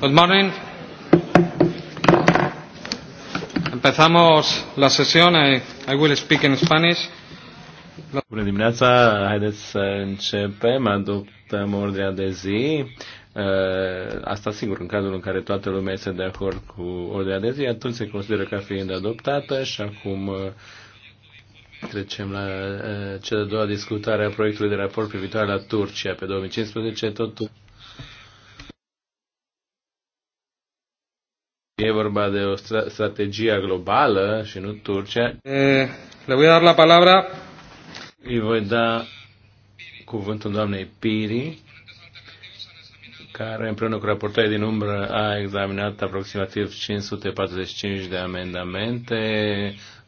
Good morning. Empezamos la sesión. I, I will speak in Spanish. Bună dimineața, haideți să începem, adoptăm ordinea de zi. Uh, asta sigur, în cazul în care toată lumea este de acord cu ordinea de zi, atunci se consideră ca fiind adoptată și acum uh, Trecem la uh, cea de-a doua discutare a proiectului de raport privitoare la Turcia pe 2015. Totul E vorba de o stra strategia globală și nu Turcia. Eh, le voi da la palabra. Îi voi da cuvântul doamnei Piri, care împreună cu raportarea din umbră a examinat aproximativ 545 de amendamente,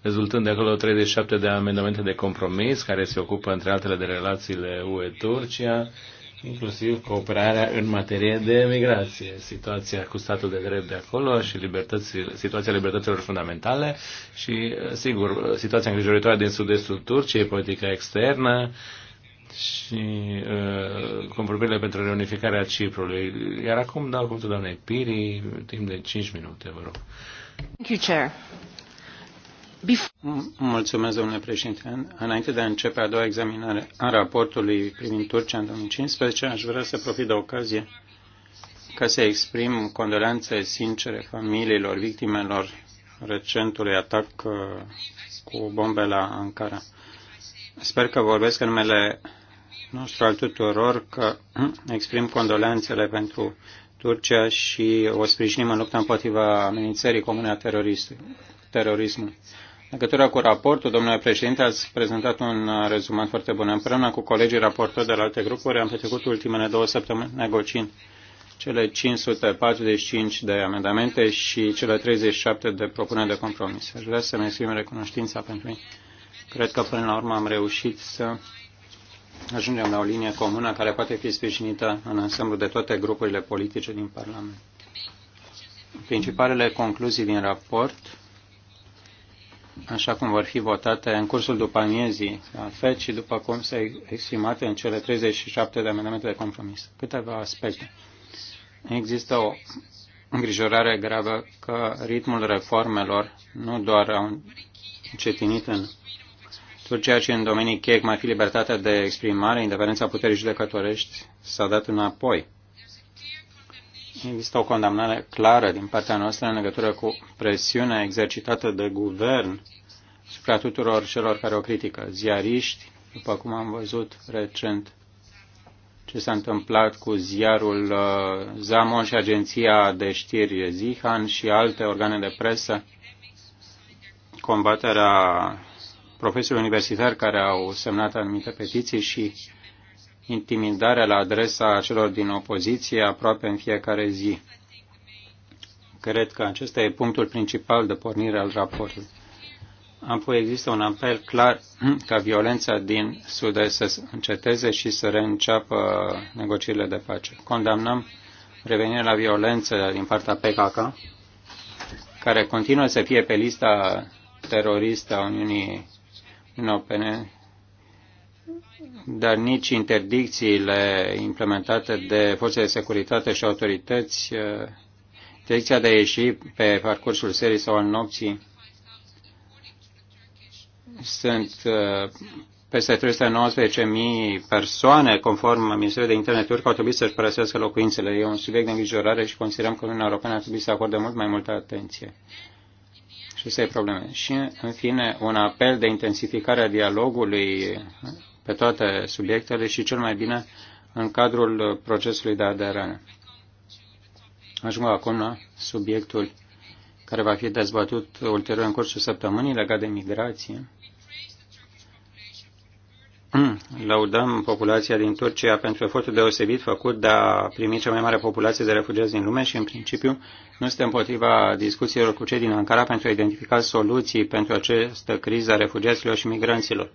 rezultând de acolo 37 de amendamente de compromis, care se ocupă între altele de relațiile UE-Turcia inclusiv cooperarea în materie de migrație, situația cu statul de drept de acolo și situația libertăților fundamentale și, sigur, situația îngrijorătoare din sud-estul Turciei, politica externă și uh, compromiterile pentru reunificarea Ciprului. Iar acum dau cuvântul doamnei Piri, timp de 5 minute, vă rog. Thank you, Chair. Mulțumesc, domnule președinte. Înainte de a începe a doua examinare a raportului privind Turcia în 2015, aș vrea să profit de ocazie ca să exprim condolențe sincere familiilor victimelor recentului atac uh, cu bombe la Ankara. Sper că vorbesc în numele nostru al tuturor, că exprim condolențele pentru Turcia și o sprijinim în lupta împotriva amenințării comune a terorismului legătură cu raportul, domnule președinte, ați prezentat un rezumat foarte bun. Împreună cu colegii raportori de la alte grupuri am petrecut ultimele două săptămâni negociind cele 545 de amendamente și cele 37 de propuneri de compromis. Aș vrea să-mi exprim recunoștința pentru ei. Cred că până la urmă am reușit să ajungem la o linie comună care poate fi sprijinită în ansamblu de toate grupurile politice din Parlament. Principalele concluzii din raport așa cum vor fi votate în cursul după amiezii la și după cum se exprimate în cele 37 de amendamente de compromis. Câteva aspecte. Există o îngrijorare gravă că ritmul reformelor nu doar au încetinit în Turcia, ci în domenii cheie, mai fi libertatea de exprimare, independența puterii judecătorești, s-a dat înapoi. Există o condamnare clară din partea noastră în legătură cu presiunea exercitată de guvern asupra tuturor celor care o critică. Ziariști, după cum am văzut recent ce s-a întâmplat cu ziarul uh, Zamon și agenția de știri Zihan și alte organe de presă, combaterea profesorilor universitari care au semnat anumite petiții și intimidarea la adresa celor din opoziție aproape în fiecare zi. Cred că acesta e punctul principal de pornire al raportului. Apoi există un apel clar ca violența din sud să înceteze și să reînceapă negocierile de pace. Condamnăm revenirea la violență din partea PKK, care continuă să fie pe lista teroristă a Uniunii Europene dar nici interdicțiile implementate de forțe de securitate și autorități, interdicția uh, de a ieși pe parcursul serii sau al nopții, sunt uh, peste 319.000 persoane, conform Ministerului de Interne turc, au trebuit să-și părăsească locuințele. E un subiect de îngrijorare și considerăm că Uniunea Europeană ar trebui să acorde mult mai multă atenție și să probleme. Și, în fine, un apel de intensificare a dialogului pe toate subiectele și cel mai bine în cadrul procesului de aderare. Ajung acum la subiectul care va fi dezbătut ulterior în cursul săptămânii legat de migrație. Laudăm populația din Turcia pentru efortul deosebit făcut de a primi cea mai mare populație de refugiați din lume și, în principiu, nu suntem împotriva discuțiilor cu cei din Ankara pentru a identifica soluții pentru această criză a refugiaților și migranților.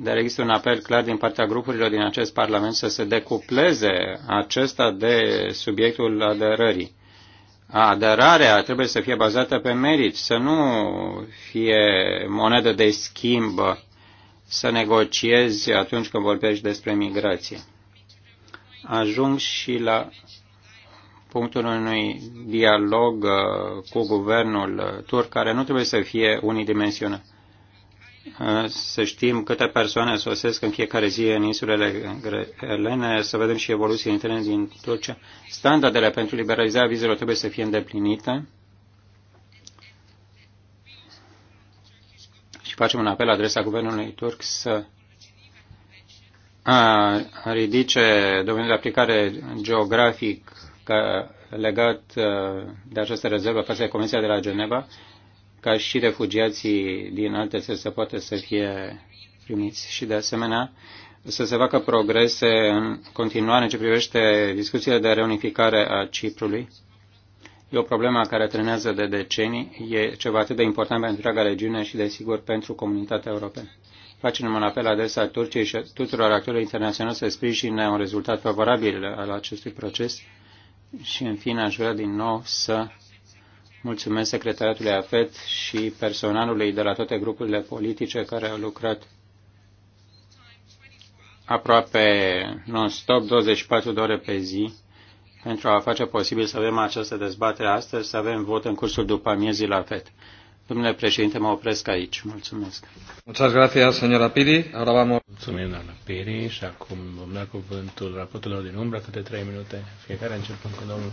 Dar există un apel clar din partea grupurilor din acest Parlament să se decupleze acesta de subiectul aderării. Aderarea trebuie să fie bazată pe merit, să nu fie monedă de schimb să negociezi atunci când vorbești despre migrație. Ajung și la punctul unui dialog uh, cu guvernul uh, turc, care nu trebuie să fie unidimensional să știm câte persoane sosesc în fiecare zi în insulele Elene, să vedem și evoluția interne din Turcia. Standardele pentru liberalizarea vizelor trebuie să fie îndeplinite. Și facem un apel la adresa guvernului turc să ridice domeniul de aplicare geografic legat de această rezervă față de comisia de la Geneva ca și refugiații din alte țări să poată să fie primiți și, de asemenea, să se facă progrese în continuare în ce privește discuțiile de reunificare a Ciprului. E o problemă care trenează de decenii, e ceva atât de important pentru întreaga regiune și, desigur, pentru comunitatea europeană. Facem un apel la adresa Turciei și tuturor actorilor internaționali să sprijine un rezultat favorabil al acestui proces. Și, în fine, aș vrea din nou să Mulțumesc secretariatului AFET și personalului de la toate grupurile politice care au lucrat aproape non-stop, 24 de ore pe zi, pentru a face posibil să avem această dezbatere astăzi, să avem vot în cursul după amiezii la FED. Domnule președinte, mă opresc aici. Mulțumesc. Muchas gracias, señora Piri. Ahora vamos... Mulțumim, doamna Piri, și acum vom da cuvântul raportului din umbră, câte trei minute, fiecare începând cu domnul.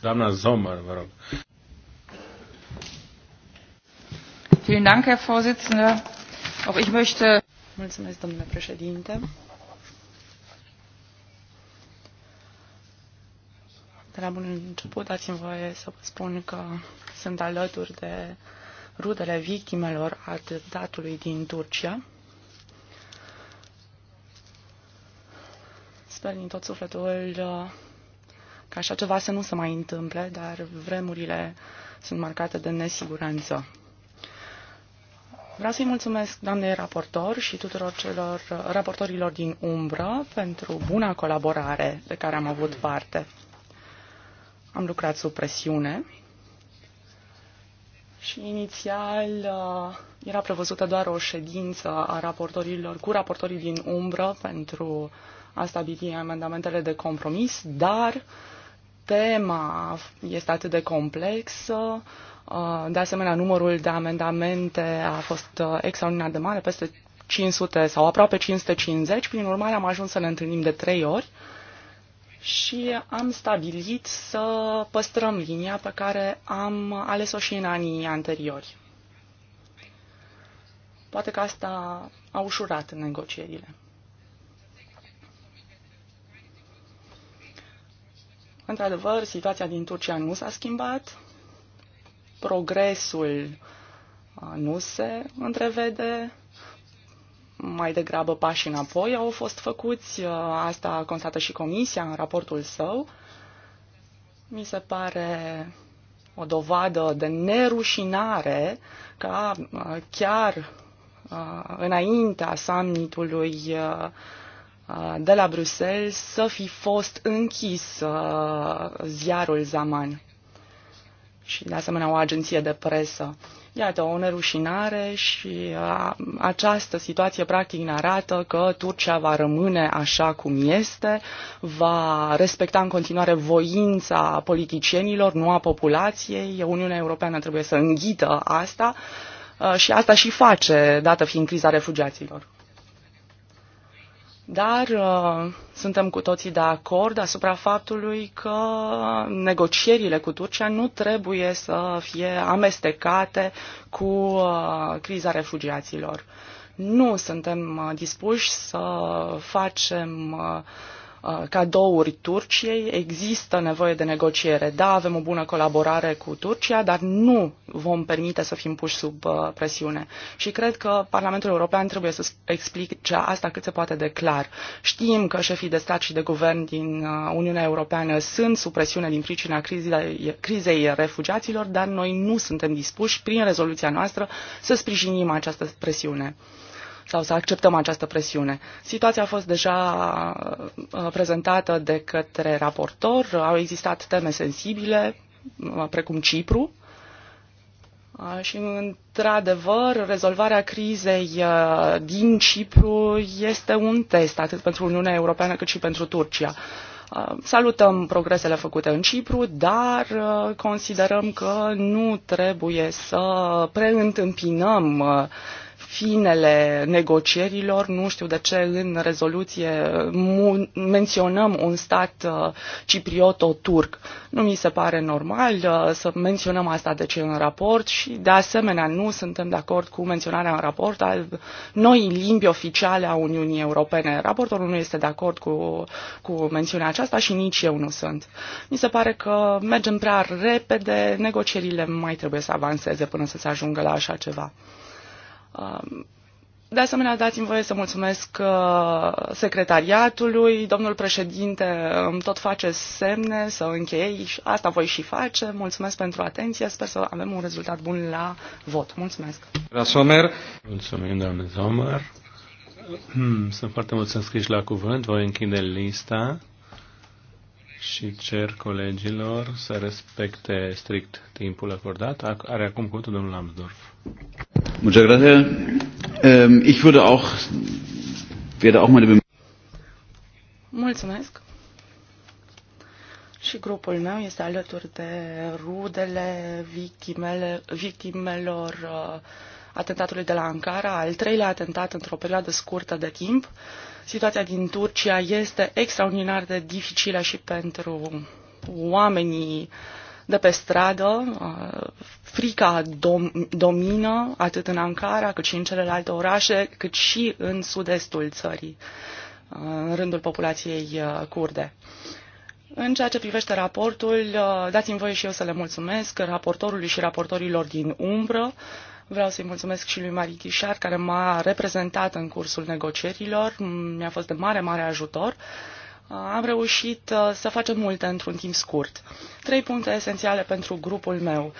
Doamna Zomăr, vă rog. Vielen Dank, Herr Vorsitzender. Auch ich möchte. Mulțumesc, domnule președinte. De la bun început dați-mi voie să vă spun că sunt alături de rudele victimelor atentatului din Turcia. Sper din tot sufletul uh, că așa ceva să nu se mai întâmple, dar vremurile sunt marcate de nesiguranță. Vreau să-i mulțumesc doamnei raportor și tuturor celor raportorilor din umbră pentru buna colaborare de care am avut parte. Am lucrat sub presiune și inițial uh, era prevăzută doar o ședință a raportorilor cu raportorii din umbră pentru a stabili amendamentele de compromis, dar uh, tema este atât de complexă. Uh, de asemenea, numărul de amendamente a fost uh, extraordinar de mare, peste 500 sau aproape 550. Prin urmare, am ajuns să ne întâlnim de trei ori și am stabilit să păstrăm linia pe care am ales-o și în anii anteriori. Poate că asta a ușurat negocierile. Într-adevăr, situația din Turcia nu s-a schimbat, progresul nu se întrevede, mai degrabă pași înapoi au fost făcuți, asta constată și Comisia în raportul său. Mi se pare o dovadă de nerușinare ca chiar înaintea summitului Uh, de la Bruxelles să fi fost închis uh, ziarul Zaman și de asemenea o agenție de presă. Iată, o nerușinare și uh, această situație practic ne arată că Turcia va rămâne așa cum este, va respecta în continuare voința politicienilor, nu a populației. Uniunea Europeană trebuie să înghită asta și asta și face, dată fiind criza refugiaților. Dar uh, suntem cu toții de acord asupra faptului că negocierile cu Turcia nu trebuie să fie amestecate cu uh, criza refugiaților. Nu suntem uh, dispuși să facem uh, Uh, cadouri Turciei, există nevoie de negociere. Da, avem o bună colaborare cu Turcia, dar nu vom permite să fim puși sub uh, presiune. Și cred că Parlamentul European trebuie să explice asta cât se poate de clar. Știm că șefii de stat și de guvern din uh, Uniunea Europeană sunt sub presiune din pricina crizei, refugiaților, dar noi nu suntem dispuși, prin rezoluția noastră, să sprijinim această presiune sau să acceptăm această presiune. Situația a fost deja uh, uh, prezentată de către raportor, au existat teme sensibile, uh, precum Cipru, și, într-adevăr, rezolvarea crizei din Cipru este un test atât pentru Uniunea Europeană cât și pentru Turcia. Salutăm progresele făcute în Cipru, dar considerăm că nu trebuie să preîntâmpinăm finele negocierilor, nu știu de ce în rezoluție menționăm un stat uh, ciprioto-turc. Nu mi se pare normal uh, să menționăm asta de ce în raport și de asemenea nu suntem de acord cu menționarea în raport al noii limbi oficiale a Uniunii Europene. Raportorul nu este de acord cu, cu mențiunea aceasta și nici eu nu sunt. Mi se pare că mergem prea repede, negocierile mai trebuie să avanseze până să se ajungă la așa ceva. Um, de asemenea, dați-mi voie să mulțumesc uh, secretariatului. Domnul președinte îmi tot face semne să închei și asta voi și face. Mulțumesc pentru atenție. Sper să avem un rezultat bun la vot. Mulțumesc. La Somer. Mulțumim, doamne Somer. Hmm, sunt foarte mulți înscriși la cuvânt. Voi închide lista și cer colegilor să respecte strict timpul acordat. Are acum cuvântul domnul Lambsdorff. Mulțumesc. Și grupul meu este alături de rudele victimele, victimelor uh, atentatului de la Ankara, al treilea atentat într-o perioadă scurtă de timp. Situația din Turcia este extraordinar de dificilă și pentru oamenii uh, de pe stradă, frica dom- domină atât în Ankara, cât și în celelalte orașe, cât și în sud-estul țării, în rândul populației kurde. În ceea ce privește raportul, dați-mi voie și eu să le mulțumesc raportorului și raportorilor din umbră. Vreau să-i mulțumesc și lui Marie care m-a reprezentat în cursul negocierilor. Mi-a fost de mare, mare ajutor. Uh, am reușit uh, să facem multe într-un timp scurt. Trei puncte esențiale pentru grupul meu.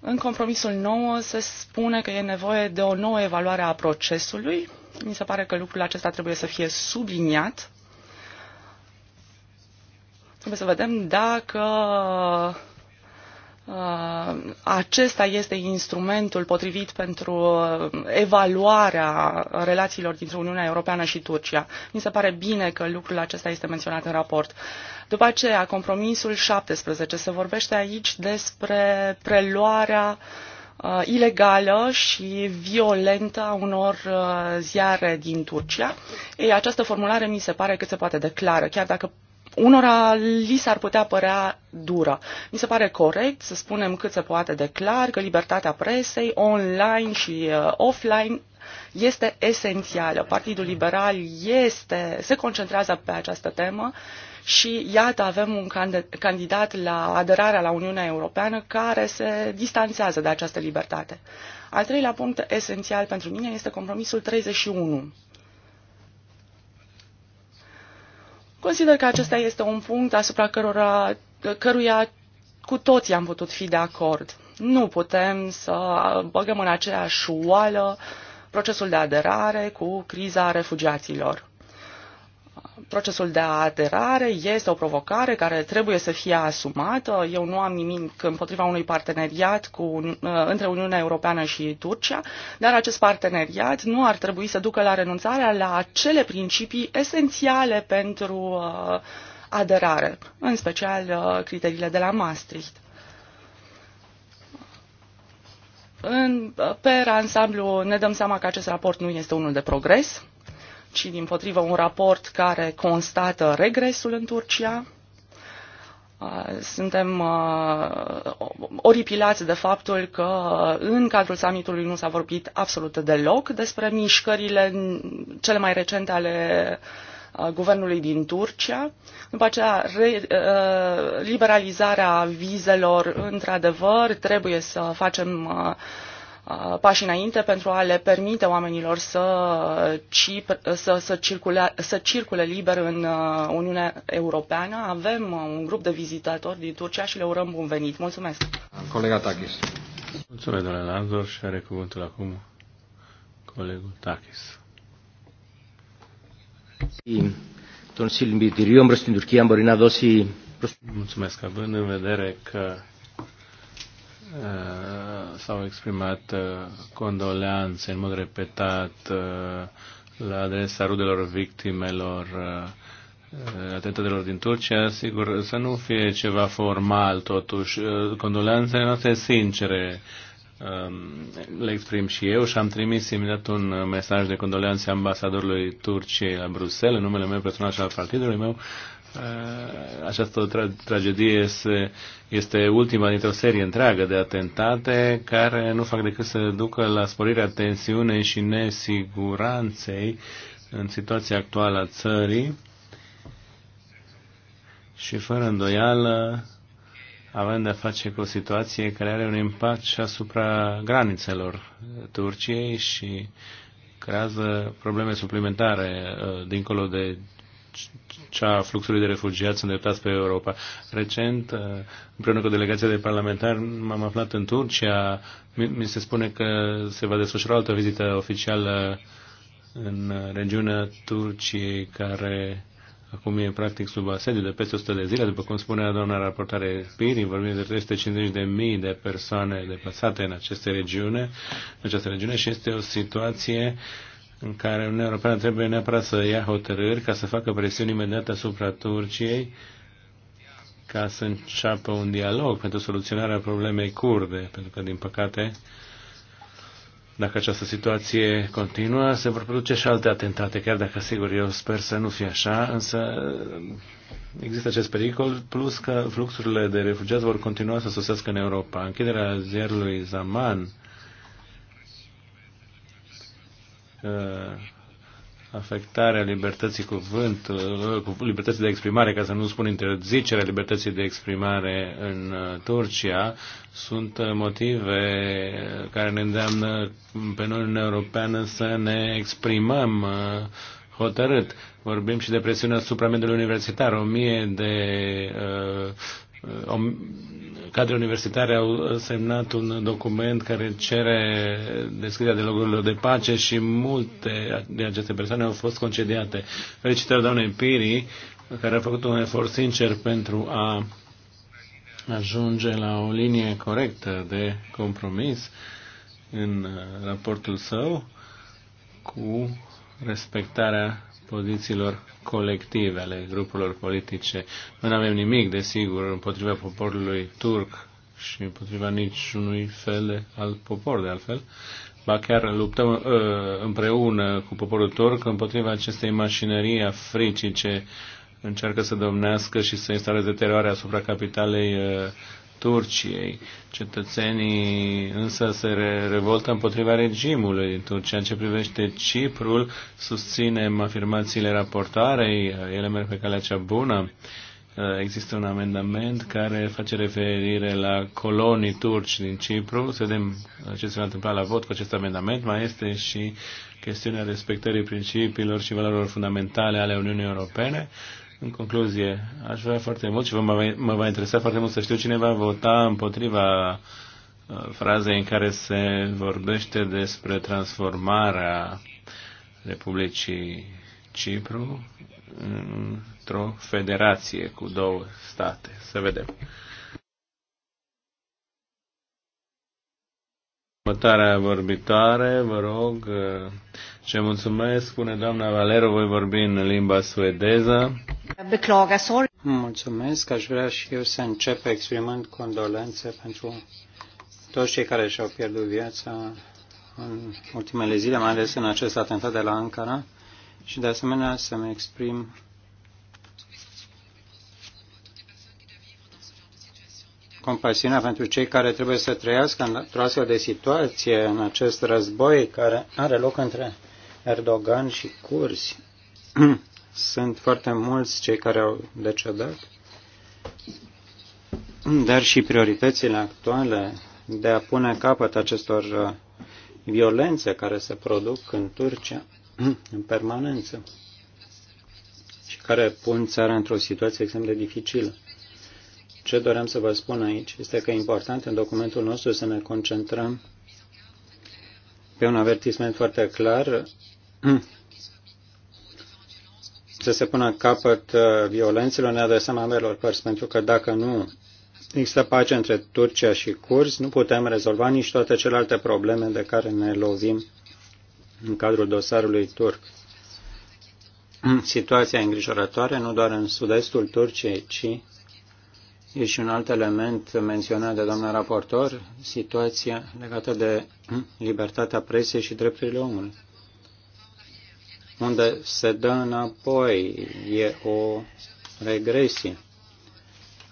În compromisul nou se spune că e nevoie de o nouă evaluare a procesului. Mi se pare că lucrul acesta trebuie să fie subliniat. Trebuie să vedem dacă Uh, acesta este instrumentul potrivit pentru uh, evaluarea relațiilor dintre Uniunea Europeană și Turcia. Mi se pare bine că lucrul acesta este menționat în raport. După aceea, compromisul 17. Se vorbește aici despre preluarea uh, ilegală și violentă a unor uh, ziare din Turcia. Ei, această formulare mi se pare cât se poate declară, chiar dacă unora li s-ar putea părea dură. Mi se pare corect să spunem cât se poate de clar că libertatea presei online și uh, offline este esențială. Partidul Liberal este, se concentrează pe această temă și iată avem un candidat la aderarea la Uniunea Europeană care se distanțează de această libertate. Al treilea punct esențial pentru mine este compromisul 31 Consider că acesta este un punct asupra cărora, căruia cu toții am putut fi de acord. Nu putem să băgăm în aceeași oală procesul de aderare cu criza refugiaților procesul de aderare este o provocare care trebuie să fie asumată. Eu nu am nimic împotriva unui parteneriat cu, uh, între Uniunea Europeană și Turcia, dar acest parteneriat nu ar trebui să ducă la renunțarea la acele principii esențiale pentru uh, aderare, în special uh, criteriile de la Maastricht. În, pe ansamblu ne dăm seama că acest raport nu este unul de progres, ci din potrivă un raport care constată regresul în Turcia. Suntem oripilați de faptul că în cadrul summitului nu s-a vorbit absolut deloc despre mișcările cele mai recente ale guvernului din Turcia. După aceea, re, liberalizarea vizelor, într-adevăr, trebuie să facem uh, Uh, pași înainte pentru a le permite oamenilor să, să, să, circule, să circule liber în uh, Uniunea Europeană. Avem uh, un grup de vizitatori din Turcia și le urăm bun venit. Mulțumesc! Colega Takis. Mulțumesc, domnule Lanzor, și are cuvântul acum colegul Takis. Mulțumesc, având în vedere că Eh, s-au exprimat eh, condoleanțe în mod repetat eh, la adresa rudelor victimelor atentatelor din Turcia, sigur, să nu fie ceva formal, totuși, condoleanțele noastre sincere ehm, le exprim și eu și am trimis imediat un mesaj de condoleanțe ambasadorului Turciei la Bruxelles, în numele meu personal și al partidului meu, Eh, această tra- tragedie este ultima dintr-o serie întreagă de atentate care nu fac decât să ducă la sporirea tensiunei și nesiguranței în situația actuală a țării și fără îndoială avem de-a face cu o situație care are un impact și asupra granițelor Turciei și creează probleme suplimentare eh, dincolo de cea a fluxului de refugiați îndreptați pe Europa. Recent, uh, împreună cu delegația de parlamentari, m-am aflat în Turcia. Mi se spune că se va desfășura altă vizită oficială în regiunea Turciei, care acum e practic sub asediu de peste 100 de zile, după cum spunea doamna raportare Piri, vorbim de 350.000 de mii de persoane deplasate în aceste regiune, în această regiune și este o situație uh, în care Uniunea Europeană trebuie neapărat să ia hotărâri ca să facă presiuni imediată asupra Turciei ca să înceapă un dialog pentru soluționarea problemei curde, pentru că, din păcate, dacă această situație continuă, se vor produce și alte atentate, chiar dacă, sigur, eu sper să nu fie așa, însă există acest pericol, plus că fluxurile de refugiați vor continua să sosească în Europa. Închiderea ziarului Zaman, afectarea libertății cuvântului, libertății de exprimare, ca să nu spun interzicerea libertății de exprimare în uh, Turcia, sunt uh, motive care ne îndeamnă pe noi în Europeană să ne exprimăm uh, hotărât. Vorbim și de presiunea asupra mediului universitar, o mie de cadre universitare au semnat un document care cere deschiderea de locurilor de pace și multe de aceste persoane au fost concediate. Felicitări doamnei Piri, care a făcut un efort sincer pentru a ajunge la o linie corectă de compromis în raportul său cu respectarea pozițiilor colective ale grupurilor politice. nu avem nimic, desigur, împotriva poporului turc și împotriva niciunui fel de alt popor, de altfel. Ba chiar luptăm uh, împreună cu poporul turc împotriva acestei mașinării ce încearcă să domnească și să instaleze teroare asupra capitalei uh, Turciei. Cetățenii însă se re- revoltă împotriva regimului din Turcia. În ce privește Ciprul, susținem afirmațiile raportarei, ele merg pe calea cea bună. Există un amendament care face referire la colonii turci din Cipru. Să vedem ce se va întâmpla la vot cu acest amendament. Mai este și chestiunea respectării principiilor și valorilor fundamentale ale Uniunii Europene. În concluzie, aș vrea foarte mult și vă mă va interesa foarte mult să știu cine va vota împotriva uh, frazei în care se vorbește despre transformarea Republicii Cipru într-o federație cu două state. Să vedem. Următoarea vorbitoare, vă rog, uh, ce mulțumesc, spune doamna Valero, voi vorbi în limba suedeză. Mulțumesc, aș vrea și eu să încep exprimând condolențe pentru toți cei care și-au pierdut viața în ultimele zile, mai ales în acest atentat de la Ankara și de asemenea să-mi exprim compasiunea pentru cei care trebuie să trăiască într-o astfel de situație, în acest război care are loc între Erdogan și curzi. Sunt foarte mulți cei care au decedat, dar și prioritățile actuale de a pune capăt acestor uh, violențe care se produc în Turcia în permanență și care pun țara într-o situație extrem de dificilă. Ce doream să vă spun aici este că e important în documentul nostru să ne concentrăm pe un avertisment foarte clar să se pună capăt uh, violențelor, ne adresăm ambelor părți, pentru că dacă nu există pace între Turcia și Curs, nu putem rezolva nici toate celelalte probleme de care ne lovim în cadrul dosarului turc. Situația îngrijorătoare nu doar în sud-estul Turciei, ci e și un alt element menționat de doamna raportor, situația legată de libertatea presiei și drepturile omului unde se dă înapoi, e o regresie.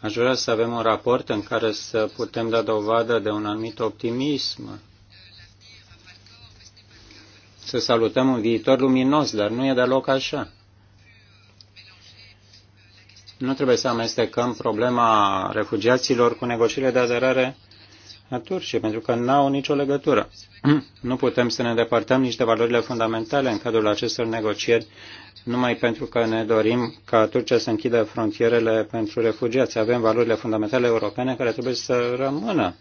Aș vrea să avem un raport în care să putem da dovadă de un anumit optimism, să salutăm un viitor luminos, dar nu e deloc așa. Nu trebuie să amestecăm problema refugiaților cu negocierile de aderare a Turciei, pentru că nu au nicio legătură. Nu putem să ne îndepărtăm nici de valorile fundamentale în cadrul acestor negocieri, numai pentru că ne dorim ca Turcia să închidă frontierele pentru refugiați. Avem valorile fundamentale europene care trebuie să rămână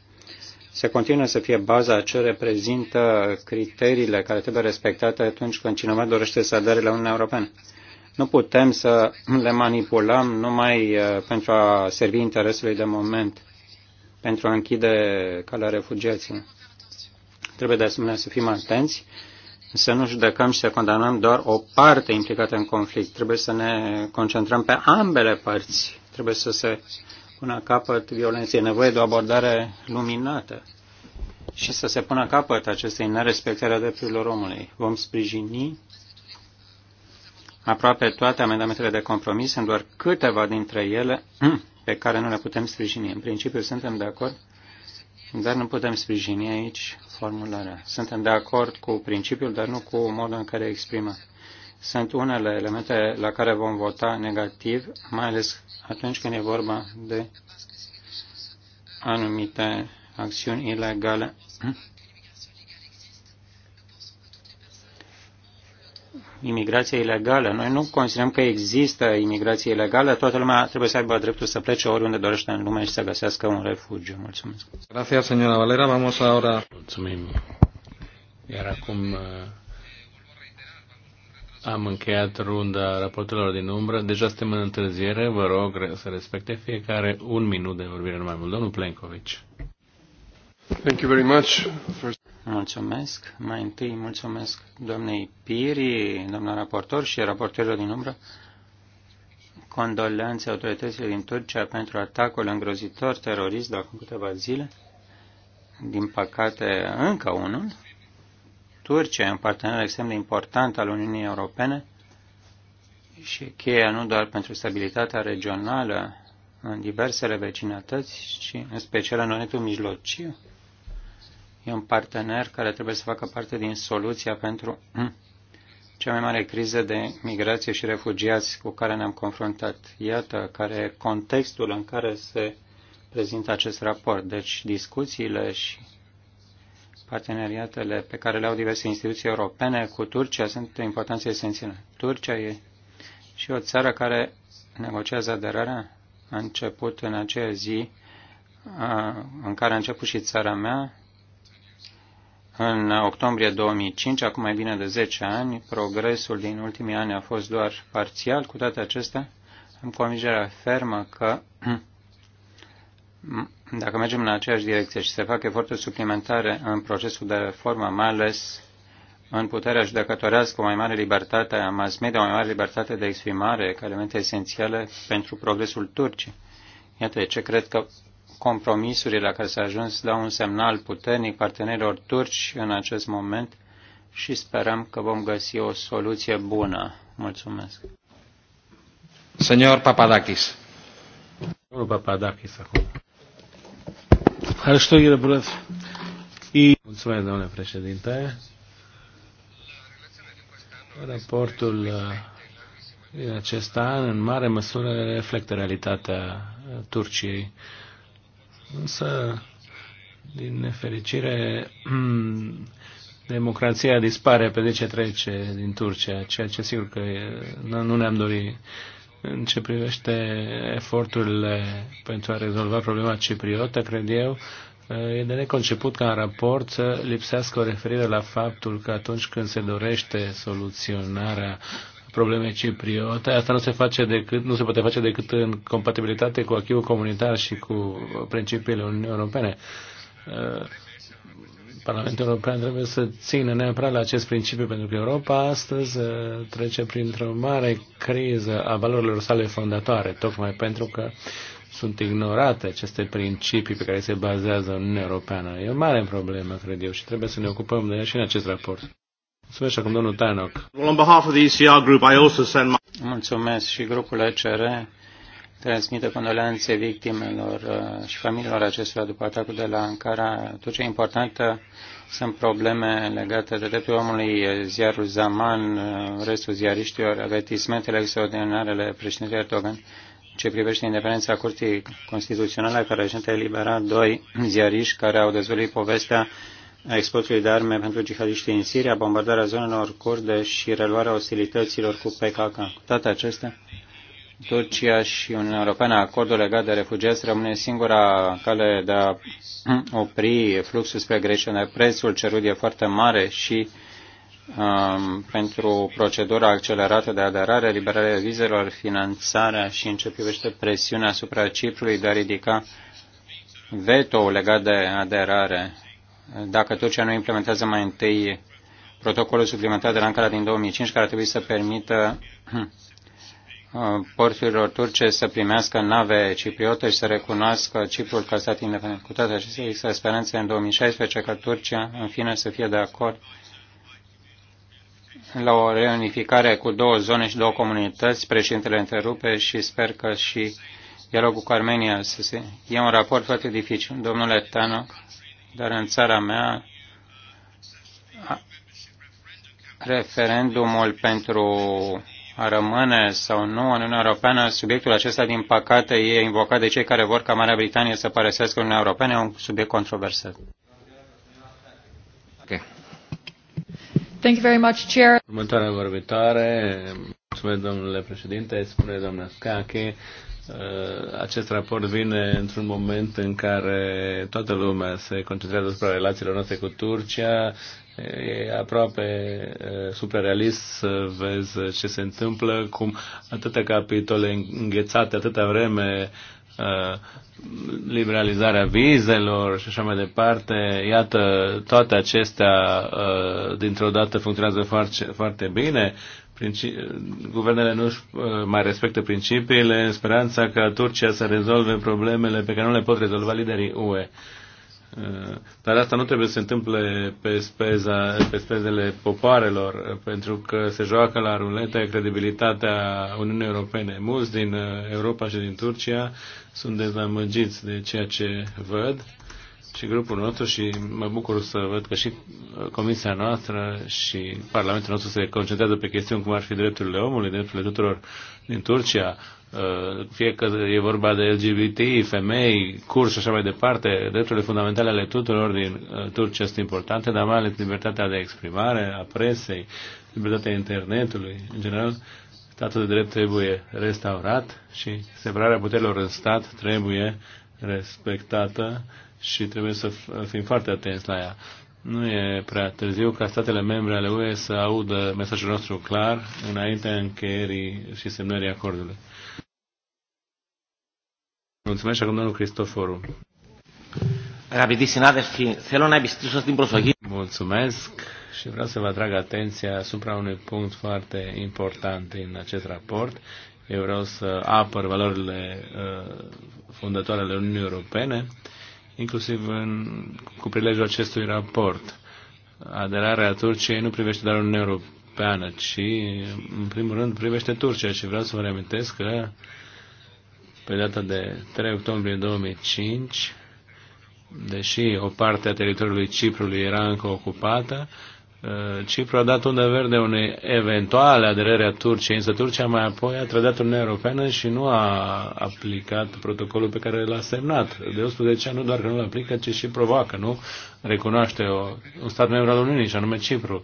se continuă să fie baza ce reprezintă criteriile care trebuie respectate atunci când cineva dorește să adere la Uniunea Europeană. Nu putem să le manipulăm numai uh, pentru a servi interesului de moment pentru a închide calea refugiații. Trebuie de asemenea să fim atenți, să nu judecăm și să condamnăm doar o parte implicată în conflict. Trebuie să ne concentrăm pe ambele părți. Trebuie să se pună capăt violenței. E nevoie de o abordare luminată și să se pună capăt acestei nerespectări a drepturilor omului. Vom sprijini aproape toate amendamentele de compromis, sunt doar câteva dintre ele pe care nu le putem sprijini. În principiu suntem de acord, dar nu putem sprijini aici formularea. Suntem de acord cu principiul, dar nu cu modul în care exprimă. Sunt unele elemente la care vom vota negativ, mai ales atunci când e vorba de anumite acțiuni ilegale imigrație ilegală. Noi nu considerăm că există imigrație ilegală. Toată lumea trebuie să aibă dreptul să plece oriunde dorește în lume și să găsească un refugiu. Mulțumesc. Gracias, señora Valera. Vamos ahora. Mulțumim. Iar acum eh, am încheiat runda raportelor din umbră. Deja suntem în întârziere. Vă rog să respecte fiecare un minut de vorbire, numai mai mult. Domnul Plenković. Thank you very much. First... Mulțumesc. Mai întâi mulțumesc doamnei Piri, doamna raportor și raportorilor din umbră. Condoleanțe autorităților din Turcia pentru atacul îngrozitor terorist de acum câteva zile. Din păcate, încă unul. Turcia e un partener extrem de important al Uniunii Europene și cheia nu doar pentru stabilitatea regională în diversele vecinătăți, ci în special în Orientul Mijlociu, E un partener care trebuie să facă parte din soluția pentru cea mai mare criză de migrație și refugiați cu care ne-am confruntat. Iată care e contextul în care se prezintă acest raport. Deci discuțiile și parteneriatele pe care le au diverse instituții europene cu Turcia sunt de importanță esențială. Turcia e și o țară care negociază aderarea a început în acea zi în care a început și țara mea în octombrie 2005, acum mai bine de 10 ani, progresul din ultimii ani a fost doar parțial. Cu toate acestea, am convingerea fermă că dacă mergem în aceeași direcție și se fac eforturi suplimentare în procesul de reformă, mai ales în puterea judecătorească, o mai mare libertate a mass media, o mai mare libertate de exprimare, ca elemente esențiale pentru progresul Turcii. Iată ce cred că compromisurile la care s-a ajuns dau un semnal puternic partenerilor turci în acest moment și sperăm că vom găsi o soluție bună. Mulțumesc. Senor Papadakis. Domnul Papadakis acum. Mulțumesc, domnule președinte. Raportul uh, din acest an, în mare măsură, reflectă realitatea Turciei Însă, din nefericire, democrația dispare pe de ce trece din Turcia, ceea ce sigur că nu ne-am dorit. În ce privește eforturile pentru a rezolva problema cipriotă, cred eu, E de neconceput ca în raport să lipsească o referire la faptul că atunci când se dorește soluționarea probleme cipriote. Asta nu se, face decât, nu se poate face decât în compatibilitate cu acquis comunitar și cu principiile Uniunii Europene. Uh, Parlamentul European trebuie să țină neapărat la acest principiu, pentru că Europa astăzi uh, trece printr-o mare criză a valorilor sale fondatoare, tocmai pentru că sunt ignorate aceste principii pe care se bazează Uniunea Europeană. E o mare problemă, cred eu, și trebuie să ne ocupăm de ea și în acest raport. Mulțumesc acum domnul Tainoc. Mulțumesc și grupul ECR transmite condolențe victimelor uh, și familiilor acestora după atacul de la Ankara. Tot ce e important uh, sunt probleme legate de dreptul omului, ziarul Zaman, uh, restul ziariștilor, avertismentele extraordinare ale președintelui Erdogan ce privește independența Curții Constituționale, care recent a eliberat doi ziariști care au dezvăluit povestea a exportului de arme pentru jihadiștii în Siria, bombardarea zonelor curde și reluarea ostilităților cu PKK. Cu toate acestea, Turcia și Uniunea Europeană, acordul legat de refugiați rămâne singura cale de a opri fluxul spre Grecia, prețul cerut e foarte mare și um, pentru procedura accelerată de aderare, liberarea vizelor, finanțarea și în ce privește presiunea asupra Ciprului de a ridica veto legat de aderare dacă Turcia nu implementează mai întâi protocolul suplimentar de la Ankara din 2005, care ar trebui să permită uh, porturilor turce să primească nave cipriote și să recunoască Ciprul ca stat independent. Cu toate acestea, există speranțe în 2016 ca Turcia, în fine, să fie de acord la o reunificare cu două zone și două comunități. Președintele întrerupe și sper că și dialogul cu Armenia să se... E un raport foarte dificil. Domnule Tanoc, dar în țara mea referendumul pentru a rămâne sau nu în Uniunea Europeană, subiectul acesta, din păcate, e invocat de cei care vor ca Marea Britanie să părăsească Uniunea Europeană, e un subiect controversat. Okay. Thank you very much, Chair. Următoarea vorbitoare, mulțumesc, domnule președinte, spune doamna Scache. Uh, acest raport vine într-un moment în care toată lumea se concentrează asupra relațiilor noastre cu Turcia. E aproape uh, superrealist să vezi ce se întâmplă, cum atâtea capitole înghețate, atâta vreme uh, liberalizarea vizelor și așa mai departe. Iată, toate acestea dintr-o dată funcționează foarte, foarte bine guvernele nu uh, mai respectă principiile în speranța ca Turcia să rezolve problemele pe care nu le pot rezolva liderii UE. Uh, dar asta nu trebuie să se întâmple pe, speza, pe spezele popoarelor, uh, pentru că se joacă la ruletă credibilitatea Uniunii Europene. Mulți din Europa și din Turcia sunt dezamăgiți de ceea ce văd și grupul nostru și mă bucur să văd că și uh, comisia noastră și Parlamentul nostru se concentrează pe chestiuni cum ar fi drepturile omului, drepturile tuturor din Turcia, uh, fie că e vorba de LGBT, femei, curs și așa mai departe, drepturile fundamentale ale tuturor din uh, Turcia sunt importante, dar mai ales libertatea de exprimare, a presei, libertatea internetului, în general, statul de drept trebuie restaurat și separarea puterilor în stat trebuie respectată și trebuie să fim foarte atenți la ea. Nu e prea târziu ca statele membre ale UE să audă mesajul nostru clar înaintea încheierii și semnării acordului. Mulțumesc și acum domnul Cristoforu. Mulțumesc și vreau să vă atrag atenția asupra unui punct foarte important în acest raport. Eu vreau să apăr valorile uh, ale Uniunii Europene. Uh, inclusiv în, cu prilejul acestui raport. Aderarea Turciei nu privește doar Uniunea Europeană, ci, în primul rând, privește Turcia și vreau să vă reamintesc că pe data de 3 octombrie 2005, deși o parte a teritoriului Ciprului era încă ocupată, Uh, Cipru a dat undă verde unei eventuale aderere a Turciei, însă Turcia mai apoi a trădat Uniunea Europeană și nu a aplicat protocolul pe care l-a semnat. De 11 ani nu doar că nu l aplică, ci și provoacă, nu? Recunoaște o, un stat membru al Uniunii, și anume Cipru.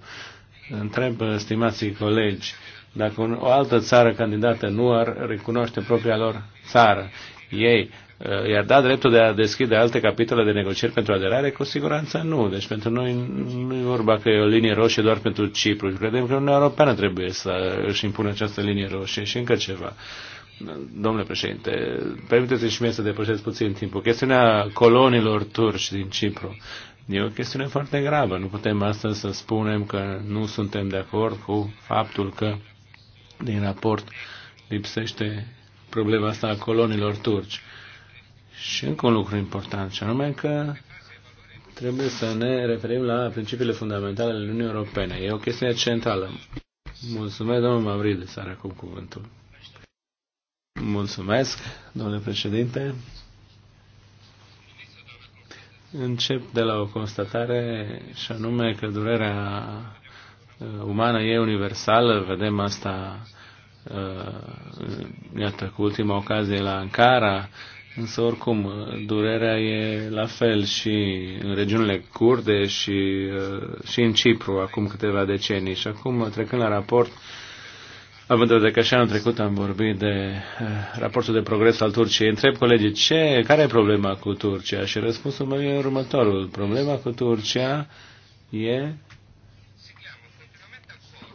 Întreb, uh, stimații colegi, dacă o altă țară candidată nu ar recunoaște propria lor țară, ei Eh, iar da dreptul de a deschide alte capitole de negocieri pentru aderare? Cu siguranță nu. Deci pentru noi nu e vorba că e o linie roșie doar pentru Cipru. Credem că Uniunea Europeană trebuie să își impună această linie roșie și încă ceva. Domnule președinte, permiteți-mi și mie să depășesc puțin timpul. Chestiunea colonilor turci din Cipru e o chestiune foarte gravă. Nu putem astăzi să spunem că nu suntem de acord cu faptul că din raport lipsește problema asta a colonilor turci. Și încă un lucru important, și anume că trebuie să ne referim la principiile fundamentale ale Uniunii Europene. E o chestie centrală. Mulțumesc, domnul să are acum cuvântul. Mulțumesc, domnule președinte. Încep de la o constatare și anume că durerea uh, umană e universală, vedem asta uh, iată, cu ultima ocazie la Ankara, Însă, oricum, durerea e la fel și în regiunile curde și, uh, și în Cipru, acum câteva decenii. Și acum, trecând la raport, având de că și anul trecut am vorbit de uh, raportul de progres al Turciei, întreb colegii, ce, care e problema cu Turcia? Și răspunsul meu e următorul. Problema cu Turcia e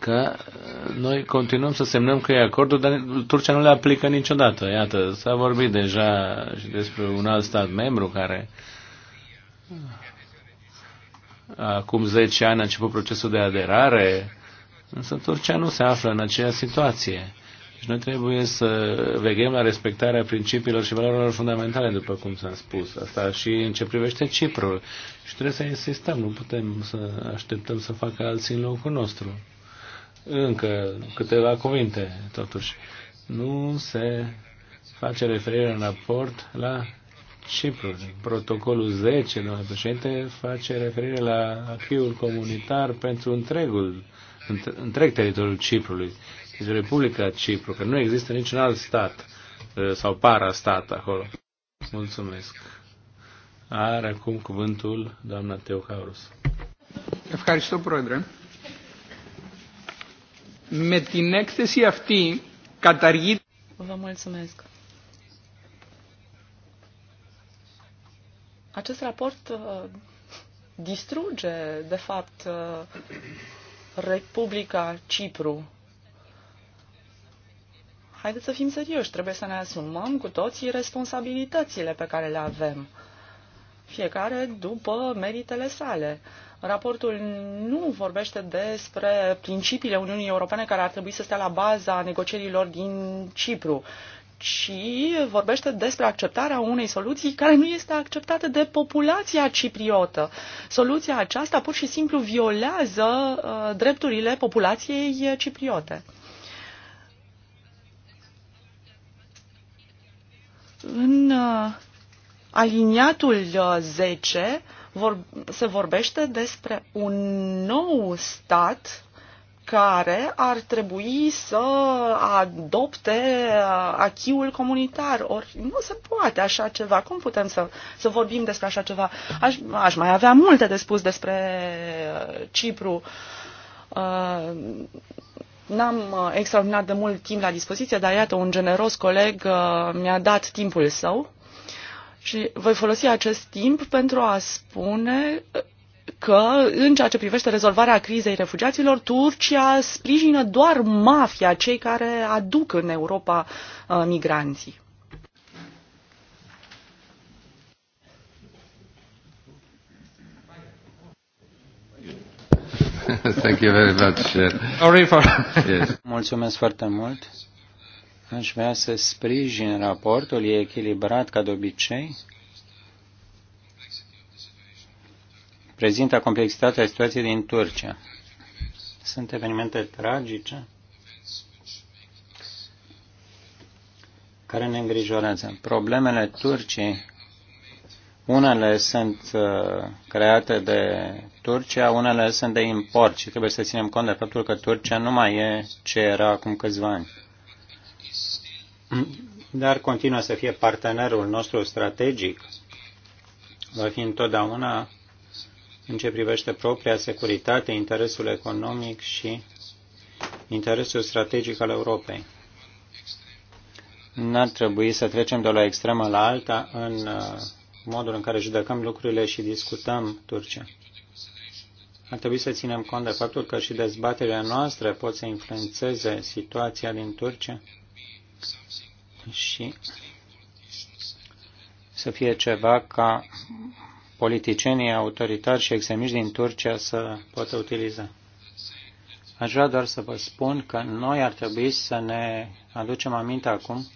că uh, noi continuăm să semnăm că e acordul, dar Turcia nu le aplică niciodată. Iată, s-a vorbit deja și despre un alt stat membru care uh, acum 10 ani a început procesul de aderare, însă Turcia nu se află în aceeași situație. Deci noi trebuie să veghem la respectarea principiilor și valorilor fundamentale, după cum s-a spus. Asta și în ce privește Ciprul. Și trebuie să insistăm, nu putem să așteptăm să facă alții în locul nostru. Încă câteva cuvinte, totuși. Nu se face referire în raport la Cipru. Protocolul 10, domnule președinte, face referire la achiul comunitar pentru întregul, întreg teritoriul Ciprului. Deci Republica Cipru, că nu există niciun alt stat uh, sau para-stat acolo. Mulțumesc. Are acum cuvântul doamna Teocaurus. Ευχαριστώ, Πρόεδρε. Με την έκθεση αυτή καταργεί... Vă mulțumesc. Acest raport uh, distruge, de fapt, uh, Republica Cipru. Haideți să fim serioși, trebuie să ne asumăm cu toții responsabilitățile pe care le avem fiecare după meritele sale. Raportul nu vorbește despre principiile Uniunii Europene care ar trebui să stea la baza negocierilor din Cipru, ci vorbește despre acceptarea unei soluții care nu este acceptată de populația cipriotă. Soluția aceasta pur și simplu violează uh, drepturile populației cipriote. În uh, aliniatul 10 uh, vor, se vorbește despre un nou stat care ar trebui să adopte uh, achiul comunitar. Ori nu se poate așa ceva. Cum putem să, să vorbim despre așa ceva? Aș, aș mai avea multe de spus despre uh, Cipru. Uh, N-am extraordinar de mult timp la dispoziție, dar iată, un generos coleg uh, mi-a dat timpul său. Și voi folosi acest timp pentru a spune uh, că, în ceea ce privește rezolvarea crizei refugiaților, Turcia sprijină doar mafia, cei care aduc în Europa uh, migranții. Thank you very much. Sorry for... yes. Mulțumesc foarte mult. Aș vrea să sprijin raportul, e echilibrat ca de obicei. Prezintă complexitatea situației din Turcia. Sunt evenimente tragice care ne îngrijorează. Problemele Turciei, unele sunt uh, create de Turcia, unele sunt de import și trebuie să ținem cont de faptul că Turcia nu mai e ce era acum câțiva ani dar continuă să fie partenerul nostru strategic. Va fi întotdeauna în ce privește propria securitate, interesul economic și interesul strategic al Europei. N-ar trebui să trecem de la extremă la alta în uh, modul în care judecăm lucrurile și discutăm Turcia. Ar trebui să ținem cont de faptul că și dezbaterile noastre pot să influențeze situația din Turcia și să fie ceva ca politicienii autoritari și exemiști din Turcia să poată utiliza. Aș vrea doar să vă spun că noi ar trebui să ne aducem aminte acum,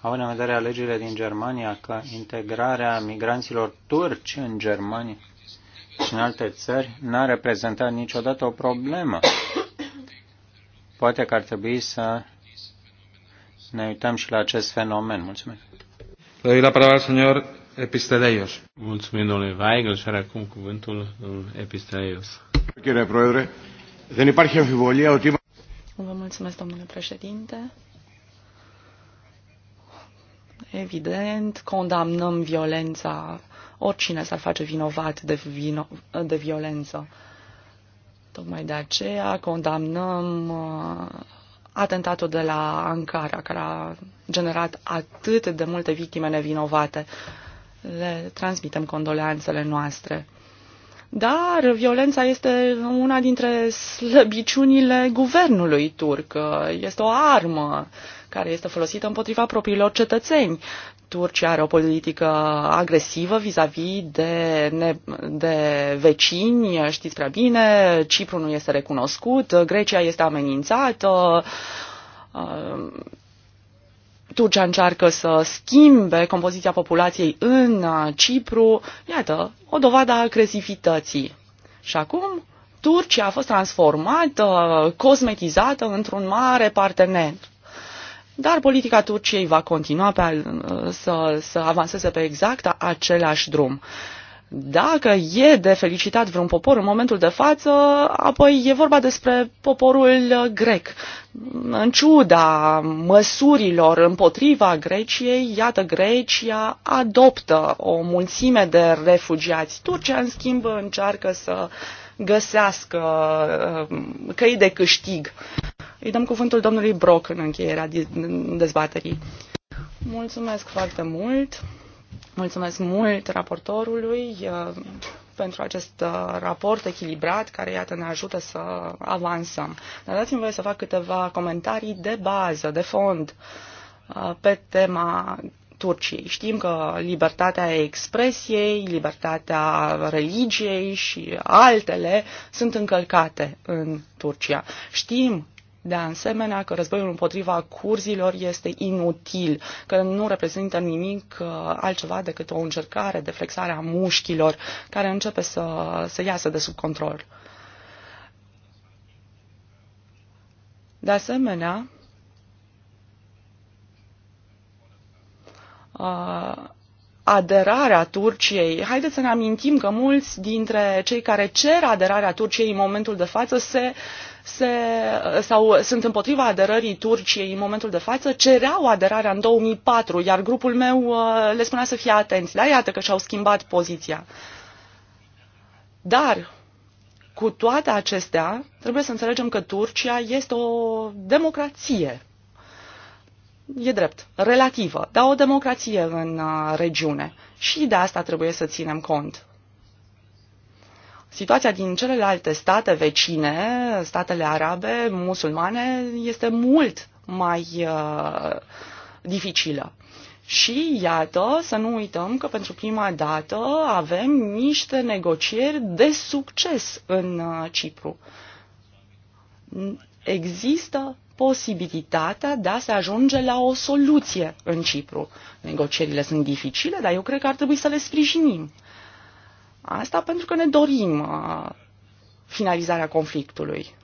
având în vedere alegerile din Germania, că integrarea migranților turci în Germania și în alte țări n-a reprezentat niciodată o problemă. Poate că ar trebui să ne uităm și la acest fenomen. Mulțumesc. Le la palabra al señor Episteleios. Mulțumim, domnule Weigel, și are acum cuvântul Episteleios. Domnule Proedre, δεν υπάρχει o ότι... Vă mulțumesc, domnule președinte. Evident, condamnăm violența. Oricine s-ar face vinovat de, vino, de violență. Tocmai de aceea condamnăm uh, atentatul de la Ankara, care a generat atât de multe victime nevinovate. Le transmitem condoleanțele noastre. Dar violența este una dintre slăbiciunile guvernului turc. Este o armă care este folosită împotriva propriilor cetățeni. Turcia are o politică agresivă vis-a-vis -vis de, ne, de vecini, știți prea bine, Cipru nu este recunoscut, Grecia este amenințată, uh, Turcia încearcă să schimbe compoziția populației în Cipru, iată, o dovadă a agresivității. Și acum Turcia a fost transformată, cosmetizată într-un mare partener dar politica Turciei va continua pe, uh, să, să avanseze pe exact același drum. Dacă e de felicitat vreun popor în momentul de față, apoi e vorba despre poporul uh, grec. În ciuda măsurilor împotriva Greciei, iată, Grecia adoptă o mulțime de refugiați. Turcia, în schimb, încearcă să uh, găsească uh, căi de câștig. Îi dăm cuvântul domnului Broc în încheierea dezbaterii. Mulțumesc foarte mult. Mulțumesc mult raportorului uh, pentru acest uh, raport echilibrat care, iată, ne ajută să avansăm. Dar dați-mi voie să fac câteva comentarii de bază, de fond, pe tema Turciei. Știm că libertatea expresiei, libertatea religiei și altele sunt încălcate în Turcia. Știm de asemenea că războiul împotriva curzilor este inutil, că nu reprezintă nimic uh, altceva decât o încercare de flexare a mușchilor care începe să, să iasă de sub control. De asemenea, Uh, aderarea Turciei. Haideți să ne amintim că mulți dintre cei care cer aderarea Turciei în momentul de față se, se, sau sunt împotriva aderării Turciei în momentul de față, cereau aderarea în 2004, iar grupul meu uh, le spunea să fie atenți. Da, iată că și-au schimbat poziția. Dar, cu toate acestea, trebuie să înțelegem că Turcia este o democrație e drept, relativă, dar o democrație în uh, regiune. Și de asta trebuie să ținem cont. Situația din celelalte state vecine, statele arabe, musulmane, este mult mai uh, dificilă. Și iată, să nu uităm că pentru prima dată avem niște negocieri de succes în uh, Cipru. Există posibilitatea de a se ajunge la o soluție în Cipru. Negocierile sunt dificile, dar eu cred că ar trebui să le sprijinim. Asta pentru că ne dorim uh, finalizarea conflictului.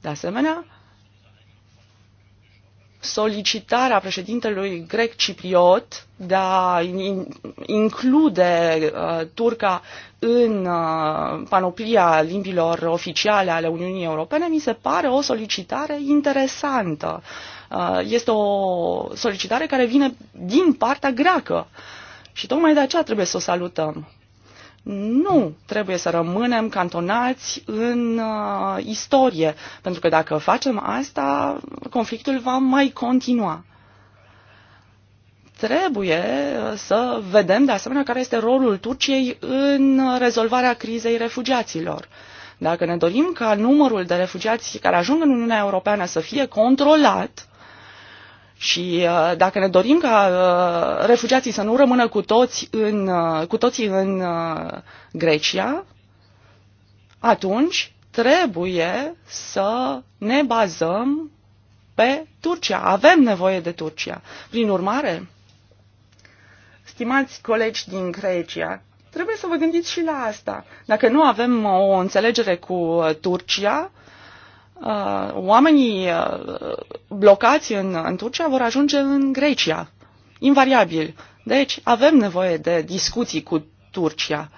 De asemenea, solicitarea președintelui grec cipriot de a include uh, turca în uh, panoplia limbilor oficiale ale Uniunii Europene mi se pare o solicitare interesantă. Uh, este o solicitare care vine din partea greacă și tocmai de aceea trebuie să o salutăm nu trebuie să rămânem cantonați în uh, istorie, pentru că dacă facem asta, conflictul va mai continua. Trebuie uh, să vedem, de asemenea, care este rolul Turciei în rezolvarea crizei refugiaților. Dacă ne dorim ca numărul de refugiați care ajung în Uniunea Europeană să fie controlat, și uh, dacă ne dorim ca uh, refugiații să nu rămână cu, toți în, uh, cu toții în Grecia, atunci trebuie să ne bazăm pe Turcia. Avem nevoie de Turcia. Prin urmare, stimați colegi din Grecia, trebuie să vă gândiți și la asta. Dacă nu avem o înțelegere cu Turcia, uh, oamenii uh, blocați în, în Turcia vor ajunge în Grecia. Invariabil. Deci avem nevoie de discuții cu Turcia.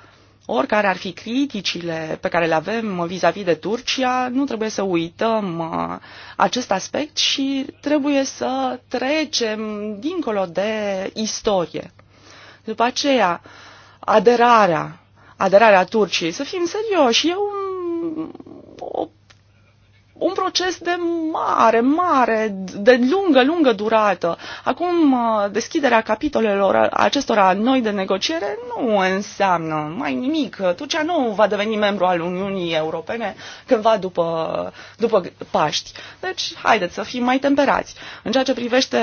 Oricare ar fi criticile pe care le avem vis-a-vis -vis de Turcia, nu trebuie să uităm uh, acest aspect și trebuie să trecem dincolo de istorie. După aceea, aderarea, aderarea Turciei, să fim serioși, e un, un proces de mare, mare, de lungă, lungă durată. Acum, uh, deschiderea capitolelor uh, acestora noi de negociere nu înseamnă mai nimic. Turcia nu va deveni membru al Uniunii Europene cândva după, după Paști. Deci, haideți să fim mai temperați. În ceea ce privește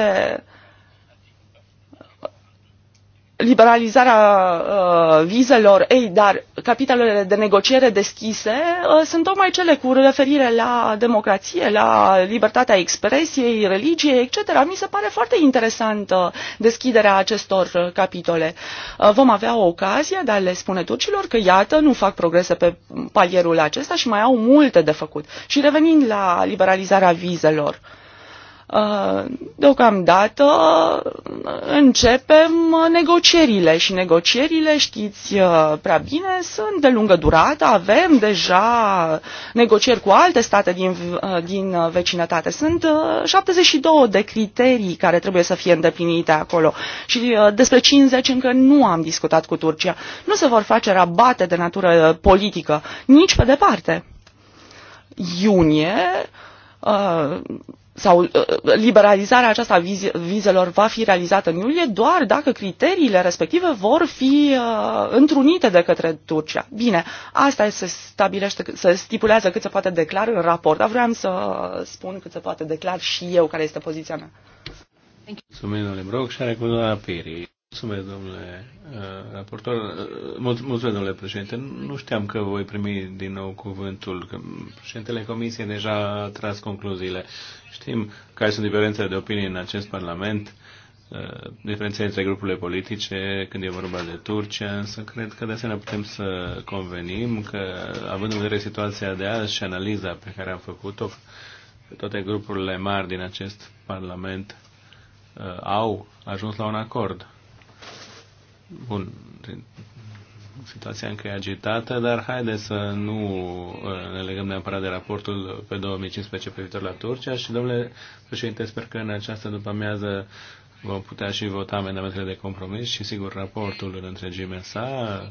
liberalizarea uh, vizelor, ei, dar capitolele de negociere deschise uh, sunt tocmai cele cu referire la democrație, la libertatea expresiei, religiei, etc. Mi se pare foarte interesantă deschiderea acestor uh, capitole. Uh, vom avea o ocazie de a le spune turcilor că, iată, nu fac progrese pe palierul acesta și mai au multe de făcut. Și revenind la liberalizarea vizelor. Uh, Uh, deocamdată uh, începem negocierile și negocierile, știți uh, prea bine, sunt de lungă durată, avem deja negocieri cu alte state din, din vecinătate. Sunt 72 de criterii care trebuie să fie îndeplinite acolo și despre 50 încă nu am discutat cu Turcia. Nu se vor face rabate de natură politică, nici pe departe. Iunie sau uh, liberalizarea aceasta a vizelor va fi realizată în iulie doar dacă criteriile respective vor fi uh, întrunite de către Turcia. Bine, asta se stabilește, se stipulează cât se poate declar în raport, dar vreau să spun cât se poate declar și eu care este poziția mea. Thank you. cu doamna Mulțumesc, domnule uh, raportor. Uh, mulțumesc, domnule președinte. Nu știam că voi primi din nou cuvântul, că președintele Comisiei deja a tras concluziile. Știm care sunt diferențele de opinie în acest Parlament, uh, diferențele între grupurile politice, când e vorba de Turcia, însă cred că de asemenea putem să convenim că, având în vedere situația de azi și analiza pe care am făcut-o, toate grupurile mari din acest Parlament au ajuns la un acord Bun, situația încă e agitată, dar haideți să nu uh, ne legăm neapărat de raportul pe 2015 privitor la Turcia și, domnule președinte, sper că în această după-amiază vom putea și vota amendamentele de compromis și, sigur, raportul în întregime sa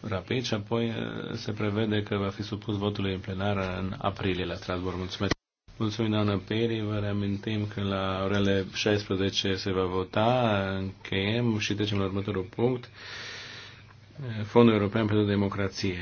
rapid și apoi uh, se prevede că va fi supus votului în plenară în aprilie la Strasbourg. Mulțumesc! Mulțumim, doamnă Peri. Vă reamintim că la orele 16 se va vota. Încheiem și trecem la următorul punct. Fondul European pentru Democrație.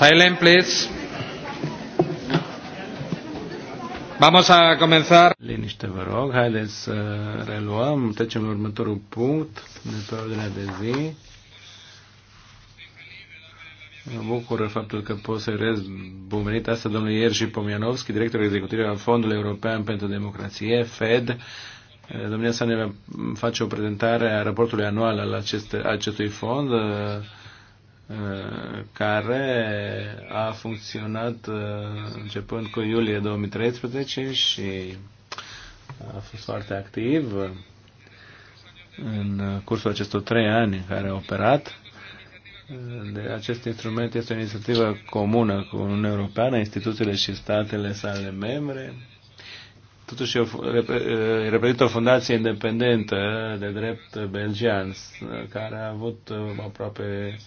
Silent, please. Vamos a comenzar. Liniște, vă rog. Haideți să reluăm. Trecem la următorul punct de pe ordinea de zi. Mă bucură faptul că pot să urez bun venit asta domnul Iergi Pomianovski, director executiv al Fondului European pentru Democrație, FED. Domnul sa ne face o prezentare a raportului anual al acestui fond Uh, care a funcționat uh, începând cu iulie 2013 și a fost foarte activ în cursul acestor trei ani în care a operat. De acest instrument este o inițiativă comună cu Uniunea Europeană, instituțiile și statele sale membre. Totuși reprezintă o fundație independentă de drept belgian care a avut uh, aproape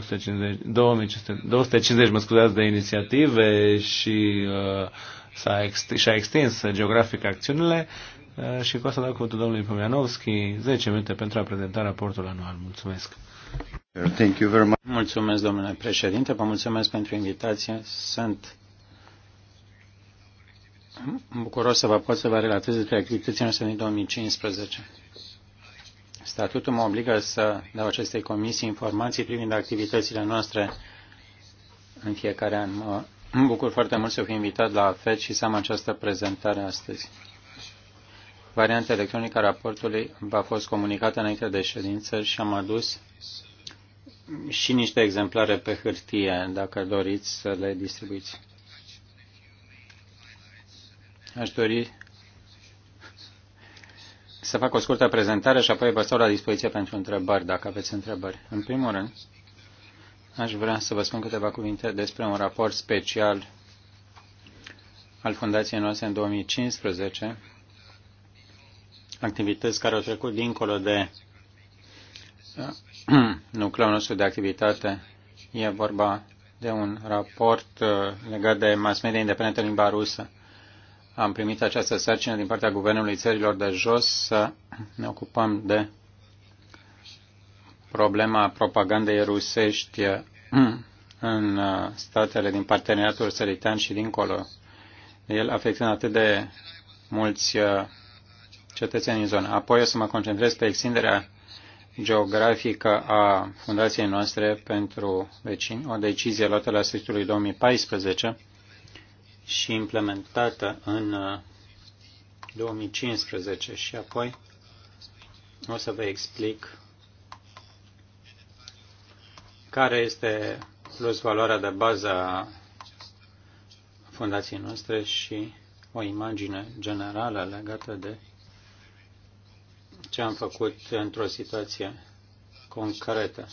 250, mă scuzați, de inițiative și uh, s-a ext, și-a extins geografic acțiunile uh, și cu asta dau cuvântul domnului Pomianovski 10 minute pentru a prezenta raportul anual. Mulțumesc! Thank you very much. Mulțumesc, domnule președinte, vă mulțumesc pentru invitație. Sunt bucuros să vă pot să vă relatez despre activitățile noastre din 2015. Statutul mă obligă să dau acestei comisii informații privind activitățile noastre în fiecare an. Mă bucur foarte mult să fiu invitat la FED și să am această prezentare astăzi. Varianta electronică a raportului va fost comunicată înainte de ședință și am adus și niște exemplare pe hârtie, dacă doriți să le distribuiți. Aș dori să fac o scurtă prezentare și apoi vă stau la dispoziție pentru întrebări, dacă aveți întrebări. În primul rând, aș vrea să vă spun câteva cuvinte despre un raport special al fundației noastre în 2015, activități care au trecut dincolo de nucleul nostru de activitate. E vorba de un raport uh, legat de mass media independentă în limba rusă am primit această sarcină din partea guvernului țărilor de jos să ne ocupăm de problema propagandei rusești eh, în eh, statele din parteneriatul săritan și dincolo. El afectând atât de mulți eh, cetățeni în zonă. Apoi o să mă concentrez pe extinderea geografică a fundației noastre pentru vecini, o decizie luată la sfârșitul 2014 și implementată în 2015 uh, și apoi o să vă explic care este plus valoarea de bază a fundației noastre și o imagine generală legată de ce am făcut într-o situație concretă.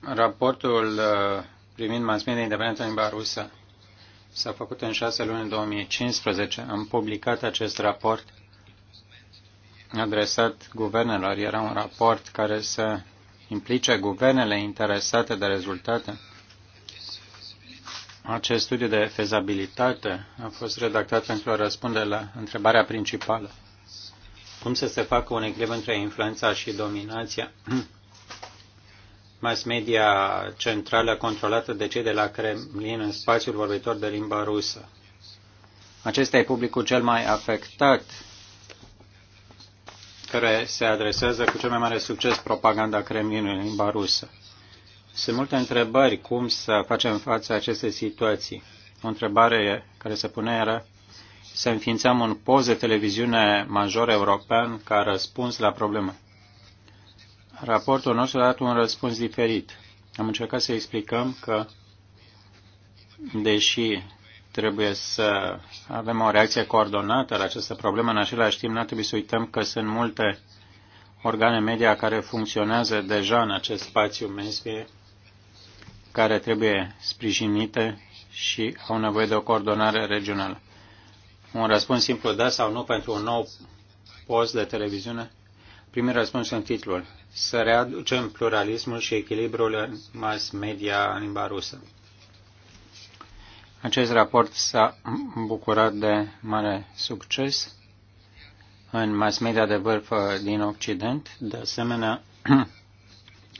Raportul uh, Primind mass media independentă în limba rusă. S-a făcut în șase luni în 2015. Am publicat acest raport adresat guvernelor. Era un raport care să implice guvernele interesate de rezultate. Acest studiu de fezabilitate a fost redactat pentru a răspunde la întrebarea principală. Cum să se facă un echilibru între influența și dominația mass media centrală controlată de cei de la Kremlin în spațiul vorbitor de limba rusă. Acesta e publicul cel mai afectat care se adresează cu cel mai mare succes propaganda Kremlinului în limba rusă. Sunt multe întrebări cum să facem față acestei situații. O întrebare care se pune era să înființăm un post de televiziune major european ca răspuns la problemă. Raportul nostru a dat un răspuns diferit. Am încercat să explicăm că, deși trebuie să avem o reacție coordonată la această problemă, în același timp nu trebuie să uităm că sunt multe organe media care funcționează deja în acest spațiu mesie, care trebuie sprijinite și au nevoie de o coordonare regională. Un răspuns simplu da sau nu pentru un nou post de televiziune Primul răspuns în titlul. Să readucem pluralismul și echilibrul în mass media în limba rusă. Acest raport s-a bucurat de mare succes în mass media de vârf din Occident. De asemenea,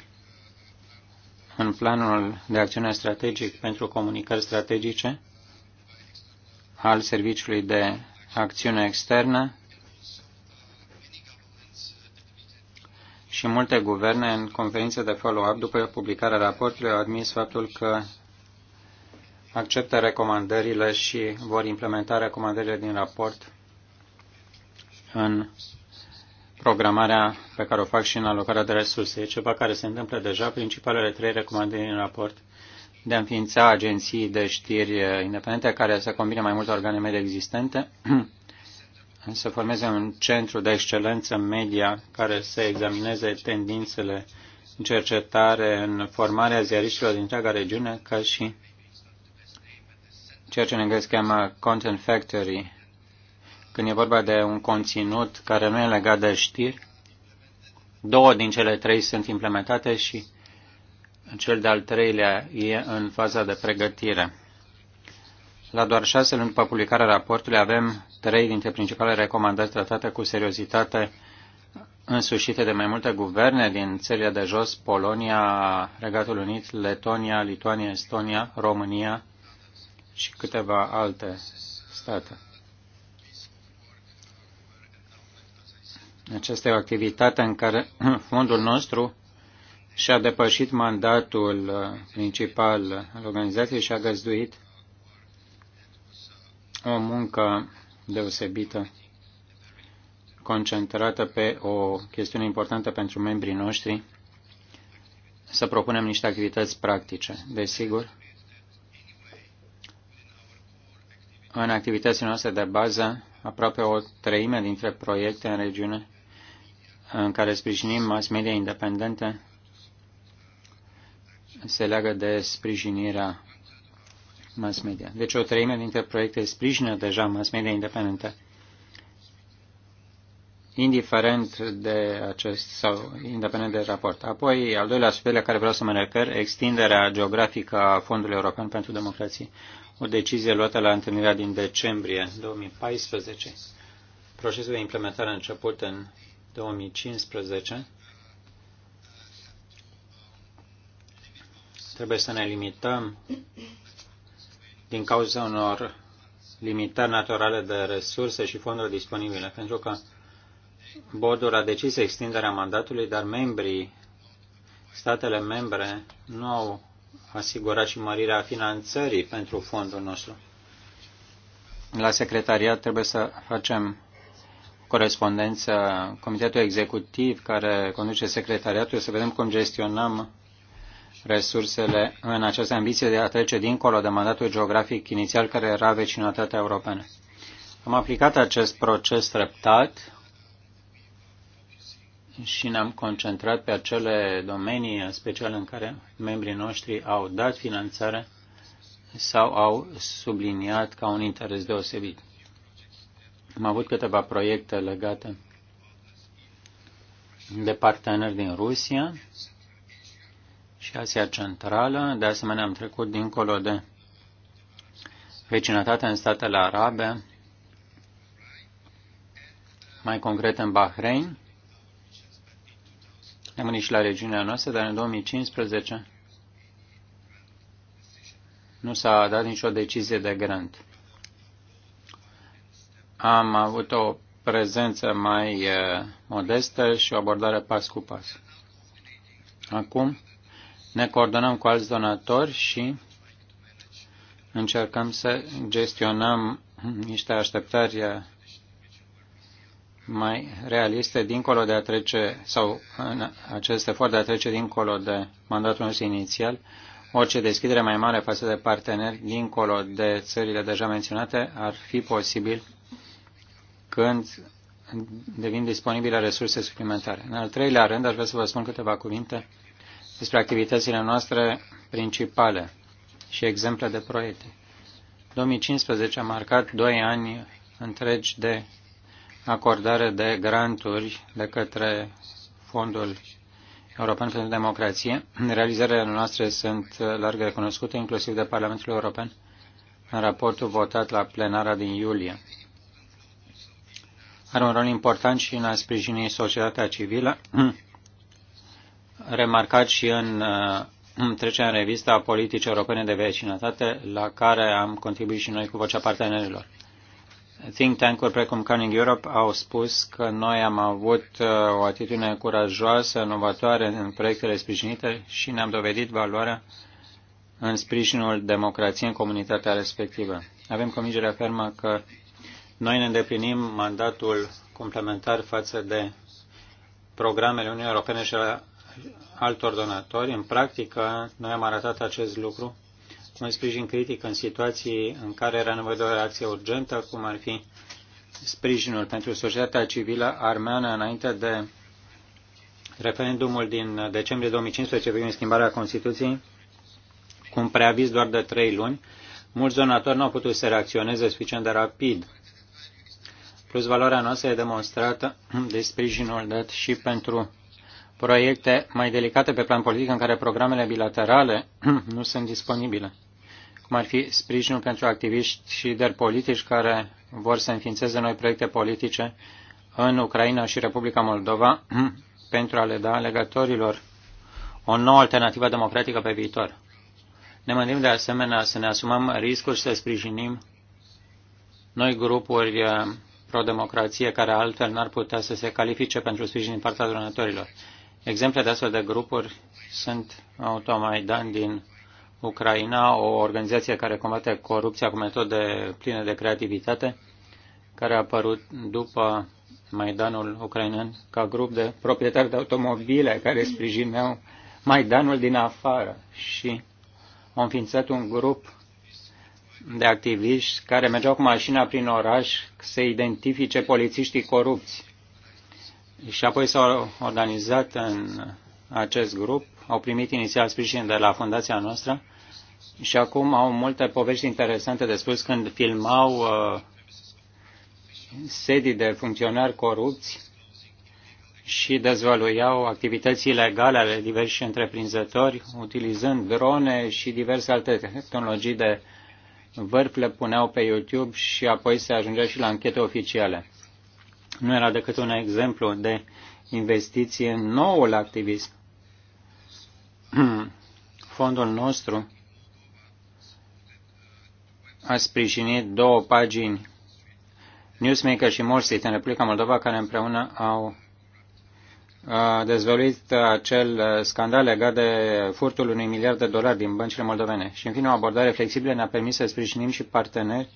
în planul de acțiune strategic pentru comunicări strategice al Serviciului de Acțiune Externă, și multe guverne în conferințe de follow-up după publicarea raportului au admis faptul că acceptă recomandările și vor implementa recomandările din raport în programarea pe care o fac și în alocarea de resurse. E ceva care se întâmplă deja. Principalele trei recomandări din raport de a înființa agenții de știri independente care să combine mai multe organe medii existente, să formeze un centru de excelență media care să examineze tendințele în cercetare, în formarea ziariștilor din întreaga regiune, ca și ceea ce în engleză cheamă Content Factory, când e vorba de un conținut care nu e legat de știri, două din cele trei sunt implementate și cel de-al treilea e în faza de pregătire. La doar șase luni după publicarea raportului avem trei dintre principalele recomandări tratate cu seriozitate însușite de mai multe guverne din țările de jos, Polonia, Regatul Unit, Letonia, Lituania, Estonia, România și câteva alte state. Aceasta e o activitate în care fondul nostru și-a depășit mandatul principal al organizației și a găzduit o muncă deosebită concentrată pe o chestiune importantă pentru membrii noștri, să propunem niște activități practice. Desigur, în activitățile noastre de bază, aproape o treime dintre proiecte în regiune în care sprijinim mass media independente se leagă de sprijinirea mass media. Deci o treime dintre proiecte sprijină deja mass media independentă, indiferent de acest sau independent de raport. Apoi, al doilea aspect la care vreau să mă refer, extinderea geografică a Fondului European pentru Democrație. O decizie luată la întâlnirea din decembrie 2014. Procesul de implementare a început în 2015. Trebuie să ne limităm din cauza unor limitări naturale de resurse și fonduri disponibile, pentru că Bordul a decis extinderea mandatului, dar membrii, statele membre, nu au asigurat și mărirea finanțării pentru fondul nostru. La secretariat trebuie să facem corespondență Comitetul Executiv care conduce secretariatul, să vedem cum gestionăm resursele în această ambiție de a trece dincolo de mandatul geografic inițial care era vecinătatea europeană. Am aplicat acest proces treptat și ne-am concentrat pe acele domenii, în special în care membrii noștri au dat finanțare sau au subliniat ca un interes deosebit. Am avut câteva proiecte legate de parteneri din Rusia, și Asia Centrală. De asemenea, am trecut dincolo de vecinătatea în statele arabe, mai concret în Bahrain. Ne-am gândit și la regiunea noastră, dar în 2015 nu s-a dat nicio decizie de grant. Am avut o prezență mai eh, modestă și o abordare pas cu pas. Acum ne coordonăm cu alți donatori și încercăm să gestionăm niște așteptări mai realiste dincolo de a trece, sau în acest efort de a trece dincolo de mandatul nostru inițial, orice deschidere mai mare față de parteneri dincolo de țările deja menționate ar fi posibil când devin disponibile resurse suplimentare. În al treilea rând, aș vrea să vă spun câteva cuvinte despre activitățile noastre principale și exemple de proiecte. 2015 a marcat doi ani întregi de acordare de granturi de către Fondul European pentru Democrație. Realizările noastre sunt larg recunoscute, inclusiv de Parlamentul European, în raportul votat la plenara din iulie. Are un rol important și în a sprijini societatea civilă remarcat și în uh, trecerea în revistă a politicii europene de vecinătate, la care am contribuit și noi cu vocea partenerilor. Think tank-uri precum Cunning Europe au spus că noi am avut uh, o atitudine curajoasă, inovatoare în proiectele sprijinite și ne-am dovedit valoarea în sprijinul democrației în comunitatea respectivă. Avem convingerea fermă că noi ne îndeplinim mandatul complementar față de programele Uniunii Europene și altor donatori. În practică, noi am arătat acest lucru Cum un sprijin critic în situații în care era nevoie de o reacție urgentă, cum ar fi sprijinul pentru societatea civilă armeană înainte de referendumul din decembrie 2015 privind schimbarea Constituției, cu un preaviz doar de trei luni, mulți donatori nu au putut să reacționeze suficient de rapid. Plus, valoarea noastră e demonstrată de sprijinul dat și pentru proiecte mai delicate pe plan politic în care programele bilaterale nu sunt disponibile, cum ar fi sprijinul pentru activiști și lideri politici care vor să înființeze noi proiecte politice în Ucraina și Republica Moldova pentru a le da legătorilor o nouă alternativă democratică pe viitor. Ne mândim de asemenea să ne asumăm riscuri și să sprijinim noi grupuri eh, pro-democrație care altfel n-ar putea să se califice pentru sprijin din partea donatorilor. Exemple de astfel de grupuri sunt Automaidan din Ucraina, o organizație care combate corupția cu metode pline de creativitate, care a apărut după Maidanul ucrainean ca grup de proprietari de automobile care sprijineau Maidanul din afară și au înființat un grup de activiști care mergeau cu mașina prin oraș să identifice polițiștii corupți și apoi s-au organizat în acest grup, au primit inițial sprijin de la fundația noastră și acum au multe povești interesante de spus când filmau uh, sedii de funcționari corupți și dezvăluiau activități ilegale ale diversi întreprinzători, utilizând drone și diverse alte tehnologii de vârf, le puneau pe YouTube și apoi se ajungea și la închete oficiale nu era decât un exemplu de investiție în noul activism. Fondul nostru a sprijinit două pagini, Newsmaker și Morsit, în Republica Moldova, care împreună au dezvăluit acel scandal legat de furtul unui miliard de dolari din băncile moldovene. Și, în fine, o abordare flexibilă ne-a permis să sprijinim și parteneri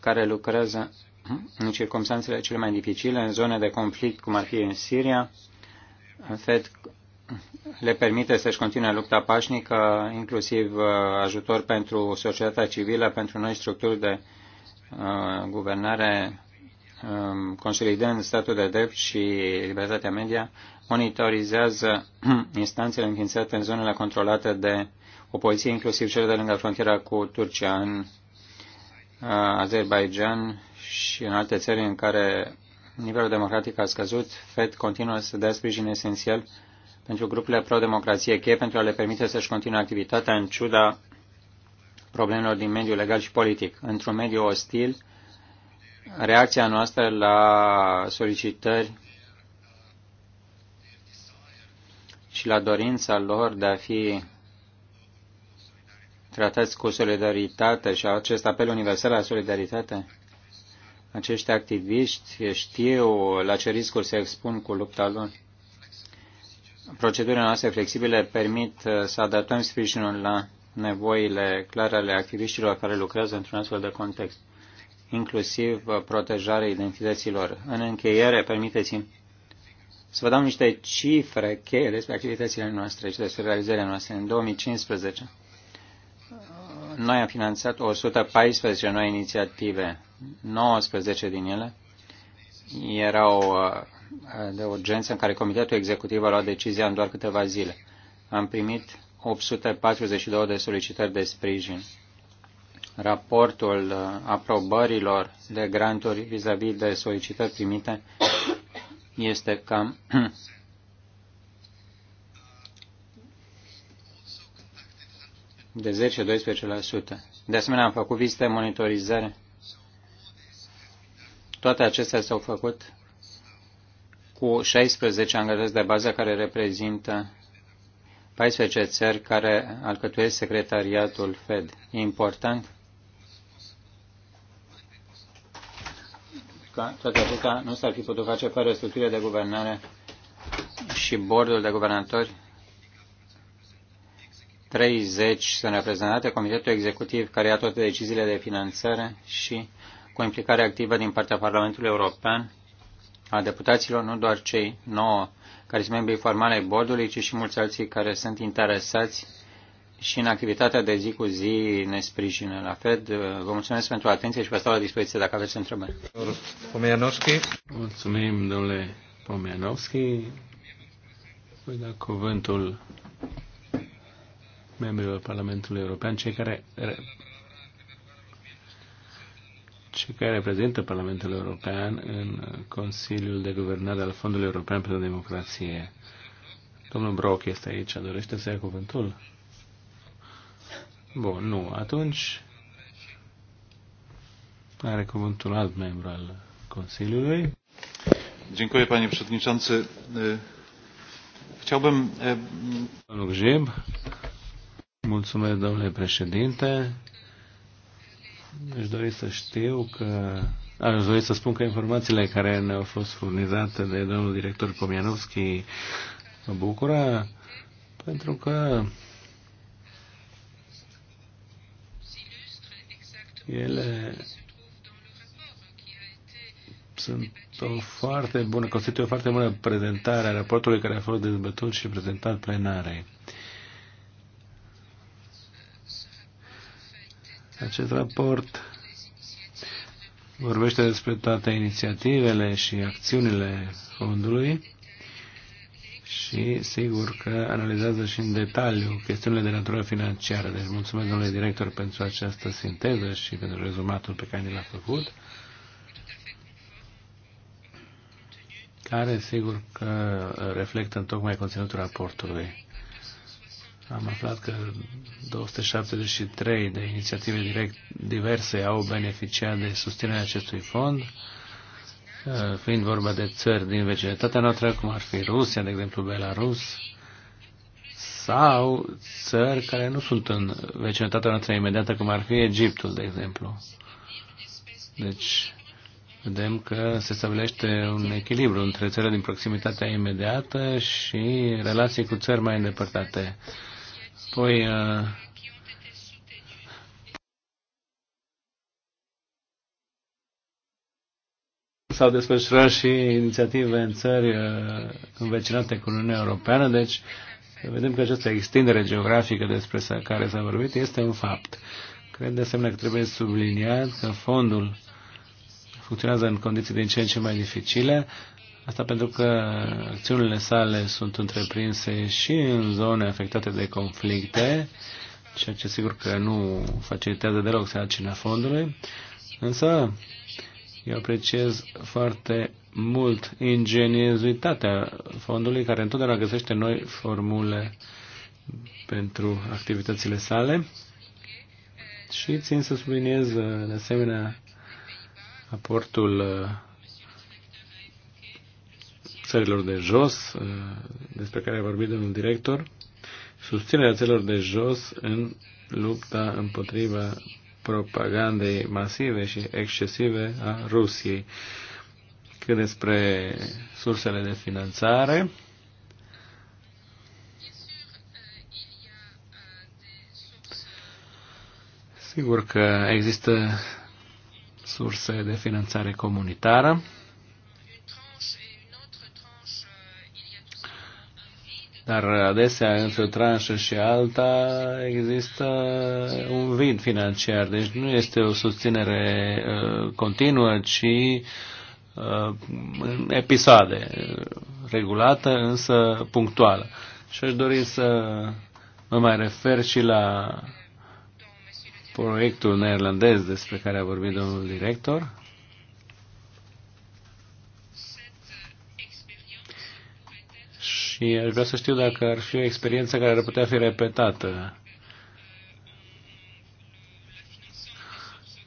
care lucrează în circunstanțele cele mai dificile, în zone de conflict, cum ar fi în Siria, FED le permite să-și continue lupta pașnică, inclusiv uh, ajutor pentru societatea civilă, pentru noi structuri de uh, guvernare, um, consolidând statul de drept și libertatea media, monitorizează instanțele înființate în zonele controlate de opoziție, inclusiv cele de lângă frontiera cu Turcia, în uh, Azerbaijan, și în alte țări în care nivelul democratic a scăzut, Fed continuă să dea sprijin esențial pentru grupurile pro-democrație cheie pentru a le permite să-și continue activitatea în ciuda problemelor din mediul legal și politic. Într-un mediu ostil, reacția noastră la solicitări și la dorința lor de a fi tratați cu solidaritate și acest apel universal la solidaritate acești activiști știu la ce riscuri se expun cu lupta lor. Procedurile noastre flexibile permit uh, să adaptăm sprijinul la nevoile clare ale activiștilor care lucrează într-un astfel de context, inclusiv uh, protejarea identităților. În încheiere, permiteți-mi să vă dau niște cifre cheie despre activitățile noastre și despre realizările noastre. În 2015, uh, noi am finanțat 114 noi inițiative 19 din ele erau uh, de urgență în care Comitetul Executiv a luat decizia în doar câteva zile. Am primit 842 de solicitări de sprijin. Raportul uh, aprobărilor de granturi vis-a-vis -vis de solicitări primite este cam de 10-12%. De asemenea, am făcut vizite monitorizare toate acestea s-au făcut cu 16 angajați de bază care reprezintă 14 țări care alcătuiesc secretariatul Fed. E important că toate acestea nu s-ar fi putut face fără structurile de guvernare și bordul de guvernatori. 30 sunt reprezentate, Comitetul Executiv care ia toate deciziile de finanțare și cu implicare activă din partea Parlamentului European, a deputaților, nu doar cei nouă care sunt membrii formale ai bordului, ci și mulți alții care sunt interesați și în activitatea de zi cu zi ne sprijină. La fel, vă mulțumesc pentru atenție și vă stau la dispoziție dacă aveți întrebări. Mulțumim, domnule Pomianovski. Voi da cuvântul membrilor Parlamentului European, cei care și care reprezintă Parlamentul European în Consiliul de Guvernare al Fondului European pentru Democrație. Domnul Brock este aici, dorește să ia cuvântul? Bun, nu. Atunci are cuvântul alt membru al Consiliului. Dziękuję panie przewodniczący. Chciałbym... Panu Grzyb. Mulțumesc, domnule președinte. Aș dori să știu că... Aș dori să spun că informațiile care ne-au fost furnizate de domnul director Pomianovski mă bucură pentru că ele sunt o foarte bună, constituie o foarte bună prezentare a raportului care a fost dezbătut și prezentat plenarei. Acest raport vorbește despre toate inițiativele și acțiunile fondului și sigur că analizează și în detaliu chestiunile de natură financiară. Deci mulțumesc domnule director pentru această sinteză și pentru rezumatul pe care ni l-a făcut. care sigur că reflectă în tocmai conținutul raportului am aflat că 273 de inițiative direct diverse au beneficiat de susținerea acestui fond, uh, fiind vorba de țări din vecinătatea noastră, cum ar fi Rusia, de exemplu Belarus, sau țări care nu sunt în vecinătatea noastră imediată, cum ar fi Egiptul, de exemplu. Deci, vedem că se stabilește un echilibru între țările din proximitatea imediată și relații cu țări mai îndepărtate. Apoi, uh, s-au desfășurat și inițiative în țări uh, învecinate cu Uniunea Europeană, deci vedem că această extindere geografică despre care s-a vorbit este un fapt. Cred de asemenea că trebuie subliniat că fondul funcționează în condiții din ce în ce mai dificile, Asta pentru că acțiunile sale sunt întreprinse și în zone afectate de conflicte, ceea ce sigur că nu facilitează deloc sarcina fondului, însă eu apreciez foarte mult ingeniozitatea fondului care întotdeauna găsește noi formule pentru activitățile sale și țin să subliniez de asemenea aportul țărilor de jos, uh, despre care a vorbit domnul director, susținerea țărilor de jos în lupta împotriva propagandei masive și excesive a Rusiei. Cât despre sursele de finanțare, sigur că există surse de finanțare comunitară, Dar adesea, între o tranșă și alta, există un vid financiar. Deci nu este o susținere uh, continuă, ci uh, episoade, uh, regulată, însă punctuală. Și aș dori să mă mai refer și la proiectul neerlandez despre care a vorbit domnul director. și aș vrea să știu dacă ar fi o experiență care ar putea fi repetată.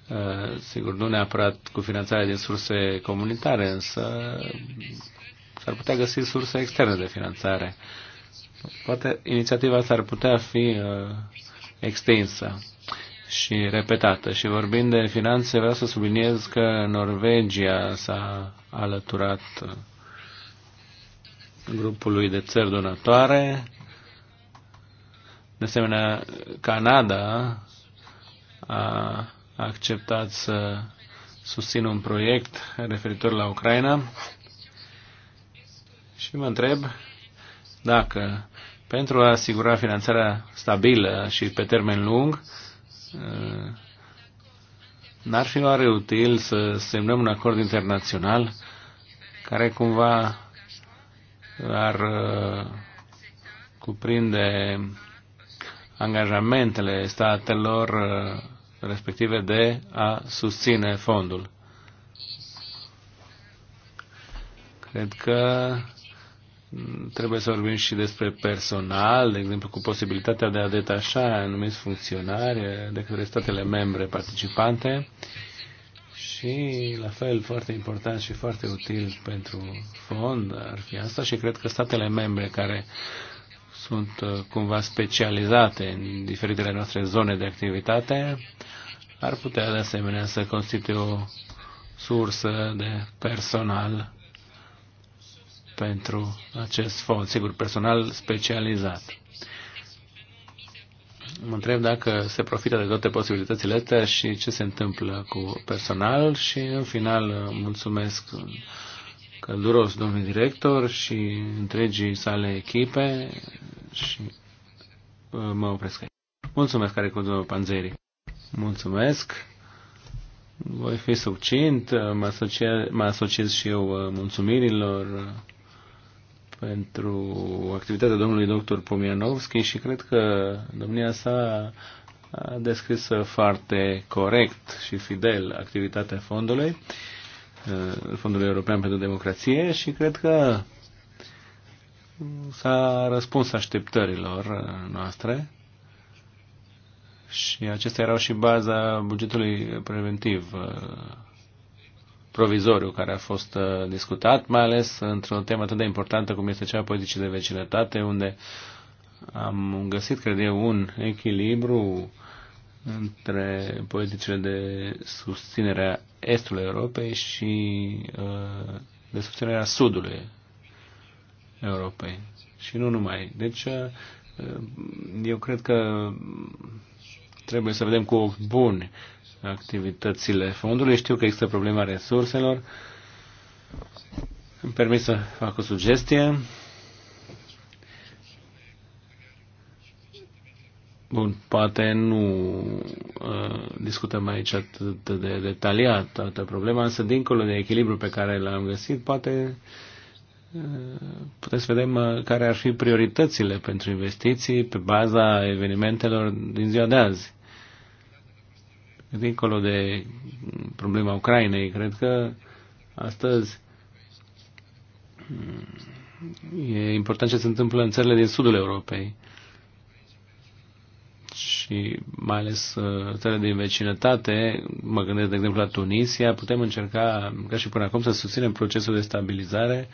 Uh, sigur, nu neapărat cu finanțare din surse comunitare, însă s-ar putea găsi surse externe de finanțare. Poate inițiativa s-ar putea fi uh, extinsă și repetată. Și vorbind de finanțe, vreau să subliniez că Norvegia s-a alăturat uh, grupului de țări donatoare. De asemenea, Canada a acceptat să susțină un proiect referitor la Ucraina și mă întreb dacă pentru a asigura finanțarea stabilă și pe termen lung, n-ar fi oare util să semnăm un acord internațional care cumva ar uh, cuprinde angajamentele statelor uh, respective de a susține fondul. Cred că trebuie să vorbim și despre personal, de exemplu, cu posibilitatea de a detașa anumiți funcționari de către statele membre participante și, la fel, foarte important și foarte util pentru fond ar fi asta și cred că statele membre care sunt uh, cumva specializate în diferitele noastre zone de activitate ar putea, de asemenea, să constituie o sursă de personal pentru acest fond, sigur, personal specializat mă întreb dacă se profită de toate posibilitățile astea și ce se întâmplă cu personal și în final mulțumesc călduros domnului director și întregii sale echipe și uh, mă opresc aici. Mulțumesc, care cu domnul Panzeri. Mulțumesc. Voi fi succint, mă asociez, mă asociez și eu uh, mulțumirilor pentru activitatea domnului doctor Pomianovski și cred că domnia sa a descris foarte corect și fidel activitatea fondului, uh, Fondului European pentru Democrație și cred că s-a răspuns așteptărilor uh, noastre și acestea erau și baza bugetului preventiv uh, provizoriu care a fost uh, discutat, mai ales într-o temă atât de importantă cum este cea a politicii de vecinătate, unde am găsit, cred eu, un echilibru între politicile de susținere a Estului Europei și uh, de susținere a Sudului Europei. Și nu numai. Deci, uh, eu cred că trebuie să vedem cu ochi buni activitățile fondului. Știu că există problema resurselor. Îmi permis să fac o sugestie. Bun, poate nu uh, discutăm aici atât de detaliat toată problema, însă dincolo de echilibru pe care l-am găsit, poate uh, putem să vedem uh, care ar fi prioritățile pentru investiții pe baza evenimentelor din ziua de azi dincolo de problema Ucrainei, cred că astăzi mm, e important ce se întâmplă în țările din sudul Europei și mai ales uh, țările din vecinătate, mă gândesc de exemplu la Tunisia, putem încerca ca și până acum să susținem procesul de stabilizare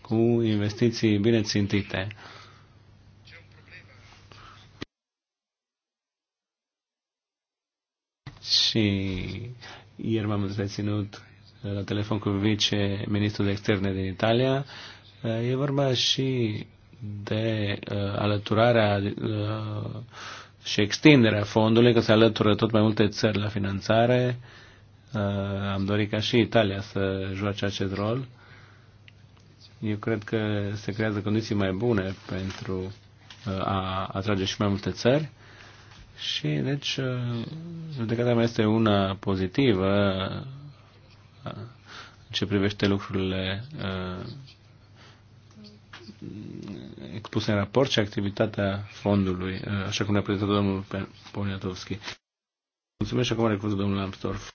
cu investiții bine țintite. și ieri m-am întreținut la telefon cu vice-ministrul de externe din Italia. E vorba și de uh, alăturarea uh, și extinderea fondului, că se alătură tot mai multe țări la finanțare. Uh, am dorit ca și Italia să joace acest rol. Eu cred că se creează condiții mai bune pentru uh, a atrage și mai multe țări. Și, deci, uh, judecata mea este una pozitivă în uh, ce privește lucrurile uh, expuse în raport și activitatea fondului, așa cum ne-a prezentat domnul Poniatowski. Mulțumesc și acum are cuvântul domnul Amstorf.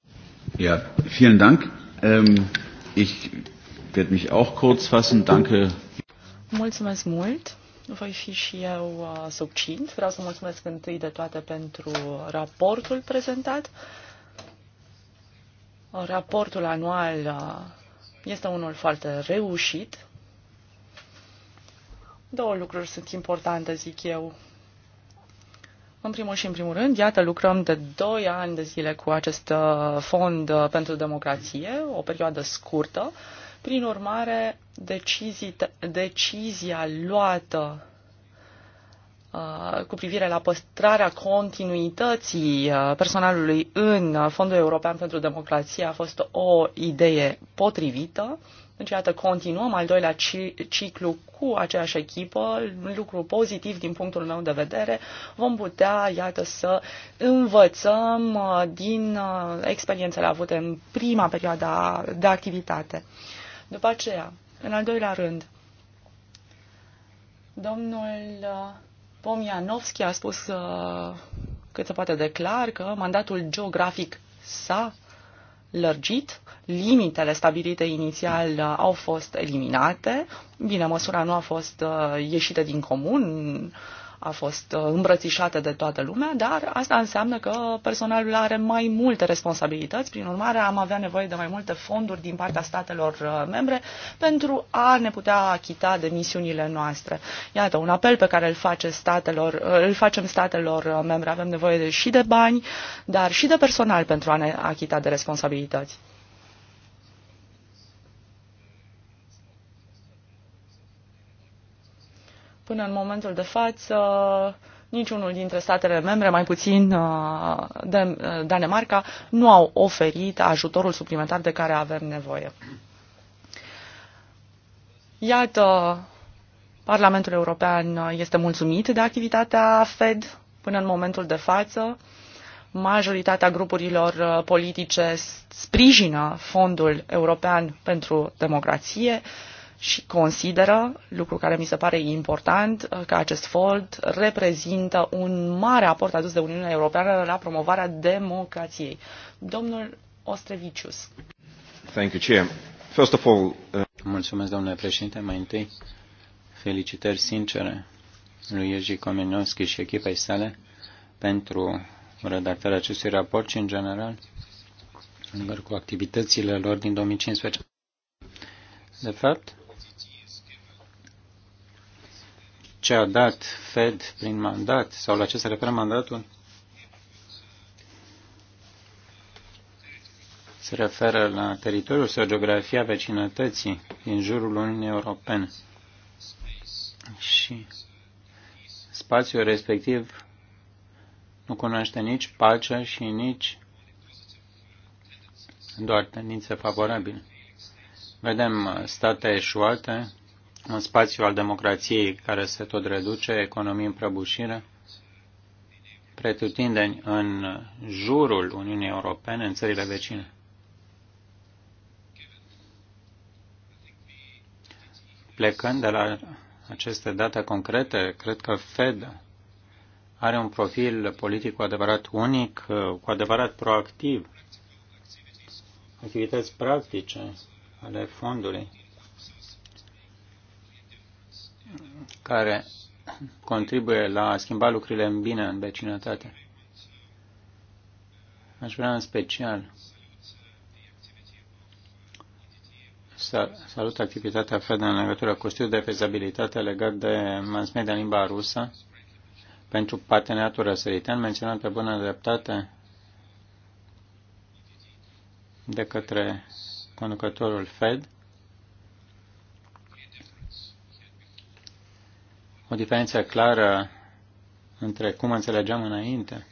Ja, vielen Dank. Ähm, ich werde mich auch kurz fassen. Danke. Mulțumesc mult. Voi fi și eu uh, succint. Vreau să mulțumesc întâi de toate pentru raportul prezentat. Raportul anual uh, este unul foarte reușit. Două lucruri sunt importante, zic eu. În primul și în primul rând, iată, lucrăm de 2 ani de zile cu acest uh, fond pentru democrație, o perioadă scurtă. Uh, prin urmare, decizii, decizia luată uh, cu privire la păstrarea continuității uh, personalului în Fondul European pentru Democrație a fost o idee potrivită. Deci, iată, continuăm al doilea ciclu cu aceeași echipă, lucru pozitiv din punctul meu de vedere. Vom putea, iată, să învățăm uh, din experiențele avute în prima perioadă de activitate. După aceea, în al doilea rând, domnul uh, Pomianovski a spus uh, cât se poate de clar că mandatul geografic s-a lărgit, limitele stabilite inițial uh, au fost eliminate, bine, măsura nu a fost uh, ieșită din comun, a fost uh, îmbrățișată de toată lumea, dar asta înseamnă că personalul are mai multe responsabilități, prin urmare am avea nevoie de mai multe fonduri din partea statelor uh, membre pentru a ne putea achita de misiunile noastre. Iată, un apel pe care îl, face statelor, uh, îl facem statelor membre, avem nevoie de, și de bani, dar și de personal pentru a ne achita de responsabilități. Până în momentul de față, niciunul dintre statele membre, mai puțin uh, de uh, Danemarca, nu au oferit ajutorul suplimentar de care avem nevoie. Iată, Parlamentul European este mulțumit de activitatea Fed până în momentul de față. Majoritatea grupurilor uh, politice sprijină Fondul European pentru Democrație. Uh, și consideră, lucru care mi se pare important, uh, că acest fold reprezintă un mare aport adus de Uniunea Europeană la promovarea democrației. Domnul Ostrevicius. Thank you, Chair. First of all, uh... Mulțumesc, domnule președinte. Mai întâi, felicitări sincere lui Iergi Komenovski și echipei sale pentru redactarea acestui raport și, în general, în cu activitățile lor din 2015. De fapt, ce a dat Fed prin mandat sau la ce se referă mandatul? Se referă la teritoriul sau geografia vecinătății din jurul Uniunii Europene și spațiul respectiv nu cunoaște nici pacea și nici doar tendințe favorabile. Vedem state eșuate, un spațiu al democrației care se tot reduce, economii în prăbușire, pretutindeni în jurul Uniunii Europene, în țările vecine. Plecând de la aceste date concrete, cred că Fed are un profil politic cu adevărat unic, cu adevărat proactiv. Activități practice ale fondului care contribuie la a schimba lucrurile în bine în vecinătate. Aș vrea în special să salut activitatea FED în legătură cu studiul de fezabilitate legat de mass media în limba rusă pentru parteneriatul răsăritean menționat pe bună dreptate de către conducătorul Fed o diferență clară între cum înțelegeam înainte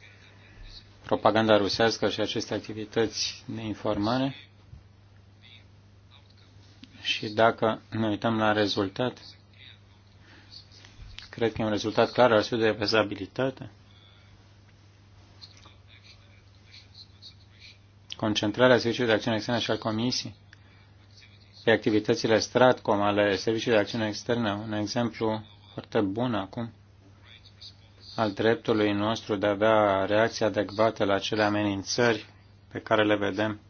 propaganda rusească și aceste activități de informare și dacă ne uităm la rezultat, cred că e un rezultat clar al studiului de fezabilitate. Concentrarea Serviciului de Acțiune Externă și al Comisiei pe activitățile STRATCOM ale Serviciului de Acțiune Externă, un exemplu foarte bună acum al dreptului nostru de a avea reacții adecvate la cele amenințări pe care le vedem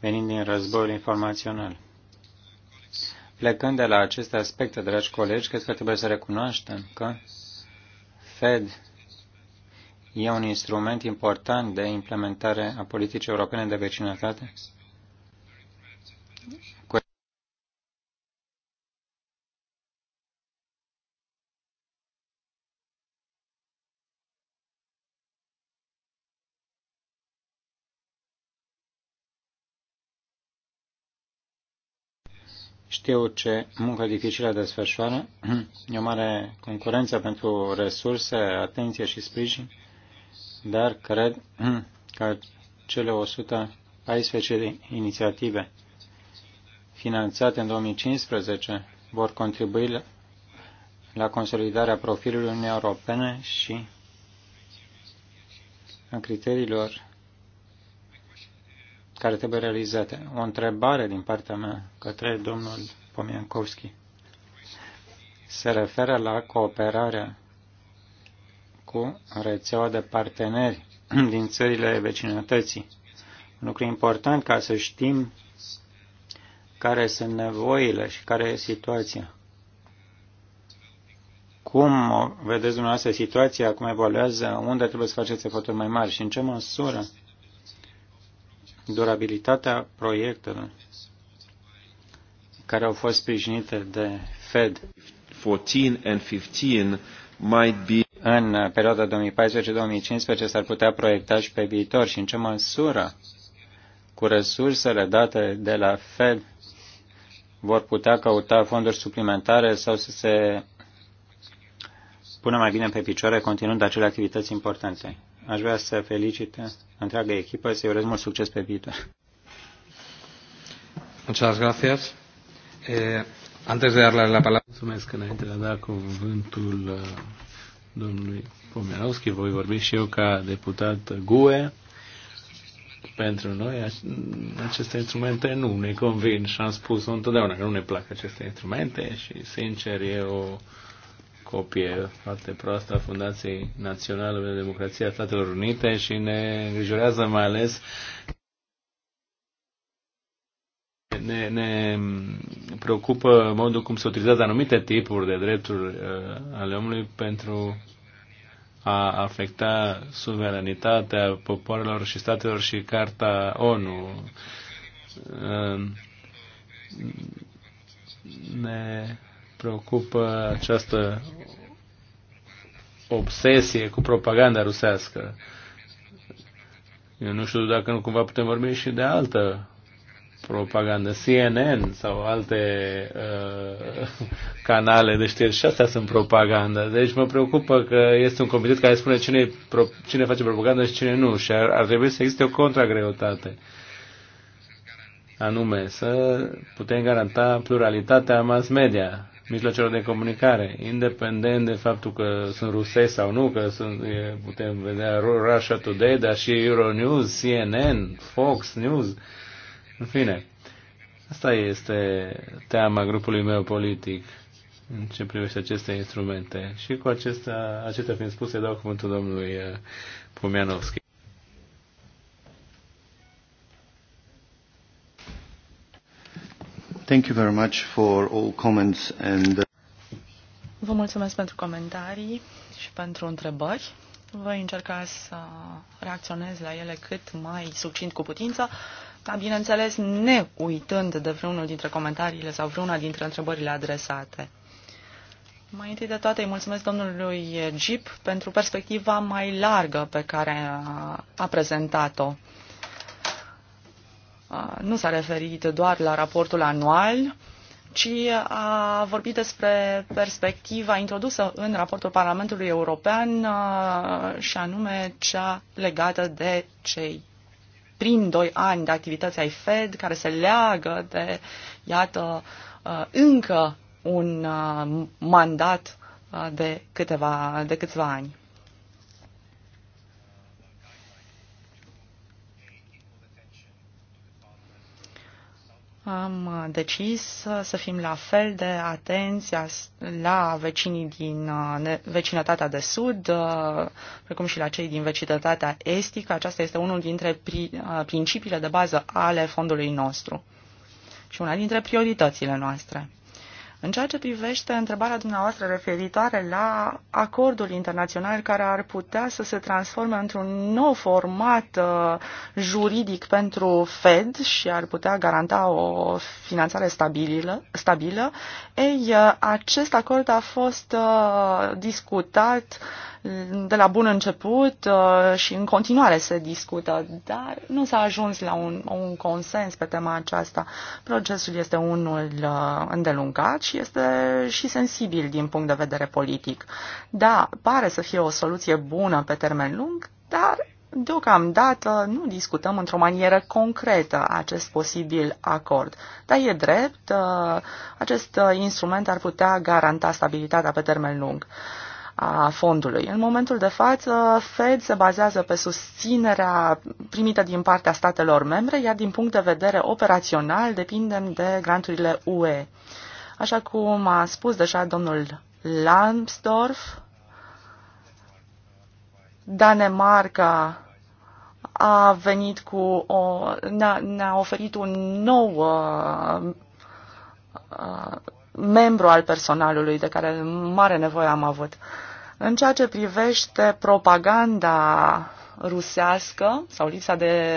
venind din războiul informațional. Plecând de la aceste aspecte, dragi colegi, cred că trebuie să recunoaștem că Fed e un instrument important de implementare a politicii europene de vecinătate Știu ce muncă dificilă desfășoară, e o mare concurență pentru resurse, atenție și sprijin, dar cred că cele 114 de inițiative finanțate în 2015 vor contribui la consolidarea profilului Uniunii Europene și a criteriilor care trebuie realizate. O întrebare din partea mea către domnul Pomiankovski se referă la cooperarea cu rețeaua de parteneri din țările vecinătății. Un lucru important ca să știm care sunt nevoile și care e situația. Cum vedeți dumneavoastră situația, cum evoluează, unde trebuie să faceți eforturi mai mari și în ce măsură durabilitatea proiectelor care au fost sprijinite de Fed 14 and 15 might be în perioada 2014-2015 s-ar putea proiecta și pe viitor și în ce măsură cu resursele date de la Fed vor putea căuta fonduri suplimentare sau să se pună mai bine pe picioare continuând acele activități importante. Aș vrea să felicit întreaga echipă. Să-i urez mult succes pe viitor. Muchas gracias. Eh, antes de darle la palabra... Mulțumesc înainte de a da cuvântul uh, domnului Pomerovski. Voi vorbi și eu ca deputat GUE. Pentru noi aceste instrumente nu ne convin și am spus întotdeauna că nu ne plac aceste instrumente și sincer e o copie foarte proastă a Fundației Naționale de Democrație a Statelor Unite și ne îngrijorează mai ales ne, ne preocupă modul cum se utilizează anumite tipuri de drepturi uh, ale omului pentru a afecta suveranitatea popoarelor și statelor și Carta ONU. Uh, ne preocupă această obsesie cu propaganda rusească. Eu nu știu dacă nu cumva putem vorbi și de altă propagandă, CNN sau alte uh, canale de știri și astea sunt propaganda. Deci mă preocupă că este un comitet care spune cine, pro, cine face propaganda și cine nu și ar, ar trebui să existe o contragreutate. Anume, să putem garanta pluralitatea mass media mijlocelor de comunicare, independent de faptul că sunt rusesc sau nu, că sunt, putem vedea Russia Today, dar și Euronews, CNN, Fox News, în fine. Asta este teama grupului meu politic în ce privește aceste instrumente. Și cu acestea, acestea fiind spuse, dau cuvântul domnului uh, Pumianovski. Thank you very much for all comments and... Uh, Vă mulțumesc pentru comentarii și pentru întrebări. Voi încerca să reacționez la ele cât mai succint cu putință, dar bineînțeles ne uitând de vreunul dintre comentariile sau vreuna dintre întrebările adresate. Mai întâi de toate îi mulțumesc domnului Jeep pentru perspectiva mai largă pe care a prezentat-o nu s-a referit doar la raportul anual, ci a vorbit despre perspectiva introdusă în raportul Parlamentului European și anume cea legată de cei prim doi ani de activități ai Fed, care se leagă de, iată, încă un mandat de câteva, de câțiva ani. am decis să fim la fel de atenți la vecinii din uh, vecinătatea de sud, uh, precum și la cei din vecinătatea estică. Aceasta este unul dintre uh, principiile de bază ale fondului nostru și una dintre prioritățile noastre. În ceea ce privește întrebarea dumneavoastră referitoare la acordul internațional care ar putea să se transforme într-un nou format uh, juridic pentru Fed și ar putea garanta o finanțare stabilă, stabilă ei, uh, acest acord a fost uh, discutat uh, de la bun început uh, și în continuare se discută, dar nu s-a ajuns la un, un consens pe tema aceasta. Procesul este unul uh, îndelungat și este și sensibil din punct de vedere politic. Da, pare să fie o soluție bună pe termen lung, dar Deocamdată nu discutăm într-o manieră concretă acest posibil acord, dar e drept, uh, acest instrument ar putea garanta stabilitatea pe termen lung a fondului. În momentul de față, Fed se bazează pe susținerea primită din partea statelor membre, iar din punct de vedere operațional depindem de granturile UE. Așa cum a spus deja domnul Lambsdorff, Danemarca a venit cu o, ne-a, ne oferit un nou uh, uh, membru al personalului de care mare nevoie am avut. Uh, în ceea ce privește propaganda rusească sau lipsa de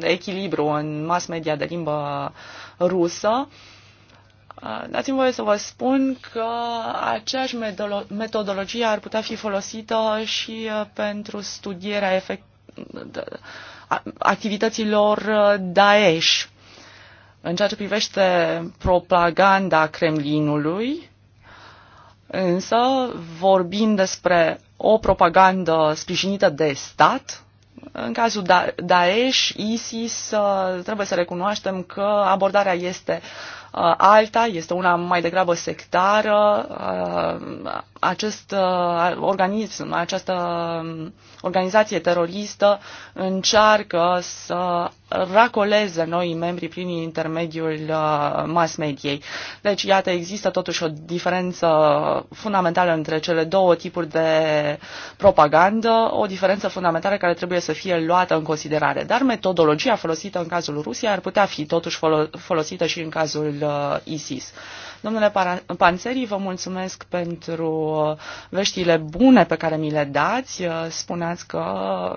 echilibru în mass media de limbă rusă, dați-mi voie să vă spun că aceeași metodologie ar putea fi folosită și uh, pentru studierea efect activităților uh, Daesh. În ceea ce privește propaganda Kremlinului, Însă, vorbim despre o propagandă sprijinită de stat, în cazul da- Daesh, ISIS, ă, trebuie să recunoaștem că abordarea este ă, alta, este una mai degrabă sectară, ă, acest uh, organism, această um, organizație teroristă încearcă să racoleze noi membri prin intermediul uh, mass mediei. Deci, iată, există totuși o diferență fundamentală între cele două tipuri de propagandă, o diferență fundamentală care trebuie să fie luată în considerare. Dar metodologia folosită în cazul Rusiei ar putea fi totuși folosită și în cazul uh, ISIS. Uh, Domnule Panțerii, vă mulțumesc pentru uh, veștile bune pe care mi le dați. Uh, spuneați că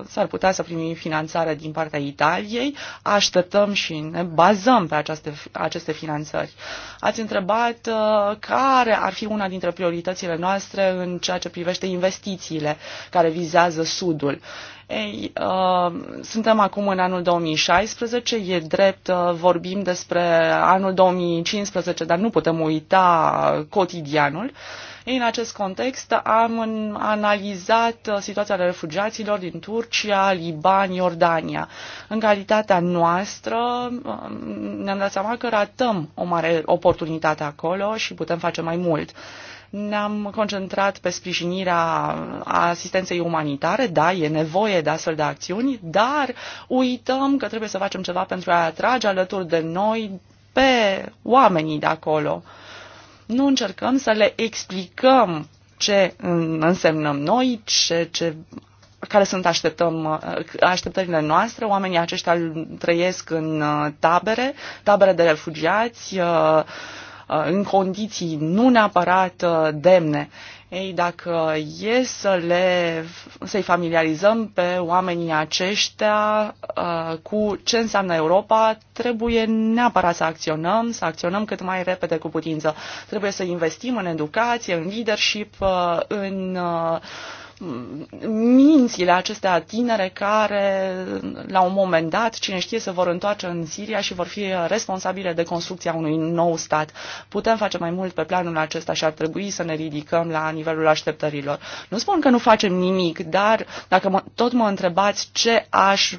s-ar putea să primim finanțare din partea Italiei. Așteptăm și ne bazăm pe aceste, aceste finanțări. Ați întrebat uh, care ar fi una dintre prioritățile noastre în ceea ce privește investițiile care vizează Sudul. Ei, uh, suntem acum în anul 2016, e drept, uh, vorbim despre anul 2015, dar nu putem uita cotidianul. Ei, în acest context am analizat uh, situația refugiaților din Turcia, Liban, Iordania. În calitatea noastră uh, ne-am dat seama că ratăm o mare oportunitate acolo și putem face mai mult. Uh, ne-am concentrat pe sprijinirea asistenței umanitare, da, e nevoie de astfel de acțiuni, dar uităm că trebuie să facem ceva pentru a atrage alături de noi pe oamenii de acolo. Nu încercăm să le explicăm ce însemnăm noi, ce, ce care sunt așteptăm, așteptările noastre. Oamenii aceștia trăiesc în uh, tabere, tabere de refugiați, uh, Uh, în condiții nu neapărat uh, demne. Ei, dacă e să le, să-i familiarizăm pe oamenii aceștia uh, cu ce înseamnă Europa, trebuie neapărat să acționăm, să acționăm cât mai repede cu putință. Trebuie să investim în educație, în leadership, uh, în uh, mințile acestea tinere care, la un moment dat, cine știe, se vor întoarce în Siria și vor fi responsabile de construcția unui nou stat. Putem face mai mult pe planul acesta și ar trebui să ne ridicăm la nivelul așteptărilor. Nu spun că nu facem nimic, dar dacă mă, tot mă întrebați ce aș,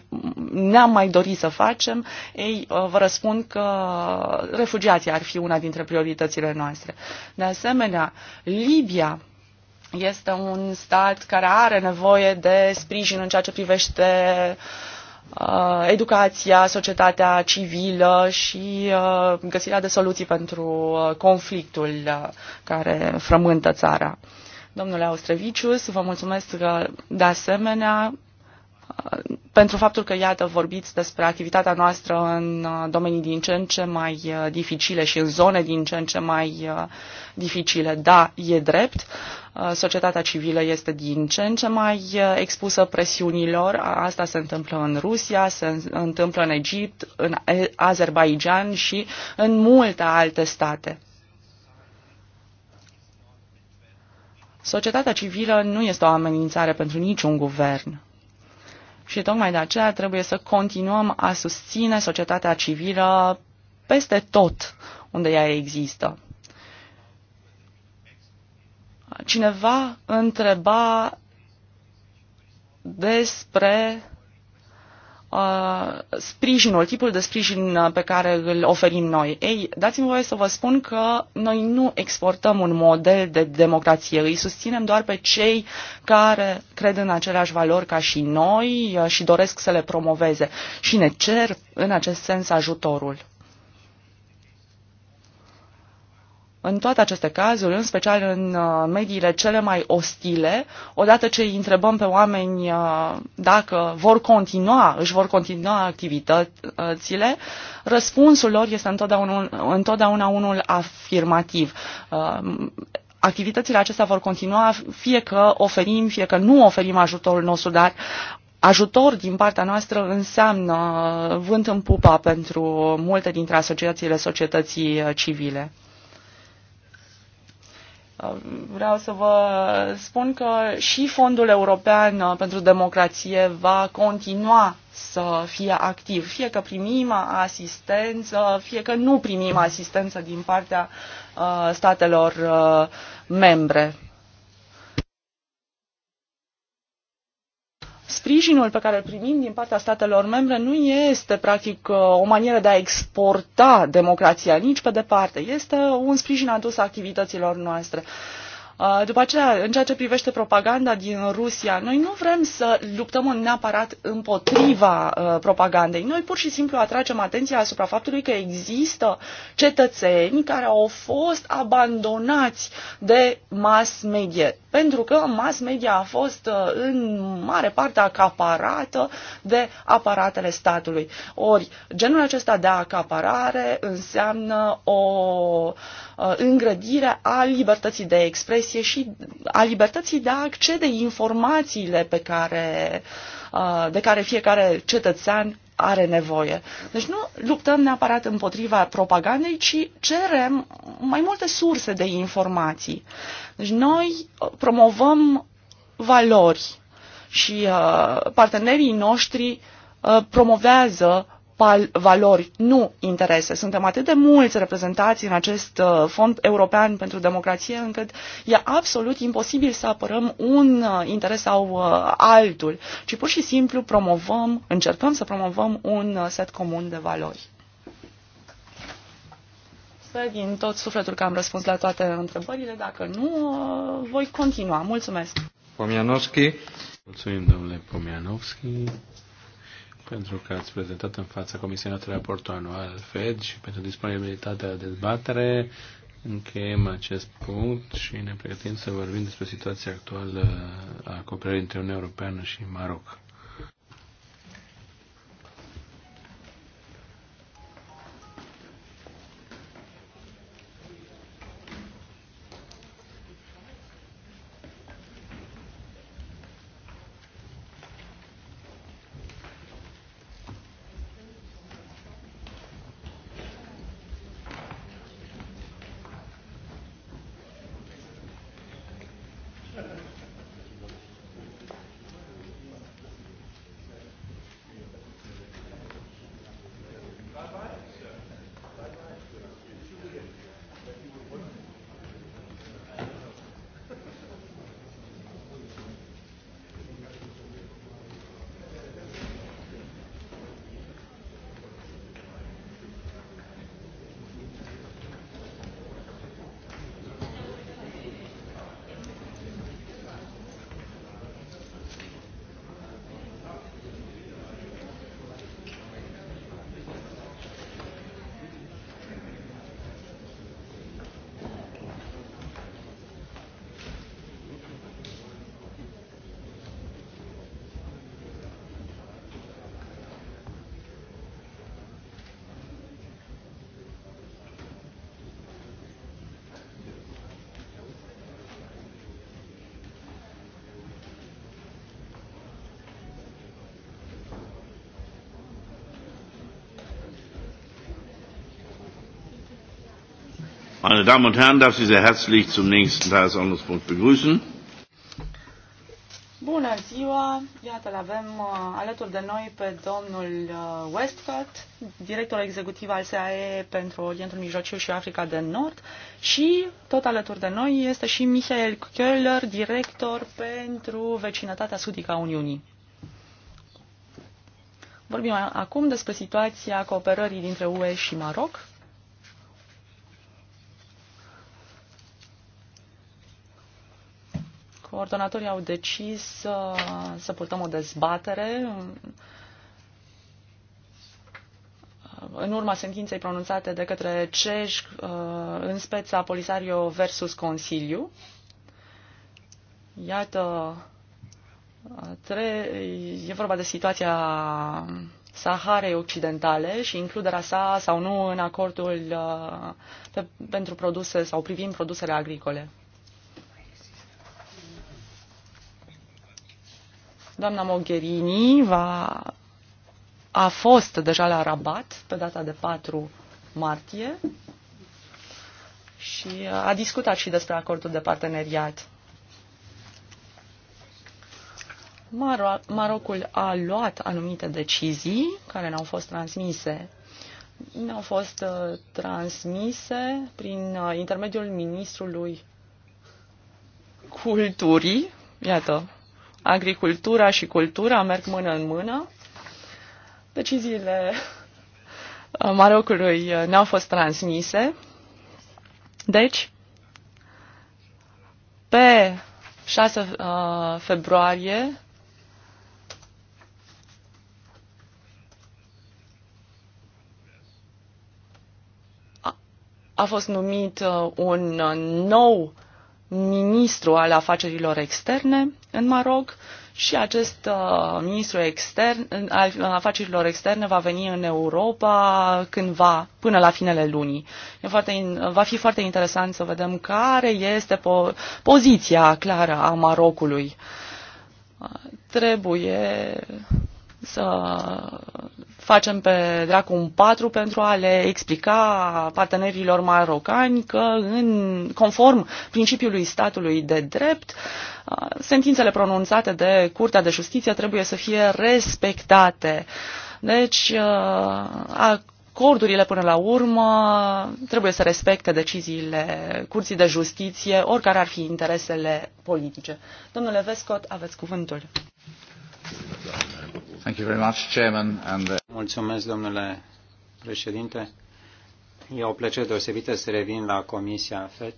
ne-am mai dori să facem, ei, vă răspund că refugiații ar fi una dintre prioritățile noastre. De asemenea, Libia este un stat care are nevoie de sprijin în ceea ce privește uh, educația, societatea civilă și uh, găsirea de soluții pentru uh, conflictul uh, care frământă țara. Domnule Austrevicius, vă mulțumesc uh, de asemenea pentru faptul că, iată, vorbiți despre activitatea noastră în uh, domenii din ce în ce mai uh, dificile și în zone din ce în ce mai uh, dificile. Da, e drept. Societatea civilă este din ce în ce mai expusă presiunilor. Asta se întâmplă în Rusia, se întâmplă în Egipt, în Azerbaijan și în multe alte state. Societatea civilă nu este o amenințare pentru niciun guvern. Și tocmai de aceea trebuie să continuăm a susține societatea civilă peste tot unde ea există. Cineva întreba despre Uh, sprijinul, tipul de sprijin uh, pe care îl oferim noi. Ei, dați-mi voie să vă spun că noi nu exportăm un model de democrație, îi susținem doar pe cei care cred în aceleași valori ca și noi uh, și doresc să le promoveze și ne cer în acest sens ajutorul. În toate aceste cazuri, în special în uh, mediile cele mai ostile, odată ce îi întrebăm pe oameni uh, dacă vor continua, își vor continua activitățile, răspunsul lor este întotdeauna, întotdeauna unul afirmativ uh, activitățile acestea vor continua, fie că oferim, fie că nu oferim ajutorul nostru, dar ajutor din partea noastră înseamnă vânt în pupa pentru multe dintre asociațiile societății civile. Vreau să vă spun că și Fondul European pentru Democrație va continua să fie activ, fie că primim asistență, fie că nu primim asistență din partea uh, statelor uh, membre. sprijinul pe care îl primim din partea statelor membre nu este practic uh, o manieră de a exporta democrația nici pe departe. Este un sprijin adus activităților noastre. Uh, după aceea, în ceea ce privește propaganda din Rusia, noi nu vrem să luptăm neapărat împotriva uh, propagandei. Noi pur și simplu atragem atenția asupra faptului că există cetățeni care au fost abandonați de mass media pentru că mass media a fost uh, în mare parte acaparată de aparatele statului. Ori, genul acesta de acaparare înseamnă o uh, îngrădire a libertății de expresie și a libertății de a accede informațiile pe care uh, Uh, de care fiecare cetățean are nevoie. Deci nu luptăm neapărat împotriva propagandei, ci cerem mai multe surse de informații. Deci noi uh, promovăm valori și uh, partenerii noștri promovează valori, nu interese. Suntem atât de mulți reprezentați în acest uh, fond european pentru democrație încât e absolut imposibil să apărăm un uh, interes sau uh, altul, ci pur și simplu promovăm, încercăm să promovăm un set comun de valori. Sper din tot sufletul că am răspuns la toate întrebările. Dacă nu, voi continua. Mulțumesc! Pomianovski. Mulțumim, domnule Pomianovski pentru că ați prezentat în fața Comisiei noastre raportul anual FED și pentru disponibilitatea de dezbatere. Încheiem acest punct și ne pregătim să vorbim despre situația actuală a cooperării între Uniunea Europeană și Maroc. Meine Damen und Herren, darf Sie sehr herzlich zum nächsten Tagesordnungspunkt begrüßen. Bună ziua! Iată, l avem uh, alături de noi pe domnul uh, Westcott, director executiv al SAE pentru Orientul Mijlociu și Africa de Nord și tot alături de noi este și Michael Köhler, director pentru vecinătatea sudică a Uniunii. Vorbim acum despre situația cooperării dintre UE și Maroc. coordonatorii au decis să, să purtăm o dezbatere în urma sentinței pronunțate de către CEJ uh, în speța Polisario versus Consiliu. Iată, uh, tre- e vorba de situația Saharei Occidentale și includerea sa sau nu în acordul uh, pe, pentru produse sau privind produsele agricole. Doamna Mogherini va, a fost deja la Rabat pe data de 4 martie și a discutat și despre acordul de parteneriat. Maro- Marocul a luat anumite decizii care n au fost transmise n au fost uh, transmise prin uh, intermediul ministrului culturii, iată, Agricultura și cultura merg mână în mână. Deciziile Marocului uh, n-au fost transmise. Deci, pe 6 uh, februarie a fost numit uh, un nou ministru al afacerilor externe în Maroc și acest uh, ministru extern, al afacerilor externe va veni în Europa cândva, până la finele lunii. E foarte, va fi foarte interesant să vedem care este po- poziția clară a Marocului. Uh, trebuie să facem pe dracu un patru pentru a le explica partenerilor marocani că, în, conform principiului statului de drept, sentințele pronunțate de Curtea de Justiție trebuie să fie respectate. Deci, acordurile până la urmă trebuie să respecte deciziile Curții de Justiție, oricare ar fi interesele politice. Domnule Vescot, aveți cuvântul. Thank you very much, Chairman, and... Uh, Mulțumesc, domnule președinte. E o plăcere deosebită să revin la Comisia FED.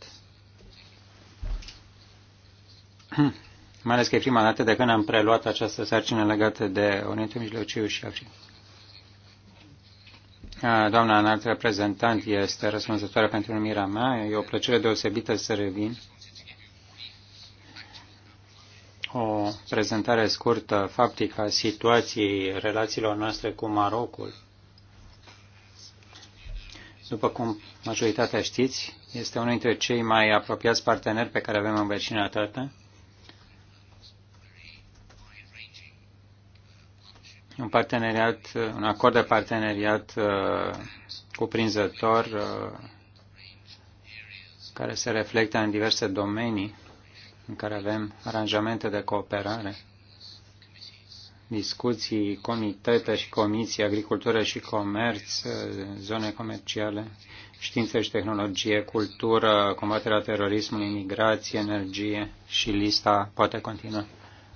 Mai ales că e prima dată de când am preluat această sarcină legată de Orientul Mijlociu și Africa. Doamna înalt reprezentant este răspunzătoare pentru numirea mea. E o plăcere deosebită să revin o prezentare scurtă faptică a situației relațiilor noastre cu Marocul. După cum majoritatea știți, este unul dintre cei mai apropiați parteneri pe care avem în vecinătate. Un parteneriat, un acord de parteneriat uh, cuprinzător uh, care se reflectă în diverse domenii în care avem aranjamente de cooperare, discuții, comitete și comisii, agricultură și comerț, zone comerciale, știință și tehnologie, cultură, combaterea terorismului, migrație, energie și lista poate continua.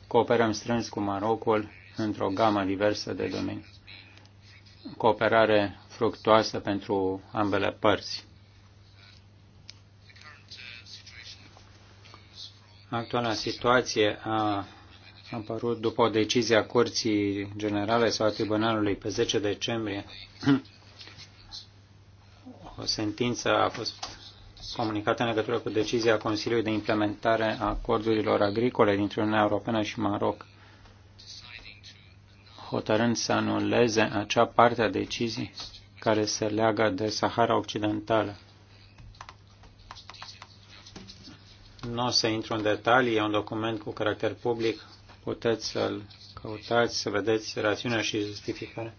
Cooperăm strâns cu Marocul într-o gamă diversă de domenii. Cooperare fructuoasă pentru ambele părți. Actuala situație a apărut după o decizie a Curții Generale sau a Tribunalului pe 10 decembrie. O sentință a fost comunicată în legătură cu decizia Consiliului de implementare a acordurilor agricole dintre Uniunea Europeană și Maroc, hotărând să anuleze acea parte a deciziei care se leagă de Sahara Occidentală. Nu o să intru în detalii, e un document cu caracter public, puteți să-l căutați, să vedeți rațiunea și justificarea.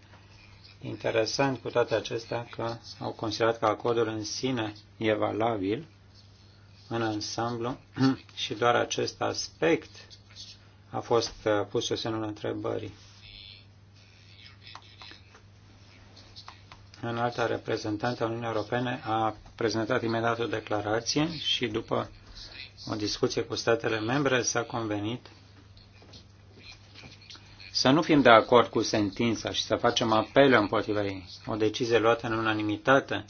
Interesant cu toate acestea că au considerat că acordul în sine e valabil în ansamblu și doar acest aspect a fost uh, pus sub semnul întrebării. În alta reprezentantă a Uniunii Europene a prezentat imediat o declarație și după o discuție cu statele membre, s-a convenit să nu fim de acord cu sentința și să facem apel împotriva ei. O decizie luată în unanimitate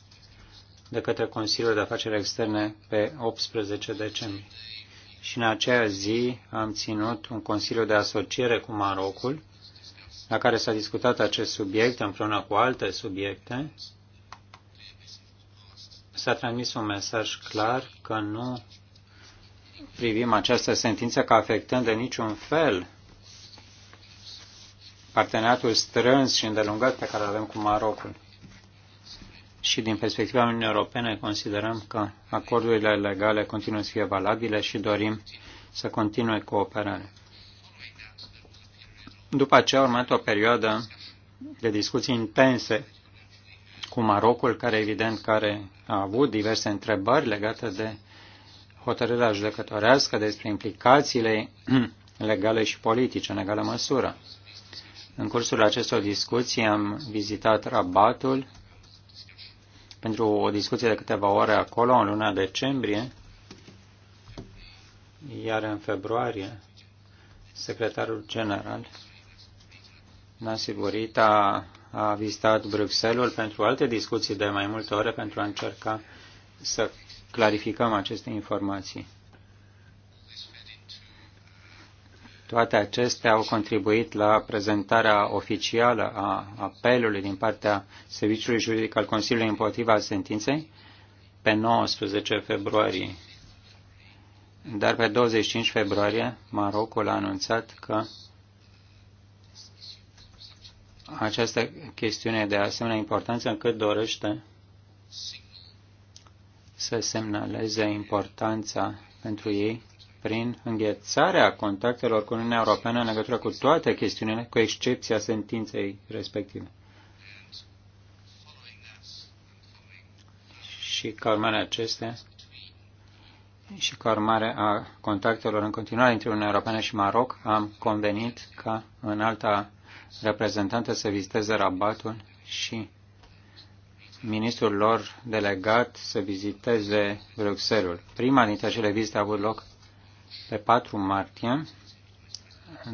de către Consiliul de Afaceri Externe pe 18 decembrie. Și în aceea zi am ținut un Consiliu de Asociere cu Marocul, la care s-a discutat acest subiect împreună cu alte subiecte. S-a transmis un mesaj clar că nu privim această sentință ca afectând de niciun fel parteneriatul strâns și îndelungat pe care îl avem cu Marocul. Și din perspectiva Uniunii Europene considerăm că acordurile legale continuă să fie valabile și dorim să continue cooperarea. După aceea a urmat o perioadă de discuții intense cu Marocul, care evident care a avut diverse întrebări legate de hotărârea judecătorească despre implicațiile legale și politice în egală măsură. În cursul acestor discuții am vizitat Rabatul pentru o discuție de câteva ore acolo în luna decembrie, iar în februarie secretarul general Nasir Burita a vizitat Bruxelles pentru alte discuții de mai multe ore pentru a încerca să clarificăm aceste informații. Toate acestea au contribuit la prezentarea oficială a apelului din partea Serviciului Juridic al Consiliului împotriva sentinței pe 19 februarie. Dar pe 25 februarie, Marocul a anunțat că această chestiune e de asemenea importanță încât dorește să semnaleze importanța pentru ei prin înghețarea contactelor cu Uniunea Europeană în legătură cu toate chestiunile, cu excepția sentinței respective. Și ca urmare acestea, și ca urmare a contactelor în continuare între Uniunea Europeană și Maroc, am convenit ca în alta reprezentantă să viziteze Rabatul și ministrul lor delegat să viziteze Bruxelles. Prima dintre acele vizite a avut loc pe 4 martie.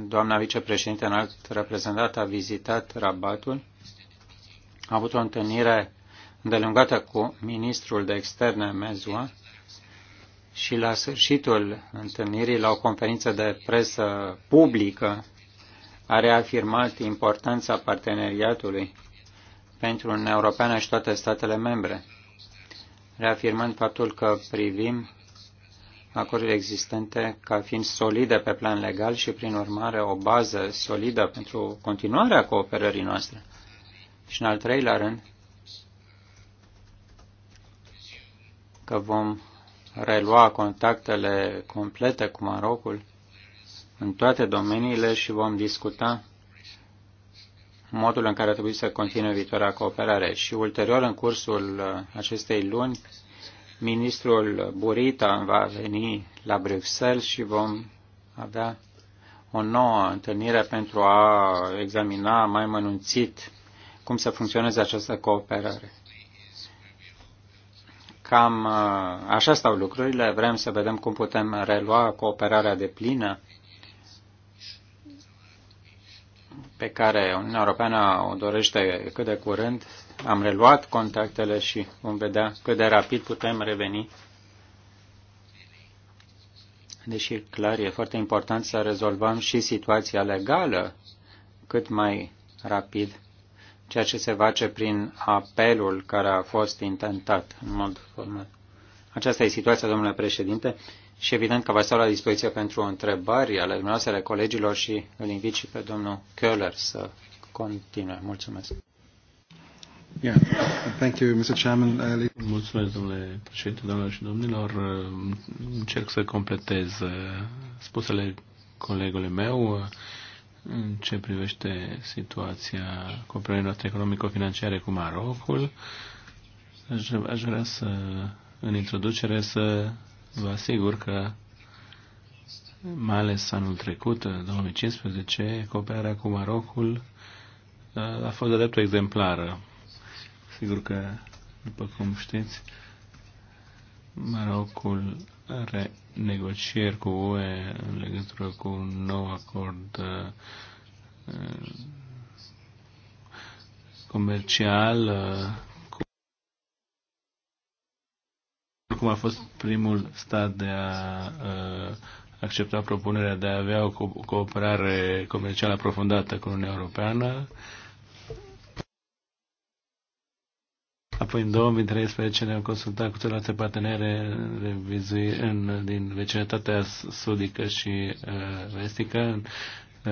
Doamna vicepreședinte înalt reprezentat a vizitat Rabatul. A avut o întâlnire îndelungată cu ministrul de externe Mezua și la sfârșitul întâlnirii, la o conferință de presă publică, a reafirmat importanța parteneriatului pentru Uniunea Europeană și toate statele membre, reafirmând faptul că privim acordurile existente ca fiind solide pe plan legal și, prin urmare, o bază solidă pentru continuarea cooperării noastre. Și, în al treilea rând, că vom relua contactele complete cu Marocul în toate domeniile și vom discuta modul în care trebuie să continue viitoarea cooperare. Și ulterior, în cursul acestei luni, ministrul Burita va veni la Bruxelles și vom avea o nouă întâlnire pentru a examina mai mănunțit cum să funcționeze această cooperare. Cam uh, așa stau lucrurile, vrem să vedem cum putem relua cooperarea de plină pe care Uniunea Europeană o dorește cât de curând. Am reluat contactele și vom vedea cât de rapid putem reveni. Deși, clar, e foarte important să rezolvăm și situația legală cât mai rapid, ceea ce se face prin apelul care a fost intentat în mod formal. Aceasta e situația, domnule președinte și evident că vă stau la dispoziție pentru întrebări ale dumneavoastră, ale colegilor și îl invit și pe domnul Köhler să continue. Mulțumesc. Yeah. Thank you, Mr. Chairman. Uh, Mulțumesc, domnule președinte, doamnelor și domnilor. Uh, încerc să completez uh, spusele colegului meu în ce privește situația cooperării noastre economico-financiare cu Marocul. Aș, aș vrea să, în introducere, să vă asigur că mai ales anul trecut, 2015, cooperarea cu Marocul a fost de dreptul exemplară. Sigur că, după cum știți, Marocul are negocieri cu UE în legătură cu un nou acord comercial cum a fost primul stat de a uh, accepta propunerea de a avea o co- cooperare comercială aprofundată cu Uniunea Europeană. Apoi în 2013 ne-am consultat cu celelalte partenere în, din vecinătatea sudică și uh, vestică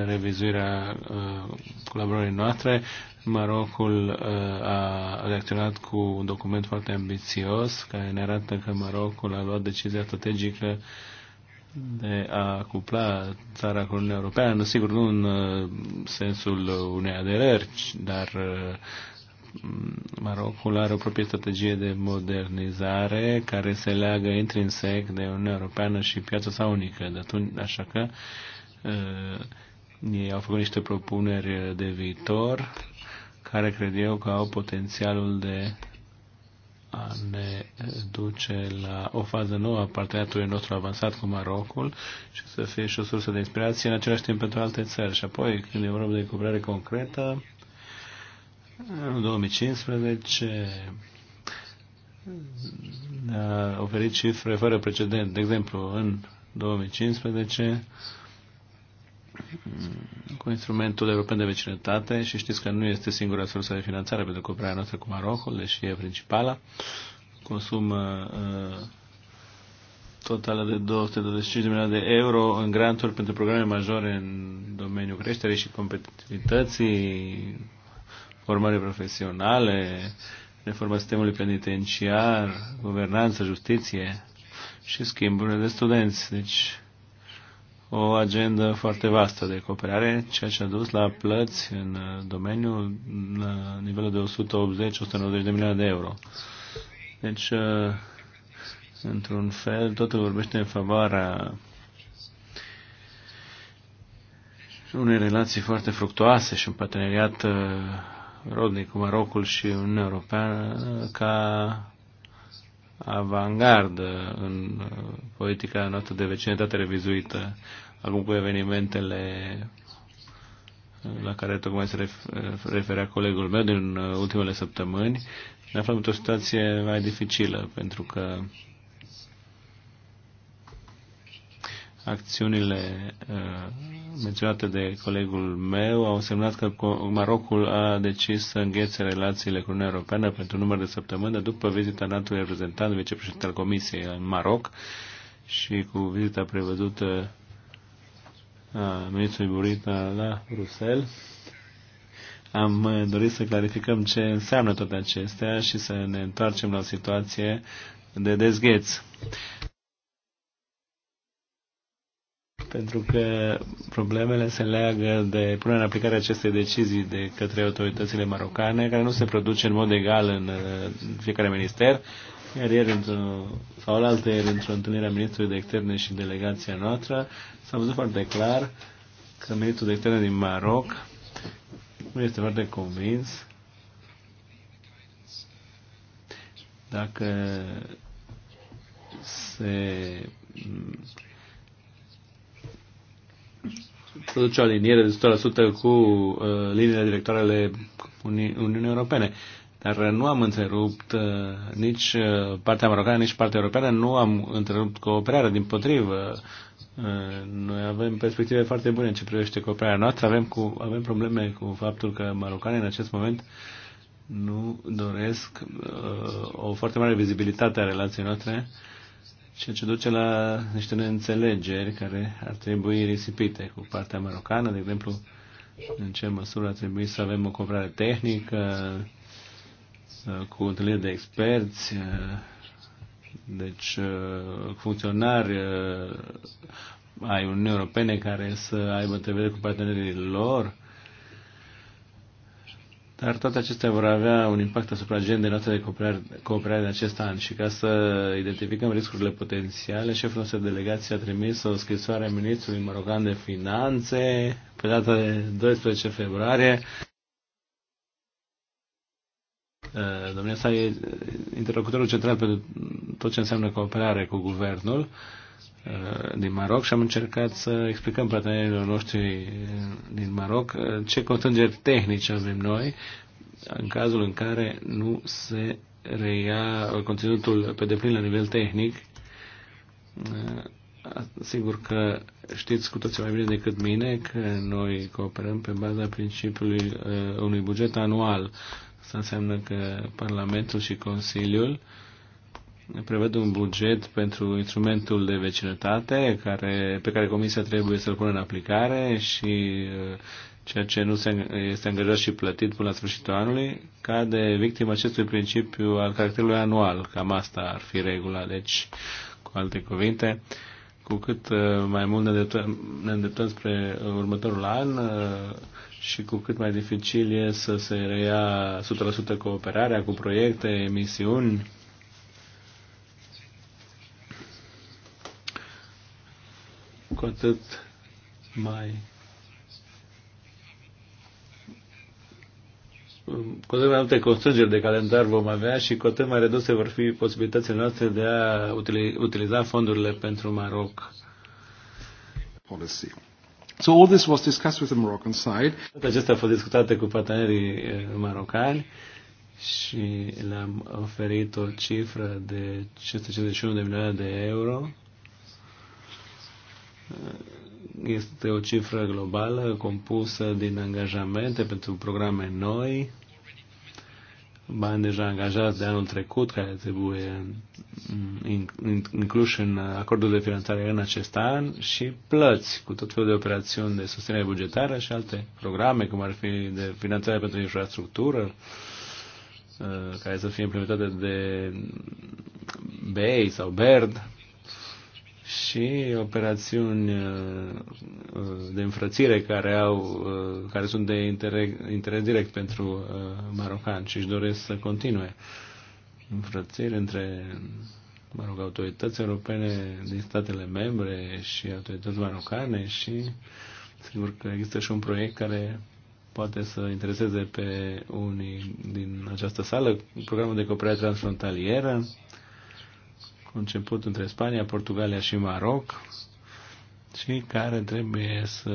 revizuirea uh, colaborării noastre. Marocul uh, a reacționat cu un document foarte ambițios care ne arată că Marocul a luat decizia strategică de a cupla țara cu Uniunea Europeană, sigur nu în uh, sensul unei aderări, dar Marocul are o proprie strategie de modernizare care se leagă intrinsec de Uniunea Europeană și piața sa unică. De atunci, așa că ei au făcut niște propuneri de viitor care cred eu că au potențialul de a ne duce la o fază nouă a parteneriatului nostru avansat cu Marocul și să fie și o sursă de inspirație în același timp pentru alte țări. Și apoi, când e vorba de cooperare concretă, în 2015 ne-a oferit cifre fără precedent. De exemplu, în 2015 Mm, cu instrumentul european de vecinătate și știți că nu este singura sursă de finanțare pentru cooperarea noastră cu Marocul, deși e principala. Consumă uh, totală de 225 de milioane de euro în granturi pentru programe majore în domeniul creșterii și competitivității, formării profesionale, reforma sistemului penitenciar, guvernanță, justiție și schimburile de studenți. Deci, o agendă foarte vastă de cooperare, ceea ce a dus la plăți în uh, domeniu la uh, nivelul de 180-190 de milioane de euro. Deci, uh, într-un fel, totul vorbește în favoarea unei relații foarte fructoase și un parteneriat rodnic cu Marocul și Uniunea Europeană ca avangardă în uh, politica noastră de vecinătate revizuită, acum cu evenimentele uh, la care tocmai se uh, referea colegul meu din ultimele săptămâni, ne aflăm într-o situație mai dificilă, pentru că acțiunile uh, menționate de colegul meu au semnat că Marocul a decis să înghețe relațiile cu Uniunea Europeană pentru număr de săptămâni după vizita natului reprezentant, vicepreședinte al Comisiei în Maroc și cu vizita prevăzută a uh, ministrului Burita la Bruxelles. Am uh, dorit să clarificăm ce înseamnă toate acestea și să ne întoarcem la o situație de dezgheț pentru că problemele se leagă de punerea în aplicare acestei decizii de către autoritățile marocane, care nu se produce în mod egal în uh, fiecare minister. Iar ieri, într-o, sau la altă ieri, într-o întâlnire a Ministrului de Externe și delegația noastră, s-a văzut foarte clar că Ministrul de Externe din Maroc nu este foarte convins dacă se produce o aliniere de 100% cu uh, liniile directoare ale Uni- Uniunii Europene. Dar nu am întrerupt uh, nici uh, partea marocană, nici partea europeană, nu am întrerupt cooperarea, din potrivă. Uh, noi avem perspective foarte bune în ce privește cooperarea noastră, avem, cu, avem probleme cu faptul că marocanii în acest moment nu doresc uh, o foarte mare vizibilitate a relației noastre uh, ceea ce duce la niște neînțelegeri care ar trebui risipite cu partea marocană, de exemplu, în ce măsură ar trebui să avem o cooperare tehnică uh, cu întâlniri de experți, uh, deci uh, funcționari ai Uniunii Europene care să aibă întâlniri cu partenerii lor, dar toate acestea vor avea un impact asupra agendei noastre de cooperare, cooperare în acest an și ca să identificăm riscurile potențiale, șeful nostru de delegație a trimis o scrisoare a Ministrului Marocan de Finanțe pe data de 12 februarie. Uh, Domnul sa e interlocutorul central pentru tot ce înseamnă cooperare cu guvernul Uh, din Maroc și am încercat să explicăm partenerilor noștri uh, din Maroc uh, ce constrângeri tehnice avem noi în cazul în care nu se reia conținutul pe deplin la nivel tehnic. Sigur că știți cu toții mai bine decât mine că noi cooperăm pe baza principiului unui buget anual. Asta înseamnă că Parlamentul și Consiliul uh, prevăd un buget pentru instrumentul de vecinătate care, pe care Comisia trebuie să-l pună în aplicare și uh, ceea ce nu se, este angajat și plătit până la sfârșitul anului, cade victima acestui principiu al caracterului anual. Cam asta ar fi regula. Deci, cu alte cuvinte, cu cât uh, mai mult ne îndreptăm, ne îndreptăm spre următorul an, uh, și cu cât mai dificil e să se reia 100% cooperarea cu proiecte, emisiuni, cu atât mai cu atât mai multe constrângeri de calendar vom avea și cu atât mai reduse vor fi posibilitățile noastre de a utiliza fondurile pentru Maroc. Policy. So all this was discussed with the Moroccan side. Toate acestea au fost discutate cu partenerii eh, marocani și le-am oferit o cifră de 551 de milioane de euro este o cifră globală compusă din angajamente pentru programe noi, bani deja angajați de anul trecut, care trebuie incluși în acordul de finanțare în acest an și plăți cu tot felul de operațiuni de susținere bugetară și alte programe, cum ar fi de finanțare pentru infrastructură, uh, care să fie implementate de BEI sau BERD și operațiuni uh, de înfrățire care, au, uh, care sunt de interes, interes direct pentru uh, marocani și își doresc să continue înfrățiri între mă rog, autorități europene din statele membre și autorități marocane și sigur că există și un proiect care poate să intereseze pe unii din această sală, programul de cooperare transfrontalieră început între Spania, Portugalia și Maroc și care trebuie să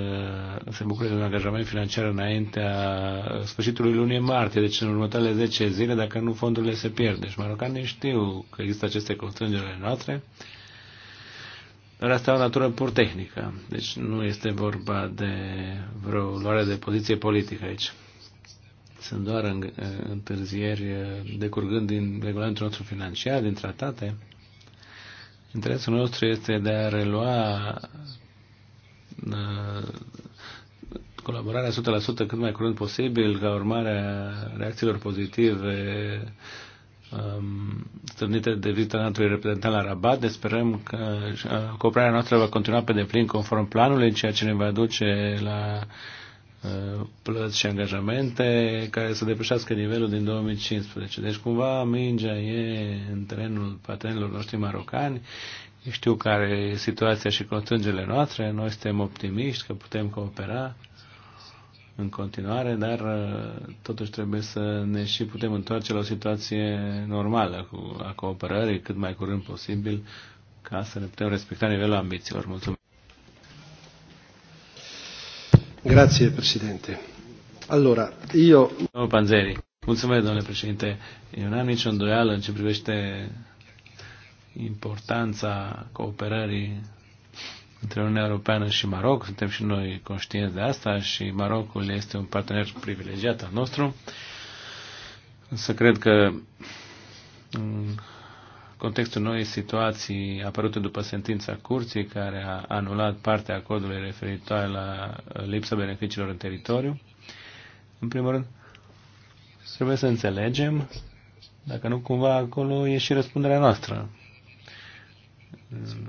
se bucure de un angajament financiar înaintea sfârșitului lunii martie, deci în următoarele 10 zile, dacă nu fondurile se pierd. Deci marocanii știu că există aceste constrângeri noastre, dar asta e o natură pur tehnică, deci nu este vorba de vreo luare de poziție politică aici. Sunt doar întârzieri decurgând din regulamentul nostru financiar, din tratate, Interesul nostru este de a relua da, colaborarea 100% cât mai curând posibil ca urmare a reacțiilor pozitive um, stârnite de vizita înaltului reprezentant la Rabat. Ne sperăm că uh, cooperarea noastră va continua pe deplin conform planului, ceea ce ne va duce la uh, Uh, plăți și angajamente care să depășească nivelul din 2015. Deci cumva mingea e în terenul patenilor noștri marocani. știu care e situația și constrângerile noastre. Noi suntem optimiști că putem coopera în continuare, dar uh, totuși trebuie să ne și putem întoarce la o situație normală a cooperării cât mai curând posibil ca să ne putem respecta nivelul ambițiilor. Mulțumesc! Grazie, Presidente. Allora, io... Domnul Panzeri, mulțumesc, domnule președinte. Eu n-am nicio îndoială în ce privește importanța cooperării între Uniunea Europeană și Maroc. Suntem și noi conștienți de asta și Marocul este un partener privilegiat al nostru. Însă cred că contextul noii situații apărute după sentința curții care a anulat partea acordului referitoare la lipsa beneficiilor în teritoriu. În primul rând, trebuie să înțelegem dacă nu cumva acolo e și răspunderea noastră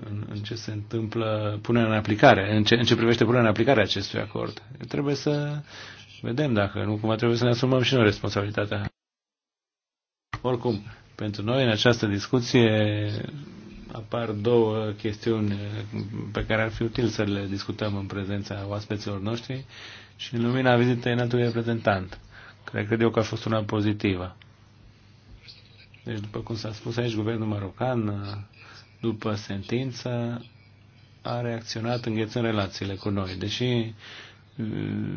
în, în ce se întâmplă punerea în aplicare, în ce, în ce privește punerea în aplicare a acestui acord. Trebuie să vedem dacă nu cumva trebuie să ne asumăm și noi responsabilitatea. Oricum, pentru noi, în această discuție, apar două chestiuni pe care ar fi util să le discutăm în prezența oaspeților noștri și în lumina vizitei înaltului reprezentant, care cred eu că a fost una pozitivă. Deci, după cum s-a spus aici, guvernul marocan, după sentință, a reacționat înghețând relațiile cu noi, deși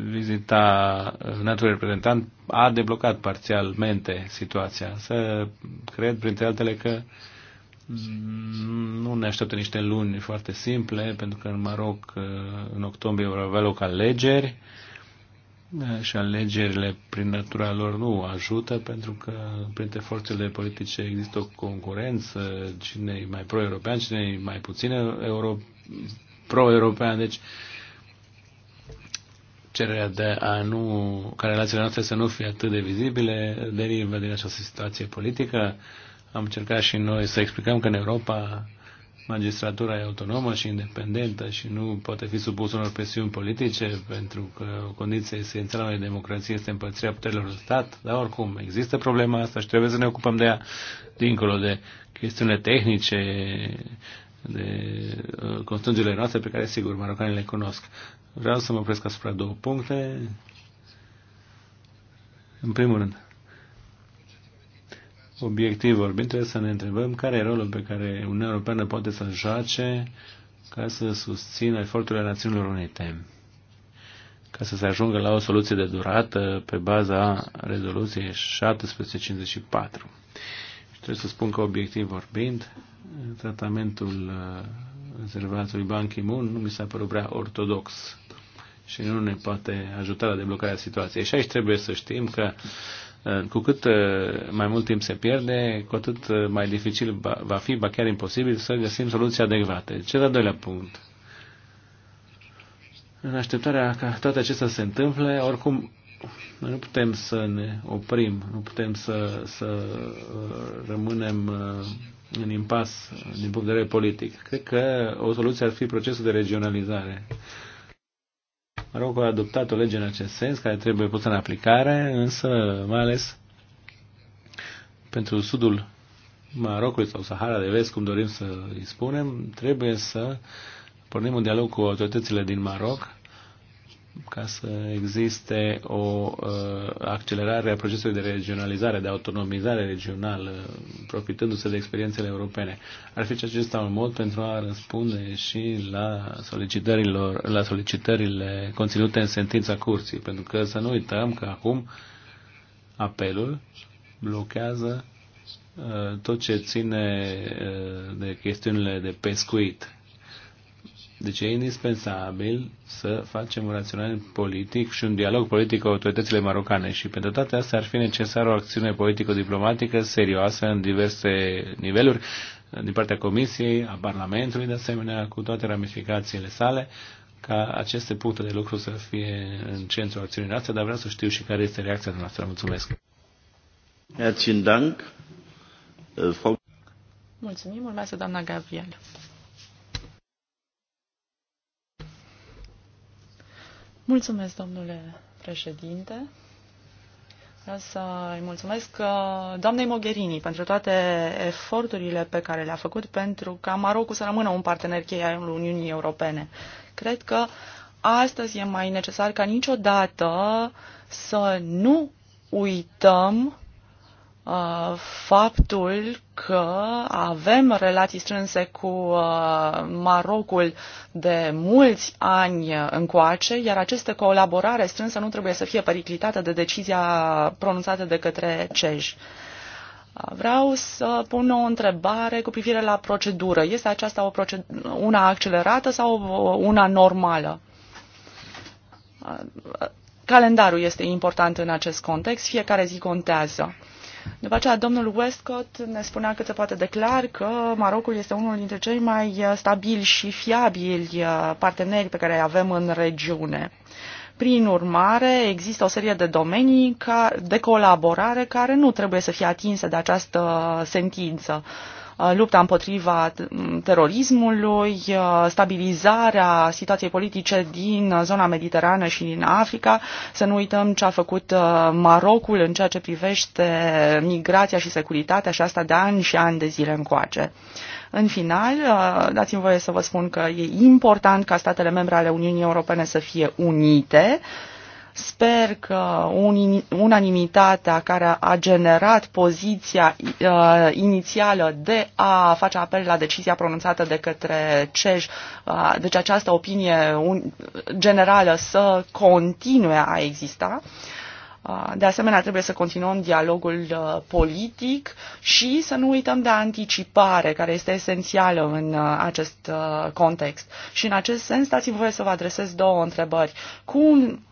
vizita înaltul reprezentant a deblocat parțialmente situația. Să cred, printre altele, că nu ne așteaptă niște luni foarte simple, pentru că în Maroc în octombrie vor avea loc alegeri și alegerile prin natura lor nu ajută pentru că printre forțele politice există o concurență, cine e mai pro-european, cine e mai puțin euro, pro-european, deci uh, cererea de a nu, ca relațiile noastre să nu fie atât de vizibile, derivă din această situație politică. Am încercat și noi să explicăm că în Europa magistratura e autonomă și independentă și nu poate fi supus unor presiuni politice, pentru că o condiție esențială a democrației este împărțirea puterilor în stat, dar oricum există problema asta și trebuie să ne ocupăm de ea dincolo de chestiunile tehnice de uh, constrângerile noastre pe care, sigur, marocanii le cunosc. Vreau să mă opresc asupra două puncte. În primul rând, obiectiv vorbind, trebuie să ne întrebăm care e rolul pe care Uniunea Europeană poate să-l joace ca să susțină eforturile Națiunilor Unite ca să se ajungă la o soluție de durată pe baza rezoluției 1754. Trebuie să spun că obiectiv vorbind, tratamentul uh, rezervatului Ban Ki-moon nu mi s-a părut prea ortodox și nu ne poate ajuta la deblocarea situației. Și aici trebuie să știm că uh, cu cât uh, mai mult timp se pierde, cu atât mai dificil va fi, ba chiar imposibil, să găsim soluții adecvate. Cel de-al doilea punct. În așteptarea ca toate acestea să se întâmple, oricum noi nu putem să ne oprim, nu putem să, să uh, rămânem uh, în impas uh, din punct de vedere politic. Cred că o soluție ar fi procesul de regionalizare. Marocul a adoptat o lege în acest sens care trebuie pusă în aplicare, însă mai ales pentru sudul Marocului sau Sahara de Vest, cum dorim să îi spunem, trebuie să pornim un dialog cu autoritățile din Maroc ca să existe o uh, accelerare a procesului de regionalizare, de autonomizare regională, profitându-se de experiențele europene. Ar fi acesta un mod pentru a răspunde și la, solicitărilor, la solicitările conținute în sentința curții, pentru că să nu uităm că acum apelul blochează uh, tot ce ține uh, de chestiunile de pescuit deci e indispensabil să facem un rațional politic și un dialog politic cu autoritățile marocane și pentru toate astea ar fi necesară o acțiune politico-diplomatică serioasă în diverse niveluri, din partea Comisiei, a Parlamentului, de asemenea, cu toate ramificațiile sale, ca aceste puncte de lucru să fie în centrul acțiunii noastre, dar vreau să știu și care este reacția noastră. Mulțumesc! Äh, Mulțumim, urmează doamna Gabriel. Mulțumesc, domnule președinte. Vreau să îi mulțumesc uh, doamnei Mogherini pentru toate eforturile pe care le-a făcut pentru ca Marocul să rămână un partener cheie al Uniunii Europene. Cred că astăzi e mai necesar ca niciodată să nu uităm Uh, faptul că avem relații strânse cu uh, Marocul de mulți ani încoace, iar această colaborare strânsă nu trebuie să fie periclitată de decizia pronunțată de către CEJ. Uh, vreau să pun o întrebare cu privire la procedură. Este aceasta o proced- una accelerată sau una normală? Calendarul este important în acest context, fiecare zi contează. După aceea, domnul Westcott ne spunea cât se poate de clar că Marocul este unul dintre cei mai uh, stabili și fiabili uh, parteneri pe care îi avem în regiune. Prin urmare, există o serie de domenii de colaborare care nu trebuie să fie atinse de această sentință. Uh, lupta împotriva terorismului, uh, stabilizarea situației politice din zona mediterană și din Africa. Să nu uităm ce a făcut uh, Marocul în ceea ce privește migrația și securitatea și asta de ani și ani de zile încoace. În final, dați-mi voie să vă spun că e important ca statele membre ale Uniunii Europene să fie unite, Sper că unanimitatea care a generat poziția uh, inițială de a face apel la decizia pronunțată de către CEJ, uh, deci această opinie un, generală să continue a exista, uh, Uh, de asemenea, trebuie să continuăm dialogul uh, politic și să nu uităm de anticipare, care este esențială în uh, acest context. Și în acest sens, dați-mi voie să vă adresez două întrebări. Cum,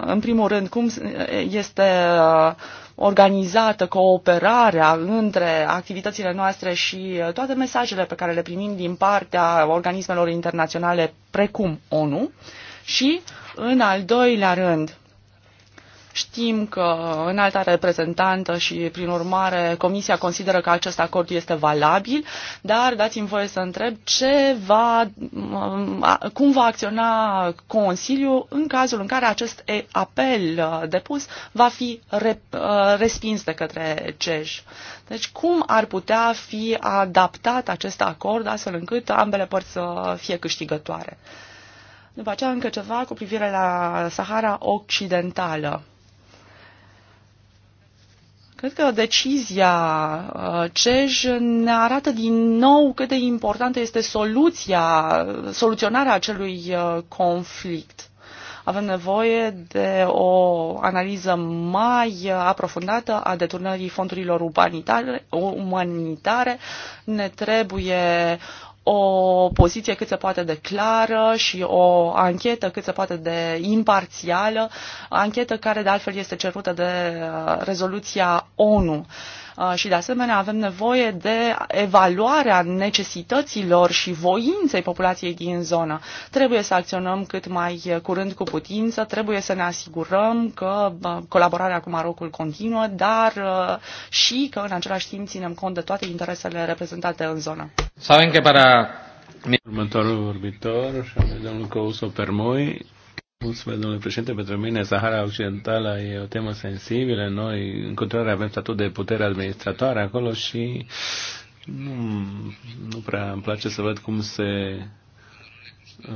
în primul rând, cum este organizată cooperarea între activitățile noastre și toate mesajele pe care le primim din partea organismelor internaționale precum ONU? Și, în al doilea rând, Știm că înalta reprezentantă și, prin urmare, Comisia consideră că acest acord este valabil, dar dați-mi voie să întreb ce va, cum va acționa Consiliul în cazul în care acest apel uh, depus va fi uh, respins de către CEJ. Deci cum ar putea fi adaptat acest acord astfel încât ambele părți să fie câștigătoare? După aceea încă ceva cu privire la Sahara Occidentală. Cred că decizia uh, CEJ ne arată din nou cât de importantă este soluția, soluționarea acelui uh, conflict. Avem nevoie de o analiză mai aprofundată a deturnării fondurilor umanitare, umanitare. Ne trebuie o poziție cât se poate de clară și o anchetă cât se poate de imparțială, anchetă care de altfel este cerută de uh, rezoluția ONU. Uh, Uh, și de asemenea avem nevoie de evaluarea necesităților și voinței populației din zonă. Trebuie să acționăm cât mai curând cu putință, trebuie să ne asigurăm că uh, colaborarea cu Marocul continuă, dar uh, și că în același timp ținem cont de toate interesele reprezentate în zonă. avem că para Următorul vorbitor, domnul Couso Permoi, Mulțumesc, domnule președinte. Pentru mine, Sahara Occidentală e o temă sensibilă. Noi, în continuare, avem statut de putere administratoare acolo și nu, nu prea îmi place să văd cum se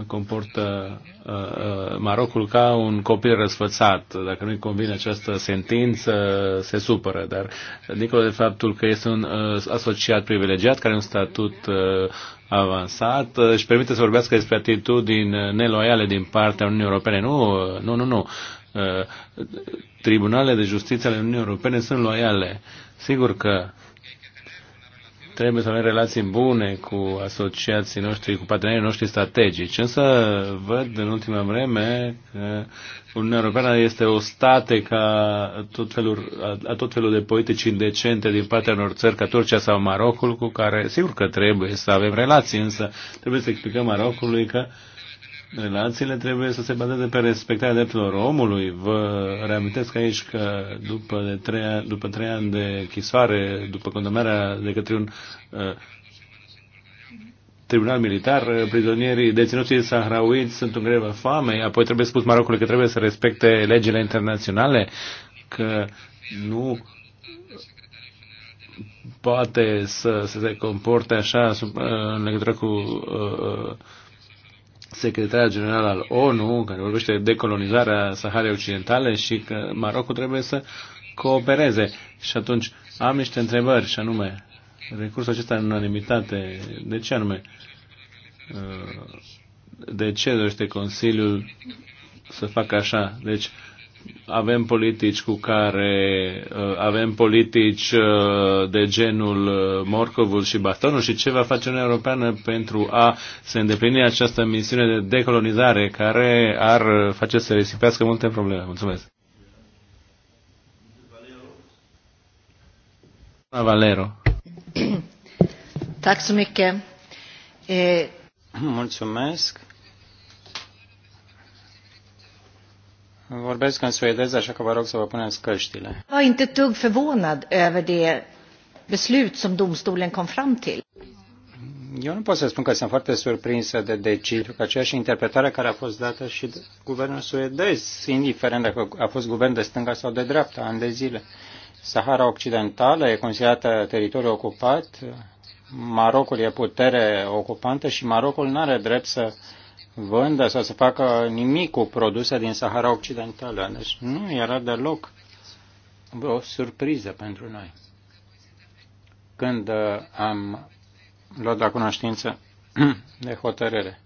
comportă uh, uh, Marocul ca un copil răsfățat. Dacă nu-i convine această sentință, se supără. Dar, dincolo de faptul că este un uh, asociat privilegiat, care are un statut uh, avansat, uh, își permite să vorbească despre atitudini neloiale din partea Uniunii Europene. Nu, uh, nu, nu. nu. Uh, tribunalele de justiție ale Uniunii Europene sunt loiale. Sigur că trebuie să avem relații bune cu asociații noștri, cu partenerii noștri strategici. Însă văd în ultima vreme că Uniunea Europeană este o state ca tot felul, a tot felul de politici indecente din partea unor țări ca Turcia sau Marocul, cu care sigur că trebuie să avem relații, însă trebuie să explicăm Marocului că uh, relațiile trebuie să se bazeze pe respectarea drepturilor omului. Vă reamintesc aici că după, de trei, ani, după trei ani de chisoare, după condamnarea de către un uh, tribunal militar, prizonierii deținuții sahrauiți sunt în grevă famei, apoi trebuie spus Marocului că trebuie să respecte legile internaționale, că nu poate să, să se comporte așa uh, în legătură cu uh, uh secretar general al ONU, care vorbește de colonizarea Saharei Occidentale și că Marocul trebuie să coopereze. Și atunci am niște întrebări, și anume, recursul acesta în unanimitate, de ce anume? Uh, de ce dorește Consiliul să facă așa? Deci, avem politici cu care uh, avem politici uh, de genul uh, morcovul și bastonul și ce va face Uniunea Europeană pentru a se îndeplini această misiune de decolonizare care ar face să risipească multe probleme. Mulțumesc. Valero. Eh, Mulțumesc. Vorbesc în suedeză, așa că vă rog să vă puneți căștile. inte dugg förvånad över det beslut som domstolen kom fram till. Eu nu pot să spun că sunt foarte surprinsă de decizia, că aceeași interpretare care a fost dată și de guvernul suedez, indiferent dacă a fost guvern de stânga sau de dreapta, ani de zile. Sahara Occidentală e considerată teritoriu ocupat, Marocul e putere ocupantă și Marocul nu are drept să uh, vândă sau să facă nimic cu produse din Sahara Occidentală. Deci nu era deloc o surpriză pentru noi. Când uh, am luat la cunoștință de hotărâre.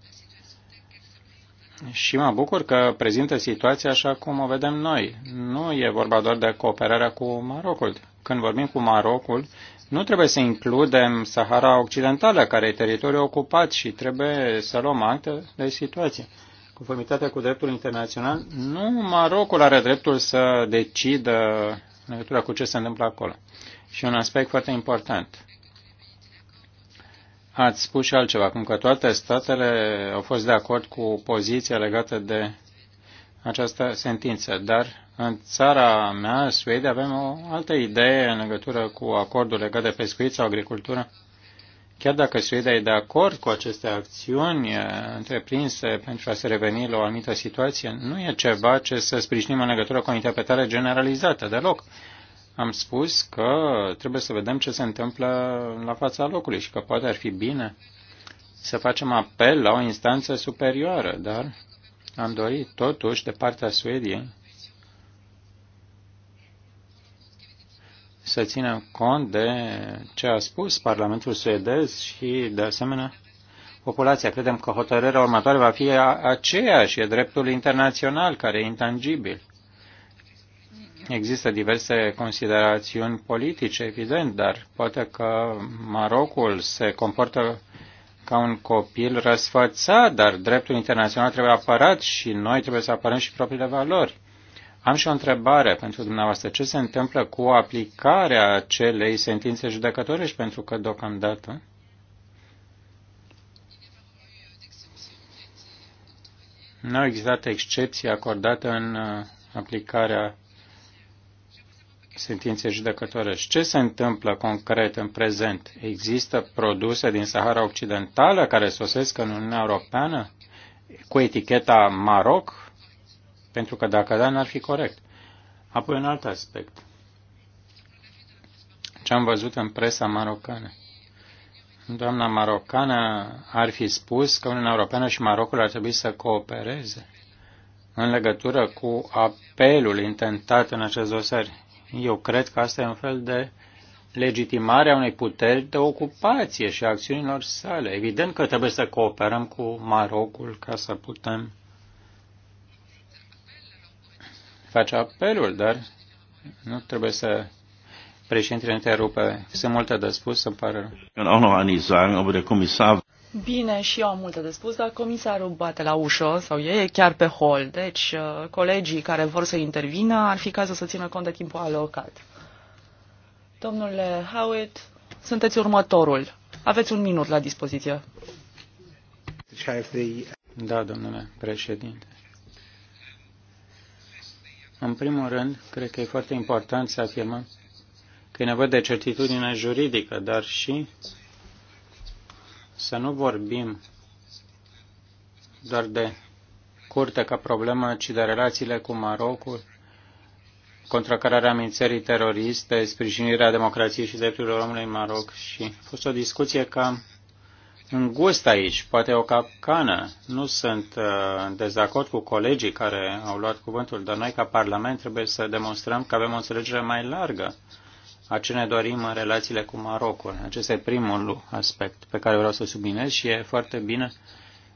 Și mă bucur că prezintă situația așa cum o vedem noi. Nu e vorba doar de cooperarea cu Marocul. Când vorbim cu Marocul, nu trebuie să includem Sahara Occidentală, care e teritoriu ocupat și trebuie să luăm actă de situație. Conformitatea cu dreptul internațional, nu Marocul are dreptul să decidă în legătură cu ce se întâmplă acolo. Și un aspect foarte important. Ați spus și altceva, cum că toate statele au fost de acord cu poziția legată de această sentință. Dar în țara mea, Suedia, avem o altă idee în legătură cu acordul legat de pescuit sau agricultură. Chiar dacă Suedia e de acord cu aceste acțiuni întreprinse pentru a se reveni la o anumită situație, nu e ceva ce să sprijinim în legătură cu o interpretare generalizată deloc. Am spus că trebuie să vedem ce se întâmplă la fața locului și că poate ar fi bine să facem apel la o instanță superioară, dar am dorit, totuși, de partea Suediei, să ținem cont de ce a spus Parlamentul suedez și, de asemenea, populația. Credem că hotărârea următoare va fi aceeași, e dreptul internațional care e intangibil. Există diverse considerațiuni politice, evident, dar poate că Marocul se comportă ca un copil răsfățat, dar dreptul internațional trebuie apărat și noi trebuie să apărăm și propriile valori. Am și o întrebare pentru dumneavoastră. Ce se întâmplă cu aplicarea acelei sentințe judecătorești? Pentru că deocamdată nu a existat excepție acordată în uh, aplicarea sentințe judecătorești. Ce se întâmplă concret în prezent? Există produse din Sahara Occidentală care sosesc în Uniunea Europeană cu eticheta Maroc? Pentru că dacă da, n-ar fi corect. Apoi un alt aspect. Ce am văzut în presa marocană. Doamna marocană ar fi spus că Uniunea Europeană și Marocul ar trebui să coopereze în legătură cu apelul intentat în acest dosar. Eu cred că asta e un fel de legitimare a unei puteri de ocupație și a acțiunilor sale. Evident că trebuie să cooperăm cu Marocul ca să putem face apelul, dar nu trebuie să președintele întrerupe. Sunt multe de spus, îmi pare rău. Bine, și eu am multe de spus, dar comisarul bate la ușă sau e chiar pe hol. Deci, uh, colegii care vor să intervină ar fi cazul să țină cont de timpul alocat. Domnule Howitt, sunteți următorul. Aveți un minut la dispoziție. Da, domnule președinte. În primul rând, cred că e foarte important să afirmăm că e nevoie de certitudine juridică, dar și să nu vorbim doar de curte ca problemă, ci de relațiile cu Marocul, contracararea amenințării teroriste, sprijinirea democrației și drepturilor omului în Maroc. Și a fost o discuție cam îngust aici, poate o capcană. Nu sunt uh, în dezacord cu colegii care au luat cuvântul, dar noi ca Parlament trebuie să demonstrăm că avem o înțelegere mai largă a ce ne dorim în relațiile cu Marocul. Acesta e primul aspect pe care vreau să subliniez și e foarte bine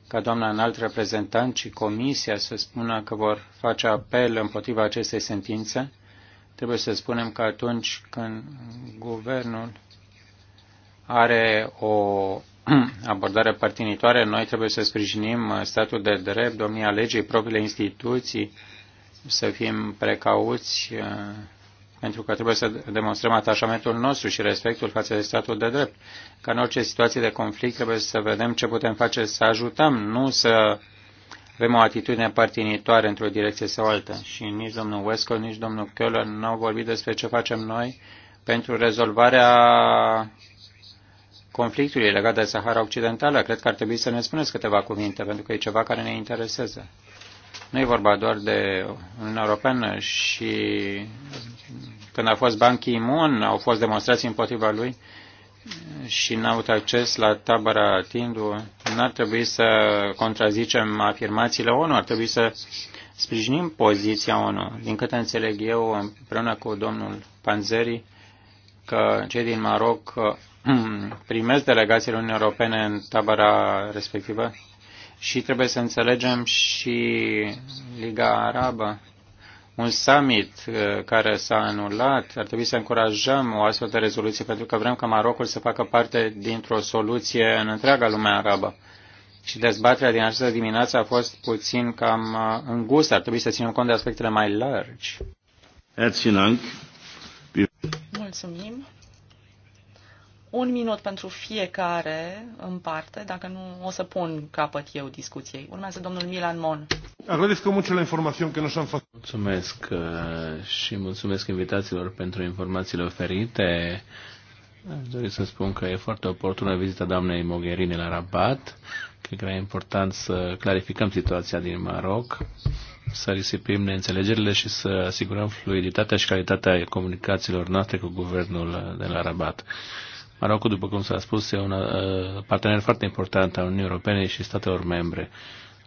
ca doamna înalt reprezentant și comisia să spună că vor face apel împotriva acestei sentințe. Trebuie să spunem că atunci când guvernul are o abordare partinitoare, noi trebuie să sprijinim statul de drept, domnia legii, propriile instituții, să fim precauți pentru că trebuie să demonstrăm atașamentul nostru și respectul față de statul de drept. Ca în orice situație de conflict trebuie să vedem ce putem face să ajutăm, nu să avem o atitudine partinitoare într-o direcție sau alta. Și nici domnul Westcott, nici domnul Keller nu au vorbit despre ce facem noi pentru rezolvarea conflictului legat de Sahara Occidentală. Cred că ar trebui să ne spuneți câteva cuvinte, pentru că e ceva care ne interesează. Nu e vorba doar de Uniunea Europeană și când a fost Ban Ki-moon au fost demonstrații împotriva lui și n-au avut acces la tabăra Tindu. N-ar trebui să contrazicem afirmațiile ONU, ar trebui să sprijinim poziția ONU. Din câte înțeleg eu, împreună cu domnul Panzeri, că cei din Maroc primesc delegațiile Uniunii Europene în tabăra respectivă și trebuie să înțelegem și Liga Arabă. Un summit uh, care s-a anulat, ar trebui să încurajăm o astfel de rezoluție, pentru că vrem ca Marocul să facă parte dintr-o soluție în întreaga lume arabă. Și dezbaterea din această dimineață a fost puțin cam uh, îngustă. Ar trebui să ținem cont de aspectele mai largi. Mulțumim un minut pentru fiecare în parte, dacă nu o să pun capăt eu discuției. Urmează domnul Milan Mon. Agradezco mucho la informații que nos am făcut. Mulțumesc uh, și mulțumesc invitațiilor pentru informațiile oferite. Aș dori să spun că e foarte oportună vizita doamnei Mogherini la Rabat. Cred că e important să clarificăm situația din Maroc, să risipim neînțelegerile și să asigurăm fluiditatea și calitatea comunicațiilor noastre cu guvernul de la Rabat. Marocul, după cum s-a spus, e un uh, partener foarte important al Uniunii Europene și statelor membre.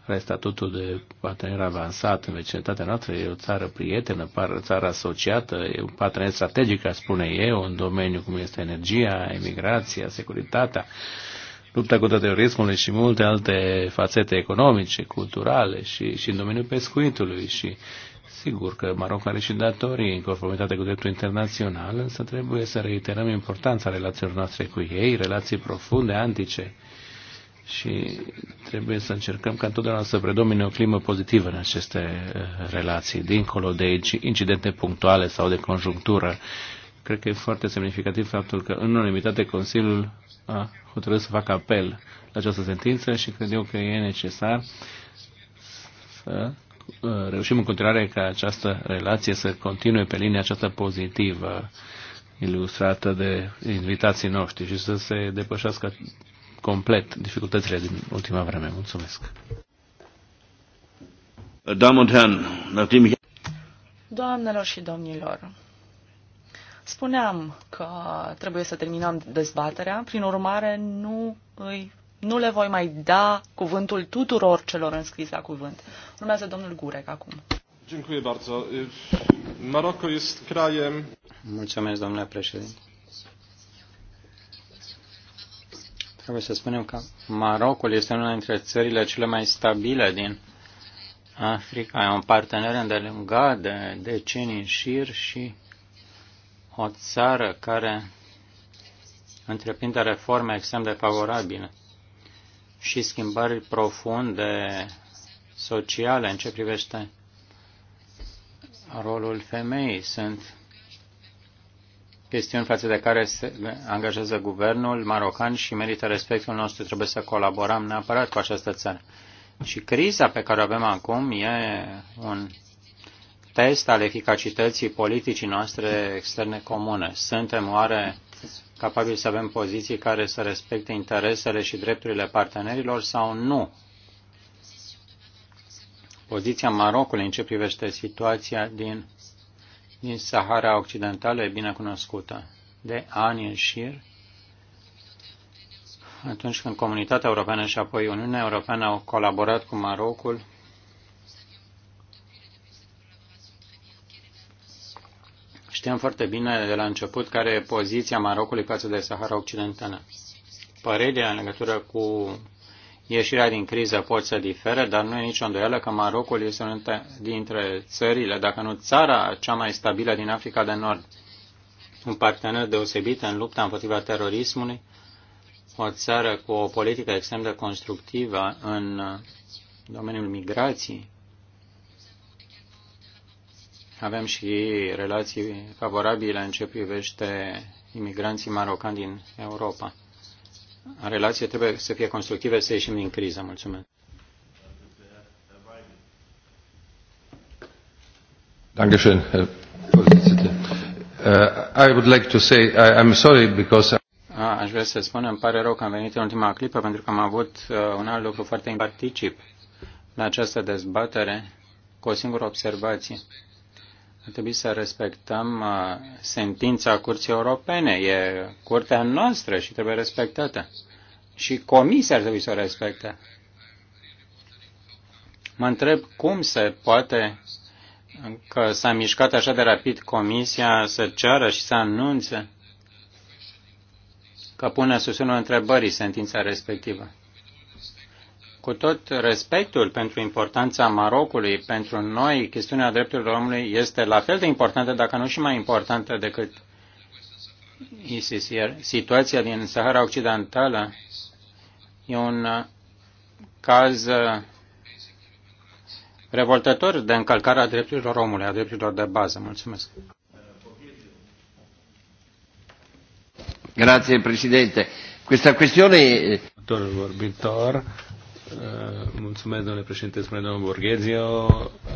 Are statutul de partener avansat în vecinătatea noastră, e o țară prietenă, o țară asociată, e un partener strategic, aș spune eu, în domeniu cum este energia, emigrația, securitatea, lupta contra terorismul și multe alte fațete economice, culturale și, și în domeniul pescuitului și Sigur că Maroc are și datorii în conformitate cu dreptul internațional, însă trebuie să reiterăm importanța relațiilor noastre cu ei, relații profunde, antice. Și trebuie să încercăm ca întotdeauna să predomine o climă pozitivă în aceste uh, relații, dincolo de incidente punctuale sau de conjunctură. Cred că e foarte semnificativ faptul că în unanimitate Consiliul a hotărât să facă apel la această sentință și cred eu că e necesar să Uh, reușim în continuare ca această relație să continue pe linia aceasta pozitivă ilustrată de invitații noștri și să se depășească complet dificultățile din ultima vreme. Mulțumesc! Doamnelor și domnilor, spuneam că trebuie să terminăm dezbaterea, prin urmare nu îi nu le voi mai da cuvântul tuturor celor înscris la cuvânt. Urmează domnul Gurec acum. Dziękuję bardzo. Maroko jest krajem... Mulțumesc, domnule președinte. Trebuie să spunem că Marocul este una dintre țările cele mai stabile din Africa. E un partener îndelungat de decenii în șir și o țară care întreprinde reforme extrem de favorabile și schimbări profunde sociale în ce privește rolul femeii. Sunt chestiuni față de care se angajează guvernul marocan și merită respectul nostru. Trebuie să colaborăm neapărat cu această țară. Și criza pe care o avem acum e un test al eficacității politicii noastre externe comune. Suntem oare capabili să avem poziții care să respecte interesele și drepturile partenerilor sau nu. Poziția Marocului în ce privește situația din, din Sahara Occidentală e bine cunoscută. De ani în șir, atunci când Comunitatea Europeană și apoi Uniunea Europeană au colaborat cu Marocul Știam foarte bine de la început care e poziția Marocului față de Sahara Occidentală. Părerea în legătură cu ieșirea din criză pot să difere, dar nu e nicio îndoială că Marocul este una dintre țările, dacă nu țara cea mai stabilă din Africa de Nord. Un partener deosebit în lupta împotriva terorismului, o țară cu o politică extrem de constructivă în domeniul migrației, avem și relații favorabile în ce privește imigranții marocani din Europa. Relația trebuie să fie constructive, să ieșim din criză. Mulțumesc. Dankeschön, Herr Vorsitzende. Uh, I would like to say I, I'm sorry because I... A, aș vrea să spun, îmi pare rău că am venit în ultima clipă pentru că am avut uh, un alt lucru foarte particip la această dezbatere cu o singură observație ar trebui să respectăm uh, sentința Curții Europene. E curtea noastră și trebuie respectată. Și comisia ar trebui să o respecte. Mă întreb cum se poate uh, că s-a mișcat așa de rapid comisia să ceară și să anunțe că pune sus semnul întrebării sentința respectivă. Cu tot respectul pentru importanța Marocului, pentru noi, chestiunea drepturilor omului este la fel de importantă, dacă nu și mai importantă decât ISIS. Iar situația din Sahara Occidentală e un uh, caz uh, revoltător de încălcare a drepturilor omului, a drepturilor de bază. Mulțumesc. Grazie Presidente. Questa questione... Eh, vorbitor, Uh, mulțumesc, domnule președinte, spune domnul Borghezio.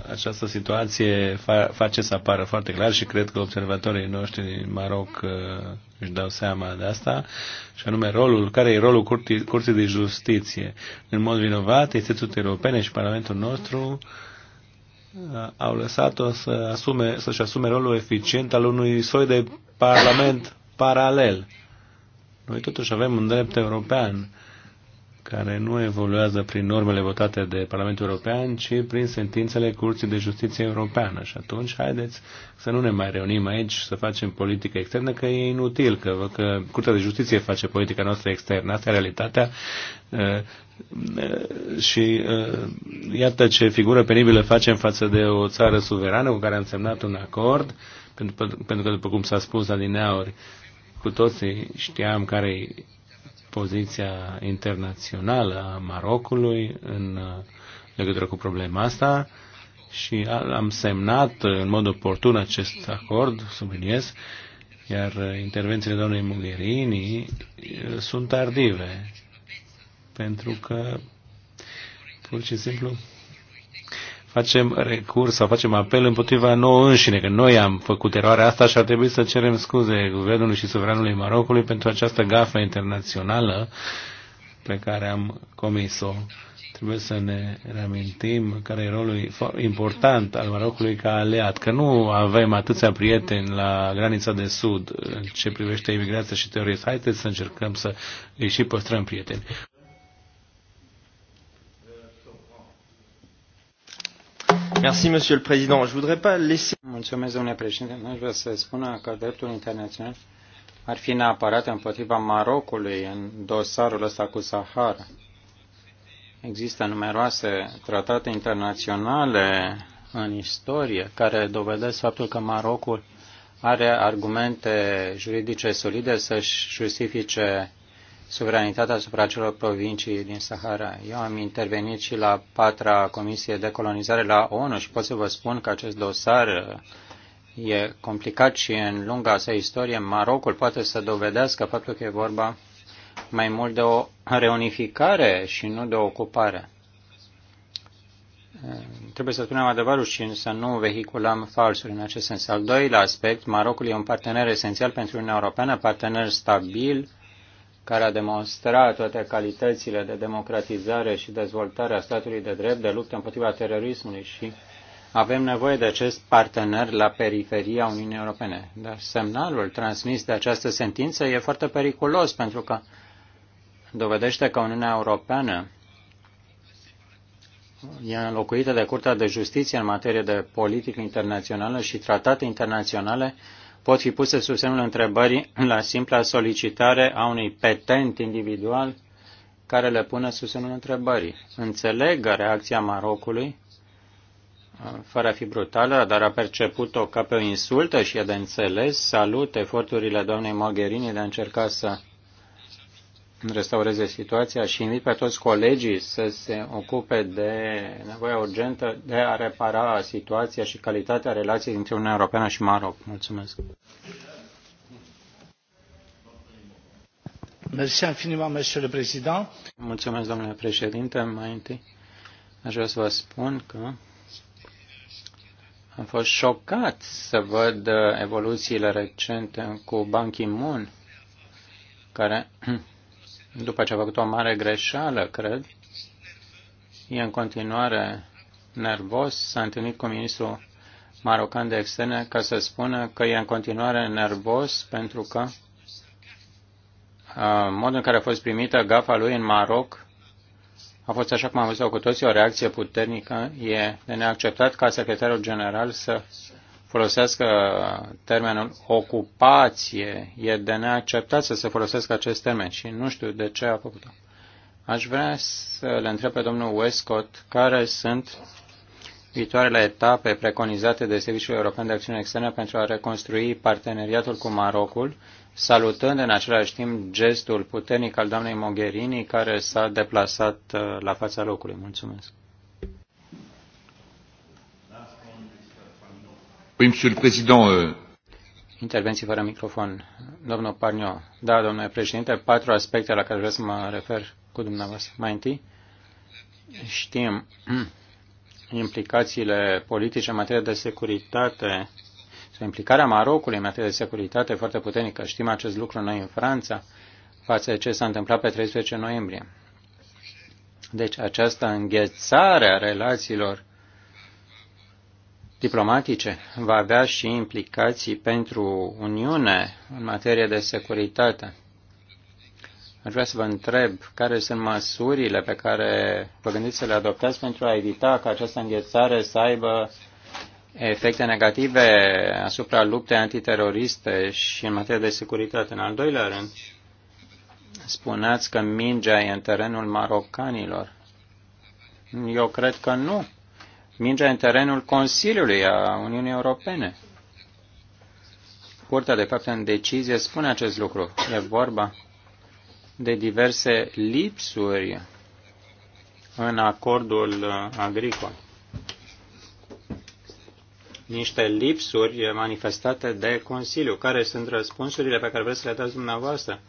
Această situație fa- face să apară foarte clar și cred că observatorii noștri din Maroc uh, își dau seama de asta, și anume rolul, care e rolul curții, curții de justiție. În mod vinovat, instituțiile europene și Parlamentul nostru uh, au lăsat-o să asume, să-și asume rolul eficient al unui soi de parlament paralel. Noi totuși avem un drept european care nu evoluează prin normele votate de Parlamentul European, ci prin sentințele Curții de Justiție Europeană. Și atunci, haideți să nu ne mai reunim aici, să facem politică externă, că e inutil, că, că Curtea de Justiție face politica noastră externă. Asta e realitatea. Și iată ce figură penibilă facem față de o țară suverană cu care am semnat un acord, pentru, pentru că, după cum s-a spus adineauri, cu toții știam care poziția internațională a Marocului în uh, legătură cu problema asta și am semnat uh, în mod oportun acest acord, subliniez, iar uh, intervențiile doamnei Mugherini sunt tardive, pentru că pur și simplu facem recurs sau facem apel împotriva nouă înșine, că noi am făcut eroarea asta și ar trebui să cerem scuze guvernului și suveranului Marocului pentru această gafă internațională pe care am comis-o. Trebuie să ne reamintim care e rolul important al Marocului ca aliat, că nu avem atâția prieteni la granița de sud în ce privește imigrația și terorism. Haideți să încercăm să îi și păstrăm prieteni. Mulțumesc, domnule președinte. Nu aș vrea să spun că dreptul internațional ar fi neapărat împotriva Marocului în dosarul ăsta cu Sahara. Există numeroase tratate internaționale în istorie care dovedesc faptul că Marocul are argumente juridice solide să-și justifice suveranitatea asupra celor provincii din Sahara. Eu am intervenit și la patra comisie de colonizare la ONU și pot să vă spun că acest dosar e complicat și în lunga sa istorie Marocul poate să dovedească faptul că e vorba mai mult de o reunificare și nu de o ocupare. Trebuie să spunem adevărul și să nu vehiculăm falsuri în acest sens. Al doilea aspect, Marocul e un partener esențial pentru Uniunea Europeană, partener stabil, care a demonstrat toate calitățile de democratizare și dezvoltare a statului de drept, de luptă împotriva terorismului și avem nevoie de acest partener la periferia Uniunii Europene. Dar semnalul transmis de această sentință e foarte periculos pentru că dovedește că Uniunea Europeană e înlocuită de Curtea de Justiție în materie de politică internațională și tratate internaționale pot fi puse sub semnul întrebării la simpla solicitare a unui petent individual care le pune sub semnul întrebării. Înțeleg reacția Marocului, uh, fără a fi brutală, dar a perceput-o ca pe o insultă și e de înțeles. Salut eforturile doamnei Mogherini de a încerca să restaureze situația și invit pe toți colegii să se ocupe de nevoia urgentă de a repara situația și calitatea relației dintre Uniunea Europeană și Maroc. Mulțumesc. Mulțumesc, domnule președinte. Mai întâi aș vrea să vă spun că am fost șocat să văd evoluțiile recente cu Ban Ki-moon, care după ce a făcut o mare greșeală, cred, e în continuare nervos, s-a întâlnit cu ministrul marocan de externe ca să spună că e în continuare nervos pentru că uh, modul în care a fost primită gafa lui în Maroc a fost, așa cum am văzut cu toții, o reacție puternică. E de neacceptat ca secretarul general să folosească termenul ocupație. E de neacceptat să se folosească acest termen și nu știu de ce a făcut-o. Aș vrea să le întreb pe domnul Westcott care sunt viitoarele etape preconizate de Serviciul European de Acțiune Externă pentru a reconstrui parteneriatul cu Marocul, salutând în același timp gestul puternic al doamnei Mogherini care s-a deplasat uh, la fața locului. Mulțumesc. Monsieur le Président. Euh... Intervenții fără microfon. Domnul Parnio. Da, domnule președinte, patru aspecte la care vreau să mă refer cu dumneavoastră. Mai întâi, știm implicațiile politice în materie de securitate sau implicarea Marocului în materie de securitate foarte puternică. Știm acest lucru noi în Franța față de ce s-a întâmplat pe 13 noiembrie. Deci această înghețare a relațiilor diplomatice va avea și implicații pentru Uniune în materie de securitate. Aș vrea să vă întreb care sunt măsurile pe care vă gândiți să le adoptați pentru a evita ca această înghețare să aibă efecte negative asupra luptei antiteroriste și în materie de securitate. În al doilea rând, spuneați că mingea e în terenul marocanilor. Eu cred că nu mingea în terenul Consiliului a Uniunii Europene. Curtea, de fapt, în decizie spune acest lucru. E vorba de diverse lipsuri în acordul agricol. Niște lipsuri manifestate de Consiliu. Care sunt răspunsurile pe care vreți să le dați dumneavoastră?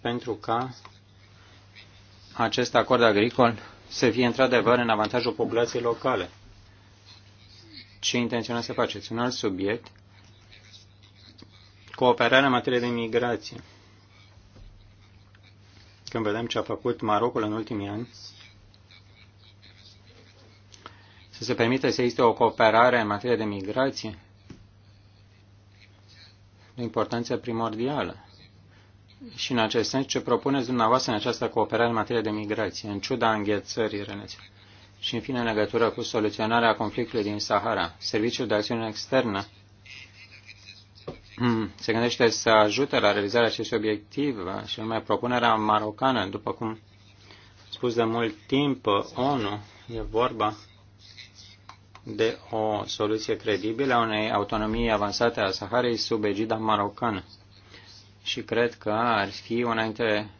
Pentru ca acest acord agricol să fie într-adevăr în avantajul populației locale ce intenționați să faceți. Un alt subiect, cooperarea în materie de migrație. Când vedem ce a făcut Marocul în ultimii ani, să se permită să existe o cooperare în materie de migrație, de importanță primordială. Și în acest sens, ce propuneți dumneavoastră în această cooperare în materie de migrație, în ciuda înghețării relației? și, în fine, în legătură cu soluționarea conflictului din Sahara. Serviciul de Acțiune Externă hmm, se gândește să ajute la realizarea acestui obiectiv și numai propunerea marocană, după cum spus de mult timp, ONU e vorba de o soluție credibilă a unei autonomii avansate a Saharei sub egida marocană. Și cred că ar fi una dintre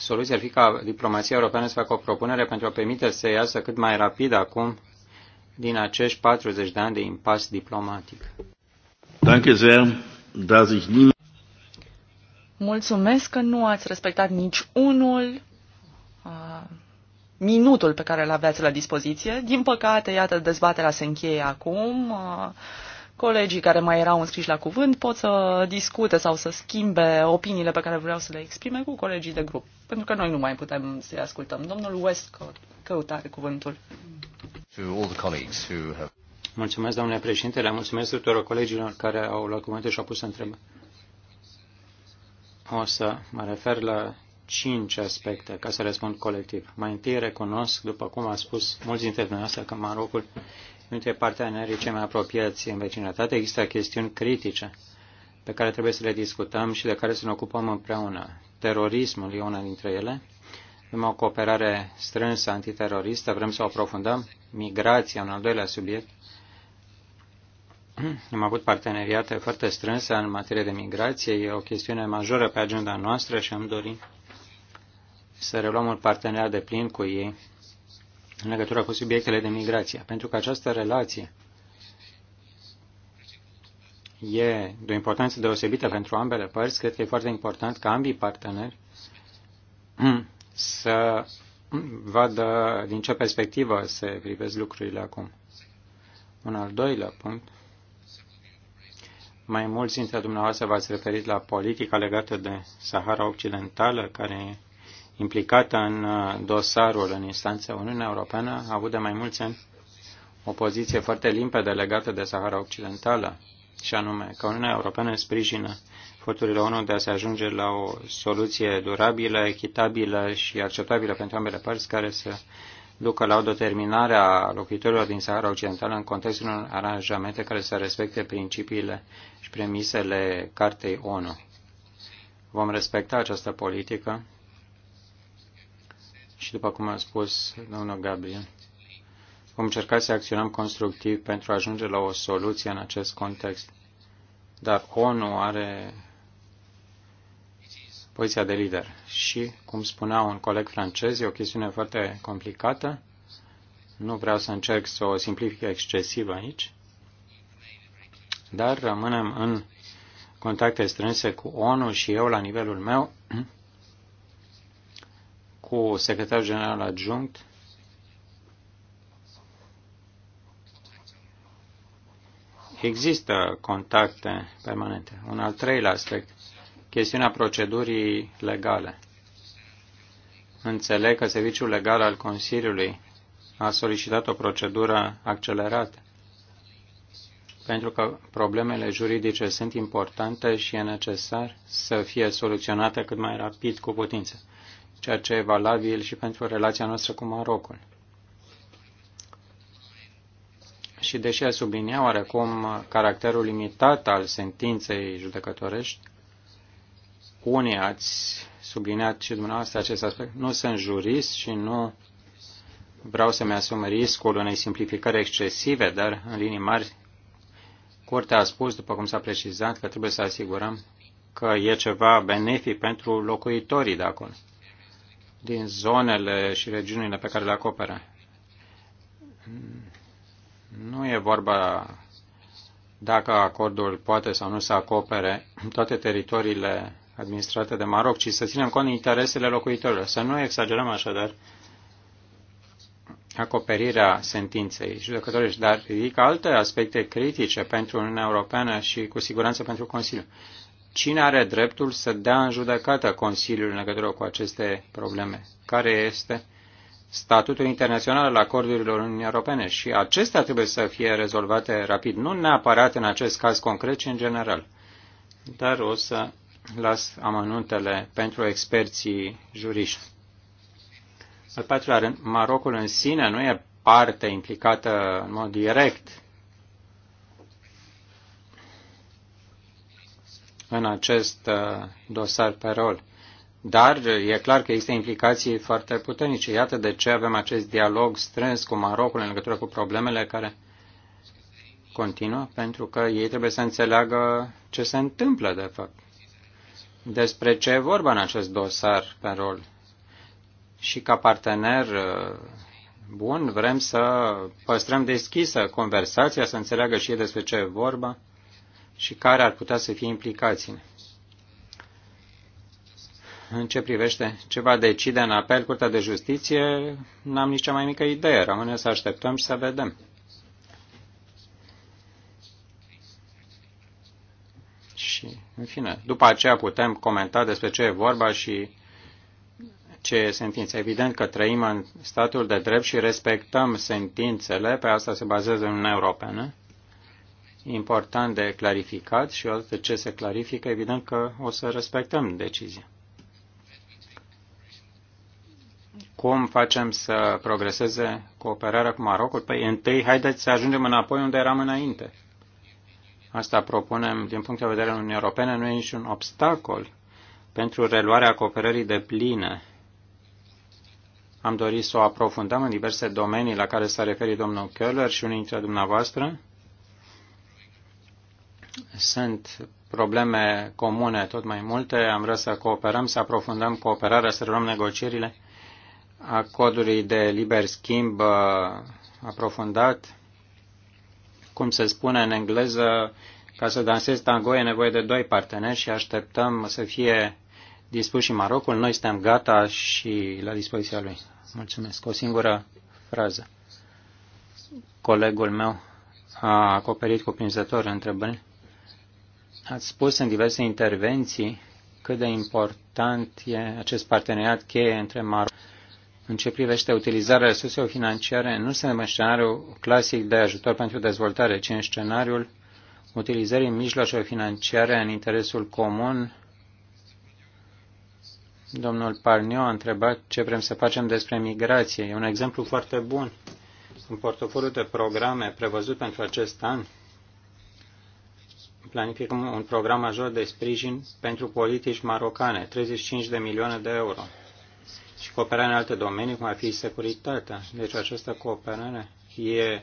soluția ar fi ca diplomația europeană să facă o propunere pentru a permite să iasă cât mai rapid acum din acești 40 de ani de impas diplomatic. Danke sehr, dass ich nie... Mulțumesc că nu ați respectat nici unul a, minutul pe care îl aveați la dispoziție. Din păcate, iată, dezbaterea se încheie acum. A, Colegii care mai erau înscriși la cuvânt pot să discute sau să schimbe opiniile pe care vreau să le exprime cu colegii de grup, pentru că noi nu mai putem să-i ascultăm. Domnul Westcott, căutare cuvântul. Mulțumesc, domnule președinte, le mulțumesc tuturor colegilor care au luat cuvântul și au pus întrebări. O să mă refer la cinci aspecte ca să răspund colectiv. Mai întâi recunosc, după cum a spus mulți dintre dumneavoastră, că Marocul dintre partenerii cei mai apropiați în vecinătate, există chestiuni critice pe care trebuie să le discutăm și de care să ne ocupăm împreună. Terorismul e una dintre ele. Avem o cooperare strânsă antiteroristă, vrem să o aprofundăm. Migrația, un al doilea subiect. Am avut parteneriate foarte strânse în materie de migrație. E o chestiune majoră pe agenda noastră și am dorit să reluăm un parteneriat de plin cu ei în legătură cu subiectele de migrație, pentru că această relație e de o importanță deosebită pentru ambele părți. Cred că e foarte important ca ambii parteneri să vadă din ce perspectivă se privesc lucrurile acum. Un al doilea punct. Mai mulți dintre dumneavoastră v-ați referit la politica legată de Sahara Occidentală, care e implicată în uh, dosarul în instanță. Uniunea Europeană a avut de mai mulți ani o poziție foarte limpede legată de Sahara Occidentală, și anume că Uniunea Europeană sprijină eforturile ONU de a se ajunge la o soluție durabilă, echitabilă și acceptabilă pentru ambele părți care să ducă la o determinare a locuitorilor din Sahara Occidentală în contextul unor aranjamente care să respecte principiile și premisele Cartei ONU. Vom respecta această politică și, după cum a spus domnul Gabriel, vom încerca să acționăm constructiv pentru a ajunge la o soluție în acest context. Dar ONU are poziția de lider. Și, cum spunea un coleg francez, e o chestiune foarte complicată. Nu vreau să încerc să o simplific excesiv aici, dar rămânem în contacte strânse cu ONU și eu la nivelul meu cu secretarul general adjunct există contacte permanente. Un al treilea aspect, chestiunea procedurii legale. Înțeleg că serviciul legal al Consiliului a solicitat o procedură accelerată, pentru că problemele juridice sunt importante și e necesar să fie soluționate cât mai rapid cu putință ceea ce e valabil și pentru relația noastră cu Marocul. Și deși a sublinea oarecum caracterul limitat al sentinței judecătorești, unii ați subliniat și dumneavoastră acest aspect. Nu sunt jurist și nu vreau să-mi asum riscul unei simplificări excesive, dar în linii mari Curtea a spus, după cum s-a precizat, că trebuie să asigurăm că e ceva benefic pentru locuitorii de acolo din zonele și regiunile pe care le acoperă. Nu e vorba dacă acordul poate sau nu să acopere toate teritoriile administrate de Maroc, ci să ținem cont de interesele locuitorilor. Să nu exagerăm așadar acoperirea sentinței judecătorești, dar ridică alte aspecte critice pentru Uniunea Europeană și cu siguranță pentru Consiliu. Cine are dreptul să dea în judecată Consiliul în legătură cu aceste probleme? Care este statutul internațional al acordurilor Uniunii Europene? Și acestea trebuie să fie rezolvate rapid, nu neapărat în acest caz concret, ci în general. Dar o să las amănuntele pentru experții juriști. Al patrulea rând, Marocul în sine nu e parte implicată în mod direct în acest uh, dosar pe rol. Dar e clar că există implicații foarte puternice. Iată de ce avem acest dialog strâns cu Marocul în legătură cu problemele care continuă, pentru că ei trebuie să înțeleagă ce se întâmplă, de fapt. Despre ce e vorba în acest dosar pe rol. Și ca partener uh, bun vrem să păstrăm deschisă conversația, să înțeleagă și ei despre ce e vorba și care ar putea să fie implicațiile. În ce privește ce va decide în apel Curtea de Justiție, n-am nici cea mai mică idee. Rămâne să așteptăm și să vedem. Și, în fine, după aceea putem comenta despre ce e vorba și ce e sentința. Evident că trăim în statul de drept și respectăm sentințele, pe asta se bazează în Uniunea Europeană important de clarificat și odată ce se clarifică, evident că o să respectăm decizia. Cum facem să progreseze cooperarea cu Marocul? Păi întâi haideți să ajungem înapoi unde eram înainte. Asta propunem din punct de vedere al Uniunii Europene, nu e niciun obstacol pentru reluarea cooperării de plină. Am dorit să o aprofundăm în diverse domenii la care s-a referit domnul Keller și unii dintre dumneavoastră sunt probleme comune tot mai multe. Am vrut să cooperăm, să aprofundăm cooperarea, să luăm negocierile a codului de liber schimb uh, aprofundat. Cum se spune în engleză, ca să dansezi tango e nevoie de doi parteneri și așteptăm să fie dispus și Marocul. Noi suntem gata și la dispoziția lui. Mulțumesc. O singură frază. Colegul meu a acoperit cuprinzător întrebări. Ați spus în diverse intervenții cât de important e acest parteneriat cheie între Maroc. În ce privește utilizarea resurselor financiare, nu se în scenariul clasic de ajutor pentru dezvoltare, ci în scenariul utilizării mijloacelor financiare în interesul comun. Domnul Parnio a întrebat ce vrem să facem despre migrație. E un exemplu foarte bun. În portofoliul de programe prevăzut pentru acest an, planificăm un program major de sprijin pentru politici marocane, 35 de milioane de euro, și cooperare în alte domenii, cum ar fi securitatea. Deci această cooperare e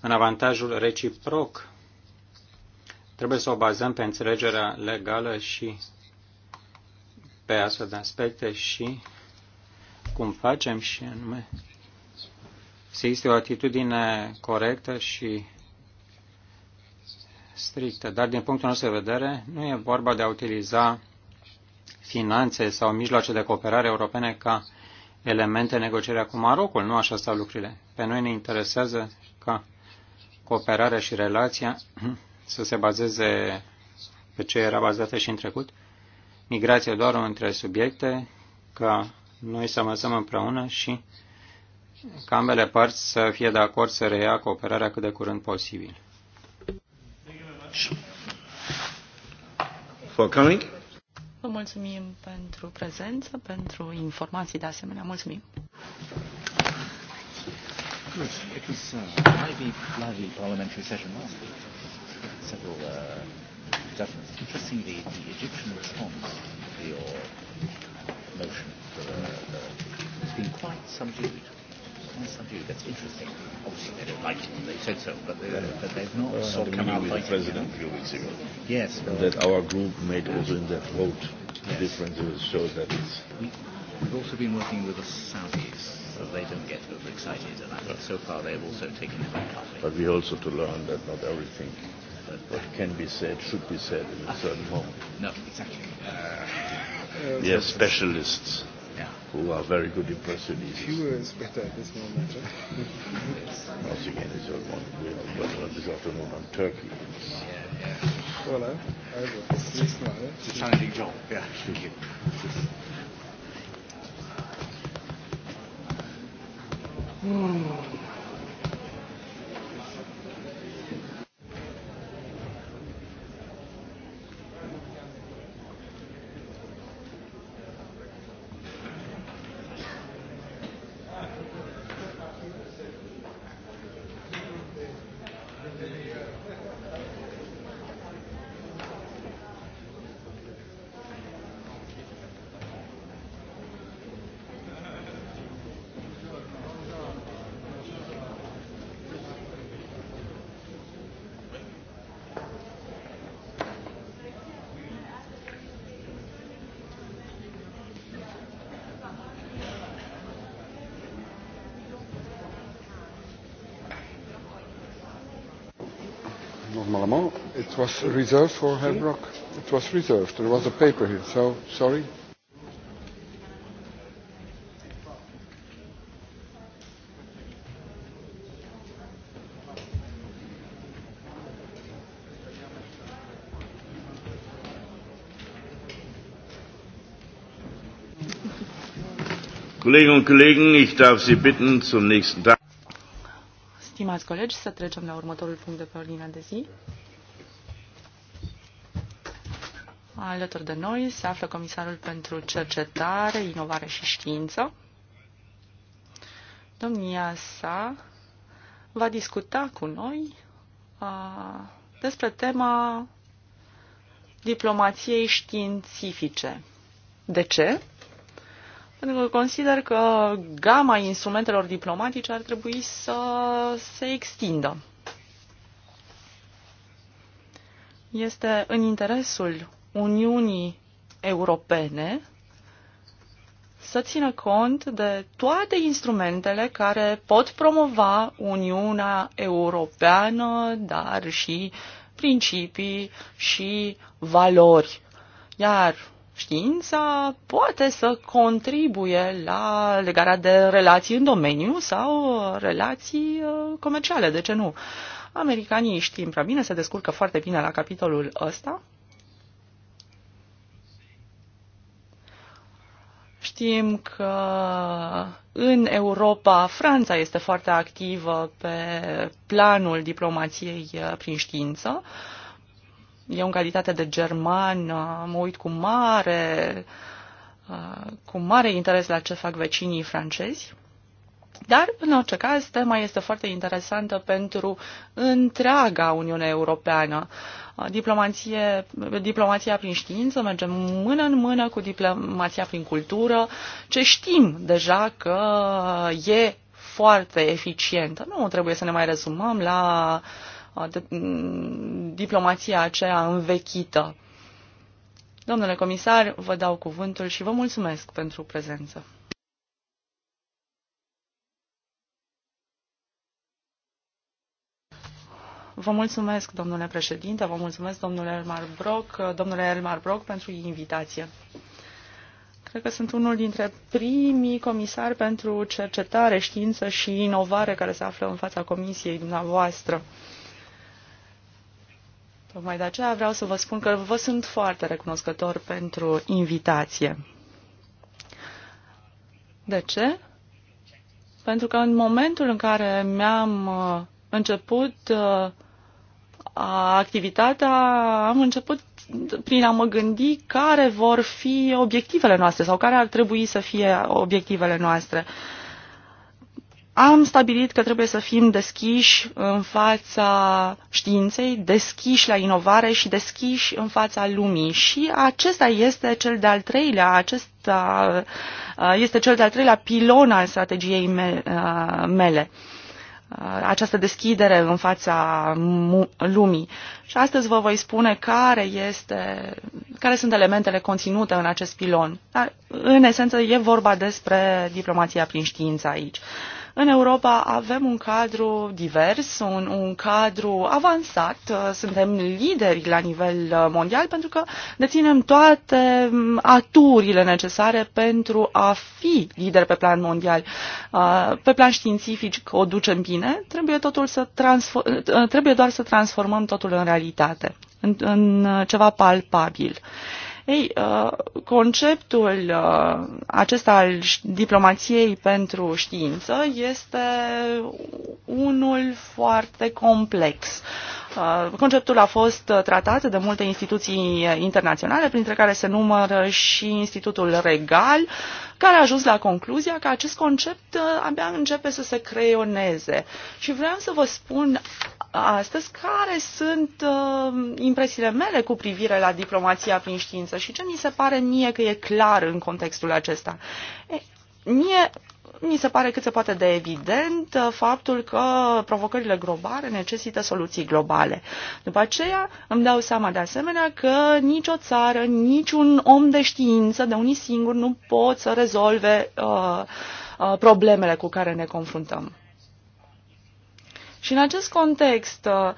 în avantajul reciproc. Trebuie să o bazăm pe înțelegerea legală și pe astfel de aspecte și cum facem și anume să existe o atitudine corectă și strictă, dar din punctul nostru de vedere nu e vorba de a utiliza finanțe sau mijloace de cooperare europene ca elemente negocierea cu Marocul. Nu așa stau lucrurile. Pe noi ne interesează ca cooperarea și relația să se bazeze pe ce era bazată și în trecut. Migrația doar între subiecte, ca noi să măsăm împreună și ca ambele părți să fie de acord să reia cooperarea cât de curând posibil for coming. Vă mulțumim pentru prezență, pentru informații de asemenea. Mulțumim. It was uh, lively, lively parliamentary session last week. Several uh, developments. Interesting the, the Egyptian response to your motion for uh, been quite subdued on something that's interesting. Obviously, they don't like it. They said so, but, they, but they've not uh, sort of come out with the president a few weeks ago. Yes. Well, that our group made also in that vote. Yes. Differences show that it's. we've also been working with the Saudis so they don't get overexcited. And I think so far they've also taken it very calmly. But we also to learn that not everything but what can be said should be said in a certain moment. No, exactly. Uh, yes, specialists yeah, who are very good impressionists. Fewer is better at this moment. Right? Once again, it's all one. We have got on this afternoon on Turkey. Yeah, yeah. Voilà, It's bis zum it's a Challenging job, Yeah, you. Mm. It was reserved for Herr Brock. It was reserved. There was a paper here, so sorry. Kolleginnen und Kollegen, ich darf Sie bitten, zum nächsten Tag. Stimați colegi, să trecem la următorul punct de pe ordinea de zi. Alături de noi se află Comisarul pentru Cercetare, Inovare și Știință. Domnia sa va discuta cu noi a, despre tema diplomației științifice. De ce? Pentru că consider că gama instrumentelor diplomatice ar trebui să se extindă. Este în interesul Uniunii Europene să țină cont de toate instrumentele care pot promova Uniunea Europeană, dar și principii și valori. Iar știința poate să contribuie la legarea de relații în domeniu sau relații uh, comerciale, de ce nu? Americanii știm prea bine, se descurcă foarte bine la capitolul ăsta Știm că în Europa Franța este foarte activă pe planul diplomației uh, prin știință. Eu, în calitate de german, uh, mă uit cu mare, uh, cu mare interes la ce fac vecinii francezi. Dar, în orice caz, tema este foarte interesantă pentru întreaga Uniune Europeană. Diplomație, diplomația prin știință merge mână în mână cu diplomația prin cultură, ce știm deja că e foarte eficientă. Nu trebuie să ne mai rezumăm la uh, mm, diplomația aceea învechită. Domnule comisar, vă dau cuvântul și vă mulțumesc pentru prezență. Vă mulțumesc, domnule președinte, vă mulțumesc, domnule Elmar Brock, domnule Elmar Brock, pentru invitație. Cred că sunt unul dintre primii comisari pentru cercetare, știință și inovare care se află în fața comisiei dumneavoastră. Tocmai de aceea vreau să vă spun că vă sunt foarte recunoscător pentru invitație. De ce? Pentru că în momentul în care mi-am uh, început uh, activitatea, am început prin a mă gândi care vor fi obiectivele noastre sau care ar trebui să fie obiectivele noastre. Am stabilit că trebuie să fim deschiși în fața științei, deschiși la inovare și deschiși în fața lumii. Și acesta este cel de-al treilea, acesta uh, este cel de-al treilea pilon al strategiei uh, mele. Uh, această deschidere în fața lumii. Și astăzi vă voi spune care, este, care sunt elementele conținute în acest pilon. Dar, în esență, e vorba despre diplomația prin știință aici. Uh, în Europa avem un cadru divers, un, un cadru avansat, suntem lideri la nivel uh, mondial pentru că deținem toate mm, aturile necesare pentru a fi lideri pe plan mondial. Uh, pe plan științific o ducem bine, trebuie, totul să uh, trebuie doar să transformăm totul în realitate, în, în ceva palpabil. Ei, uh, conceptul uh, acesta al diplomației pentru știință este unul foarte complex. Uh, conceptul a fost tratat de multe instituții internaționale, printre care se numără și Institutul Regal, care a ajuns la concluzia că acest concept uh, abia începe să se creioneze. Și vreau să vă spun astăzi care sunt uh, impresiile mele cu privire la diplomația prin știință și ce mi se pare mie că e clar în contextul acesta. E, mie mi se pare cât se poate de evident uh, faptul că provocările globale necesită soluții globale. După aceea îmi dau seama de asemenea că nicio țară, niciun om de știință de unii singuri nu pot să rezolve uh, uh, problemele cu care ne confruntăm. Și în acest context, uh,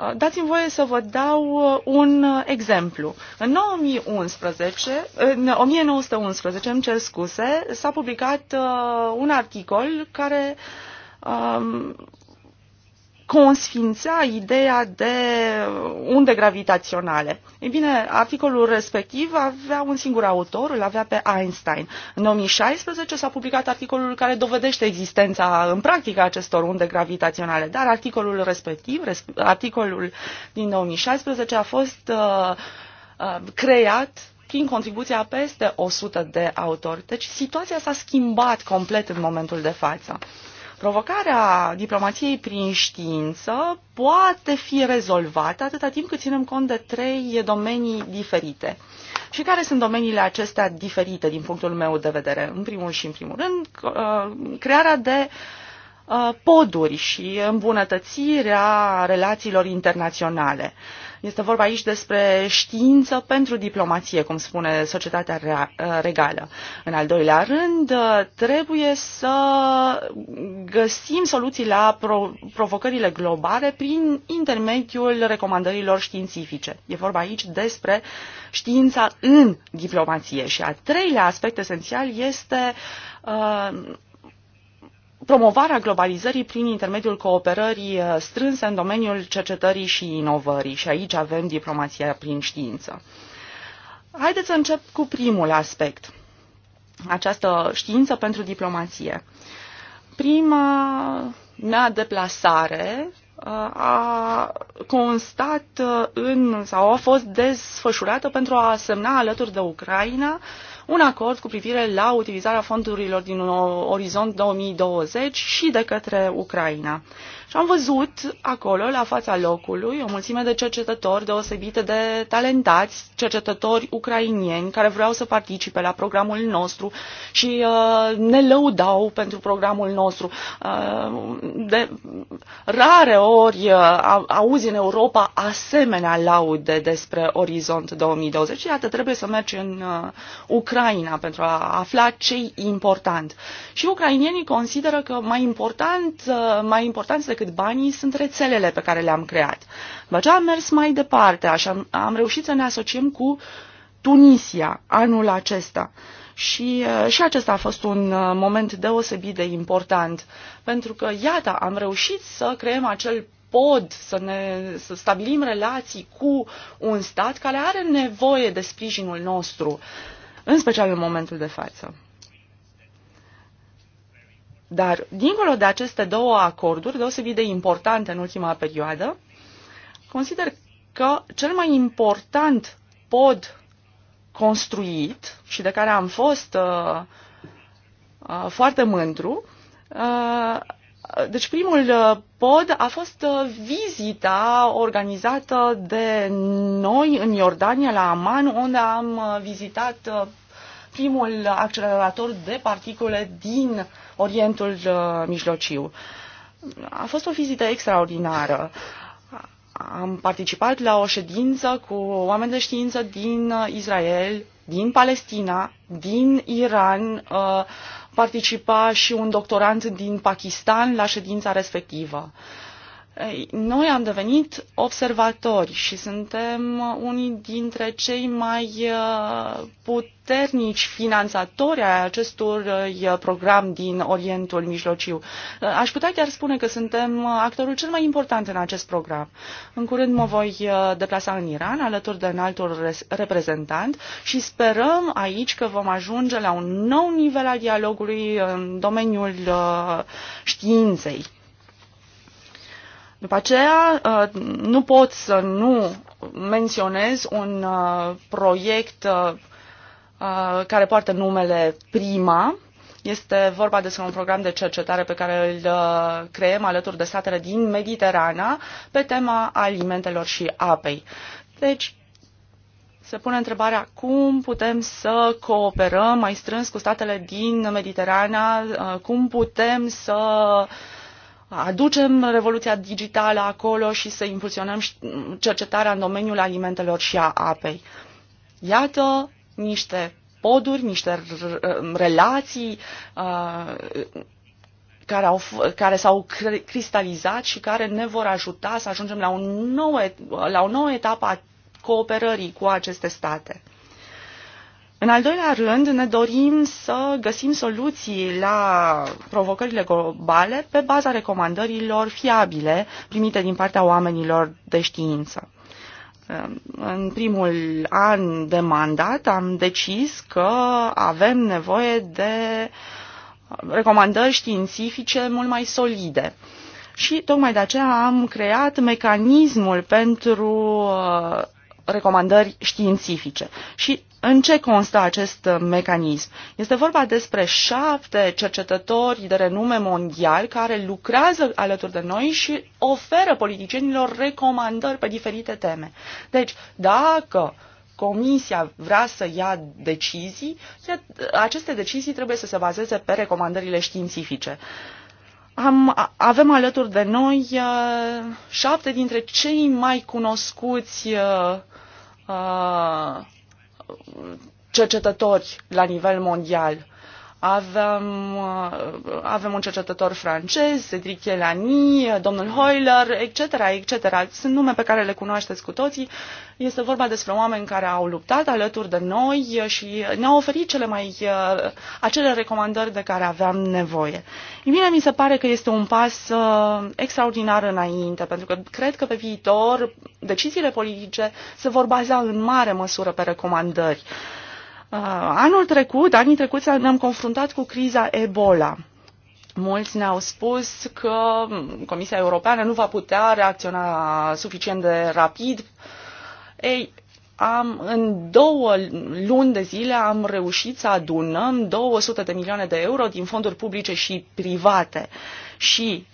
Uh, dați-mi voie să vă dau uh, un uh, exemplu. În 2011, în 1911, îmi cer scuse, s-a publicat un articol care um, consfința ideea de uh, unde gravitaționale. Ei bine, articolul respectiv avea un singur autor, îl avea pe Einstein. În 2016 s-a publicat articolul care dovedește existența în practică acestor unde gravitaționale, dar articolul respectiv, articolul din 2016 a fost uh, uh, creat prin contribuția peste 100 de autori. Deci situația s-a schimbat complet în momentul de față. Provocarea diplomației prin știință poate fi rezolvată atâta timp cât ținem cont de trei domenii diferite. Și care sunt domeniile acestea diferite din punctul meu de vedere? În primul și în primul rând, uh, crearea de uh, poduri și îmbunătățirea relațiilor internaționale. Este vorba aici despre știință pentru diplomație, cum spune societatea uh, regală. În al doilea rând, uh, trebuie să găsim soluții la provocările globale prin intermediul recomandărilor științifice. E vorba aici despre știința în diplomație. Și al treilea aspect esențial este uh, promovarea globalizării prin intermediul cooperării uh, strânse în domeniul cercetării și inovării și aici avem diplomația prin știință. Haideți să încep cu primul aspect, această știință pentru diplomație. Prima mea deplasare uh, a constat uh, în, sau a fost desfășurată pentru a semna alături de Ucraina uh, un acord cu privire la utilizarea fondurilor din Orizont 2020 și de către Ucraina. Și am văzut acolo, la fața locului, o mulțime de cercetători deosebite de talentați, cercetători ucrainieni care vreau să participe la programul nostru și uh, ne lăudau pentru programul nostru. Uh, de rare ori uh, auzi în Europa asemenea laude despre Orizont 2020. Iată, trebuie să mergi în uh, Ucraina pentru a afla ce important. Și ucrainienii consideră că mai important, uh, mai important decât banii sunt rețelele pe care le-am creat. După am mers mai departe, așa am reușit să ne asociem cu Tunisia anul acesta. Și, uh, și acesta a fost un uh, moment deosebit de important, pentru că, iată, am reușit să creăm acel pod să, ne, să stabilim relații cu un stat care are nevoie de sprijinul nostru, în special în momentul de față. Dar, dincolo de aceste două acorduri, deosebit de importante în ultima perioadă, consider că cel mai important pod construit și de care am fost uh, uh, foarte mândru, uh, deci primul uh, pod a fost uh, vizita organizată de noi în Iordania, la Aman, unde am uh, vizitat primul accelerator de particule din Orientul uh, Mijlociu. A fost o vizită extraordinară. Am participat la o ședință cu oameni de știință din Israel, din Palestina, din Iran, uh, participa și un doctorant din Pakistan la ședința respectivă. Uh, noi am devenit observatori și suntem unii dintre cei mai uh, puternici finanțatori ai acestor uh, program din Orientul Mijlociu. Uh, aș putea chiar spune că suntem actorul cel mai important în acest program. În curând mă voi deplasa în Iran alături de un altul reprezentant și sperăm aici că vom ajunge la un nou nivel al dialogului în domeniul științei. După aceea, uh, nu pot să nu menționez un uh, proiect uh, care poartă numele Prima. Este vorba despre un program de cercetare pe care îl creăm alături de statele din Mediterana pe tema alimentelor și apei. Deci, se pune întrebarea cum putem să cooperăm mai strâns cu statele din Mediterana, cum putem să uh, aducem revoluția digitală acolo și să impulsionăm cercetarea în domeniul alimentelor și a apei. Iată niște poduri, niște relații uh, care, au, care s-au cristalizat și care ne vor ajuta să ajungem la, un nou, la o nouă etapă a cooperării cu aceste state. În al doilea rând, ne dorim să găsim soluții la provocările globale pe baza recomandărilor fiabile primite din partea oamenilor de știință. În primul an de mandat am decis că avem nevoie de uh, recomandări științifice mult mai solide. Și tocmai de aceea am creat mecanismul pentru uh, recomandări științifice. Și în ce constă acest uh, mecanism? Este vorba despre șapte cercetători de renume mondial care lucrează alături de noi și oferă politicienilor recomandări pe diferite teme. Deci, dacă Comisia vrea să ia decizii, aceste decizii trebuie să se bazeze pe recomandările științifice. Am, avem alături de noi uh, șapte dintre cei mai cunoscuți uh, Uh, cercetători la nivel mondial avem, uh, avem un cercetător francez, Cedric Elani, domnul Hoyler, etc., etc. Sunt nume pe care le cunoașteți cu toții. Este vorba despre oameni care au luptat alături de noi și ne-au oferit cele mai, uh, acele recomandări de care aveam nevoie. Ei bine, mi se pare că este un pas uh, extraordinar înainte, pentru că cred că pe viitor deciziile politice se vor baza în mare măsură pe recomandări. Uh, Uh, anul trecut, anii trecuți, ne-am confruntat cu criza Ebola. Mulți ne-au spus că Comisia Europeană nu va putea reacționa suficient de rapid. Ei, am, în două luni de zile am reușit să adunăm 200 de milioane de euro din fonduri publice și private. Și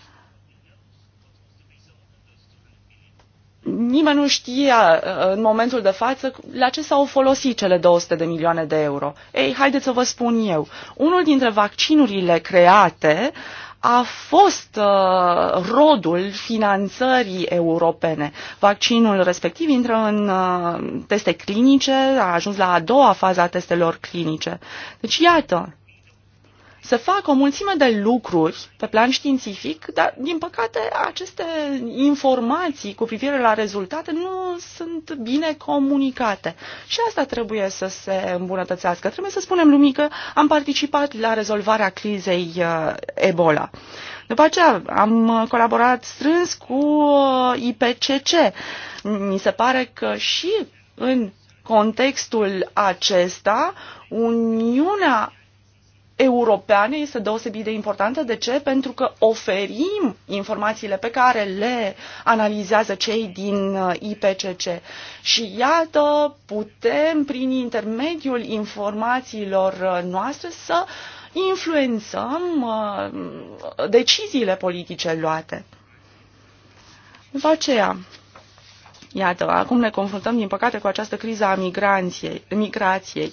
nimeni nu știa uh, în momentul de față la ce s-au folosit cele 200 de milioane de euro. Ei, haideți să vă spun eu. Unul dintre vaccinurile create a fost uh, rodul finanțării europene. Vaccinul respectiv intră în uh, teste clinice, a ajuns la a doua fază a testelor clinice. Deci, iată, să fac o mulțime de lucruri pe plan științific, dar, din păcate, aceste informații cu privire la rezultate nu sunt bine comunicate. Și asta trebuie să se îmbunătățească. Trebuie să spunem lumii că am participat la rezolvarea crizei uh, Ebola. După aceea am colaborat strâns cu uh, IPCC. Mi se pare că și în contextul acesta, Uniunea europeane este deosebit de importantă. De ce? Pentru că oferim informațiile pe care le analizează cei din uh, IPCC. Și iată, putem prin intermediul informațiilor uh, noastre să influențăm uh, deciziile politice luate. După aceea, iată, acum ne confruntăm, din păcate, cu această criză a migrației. migrației.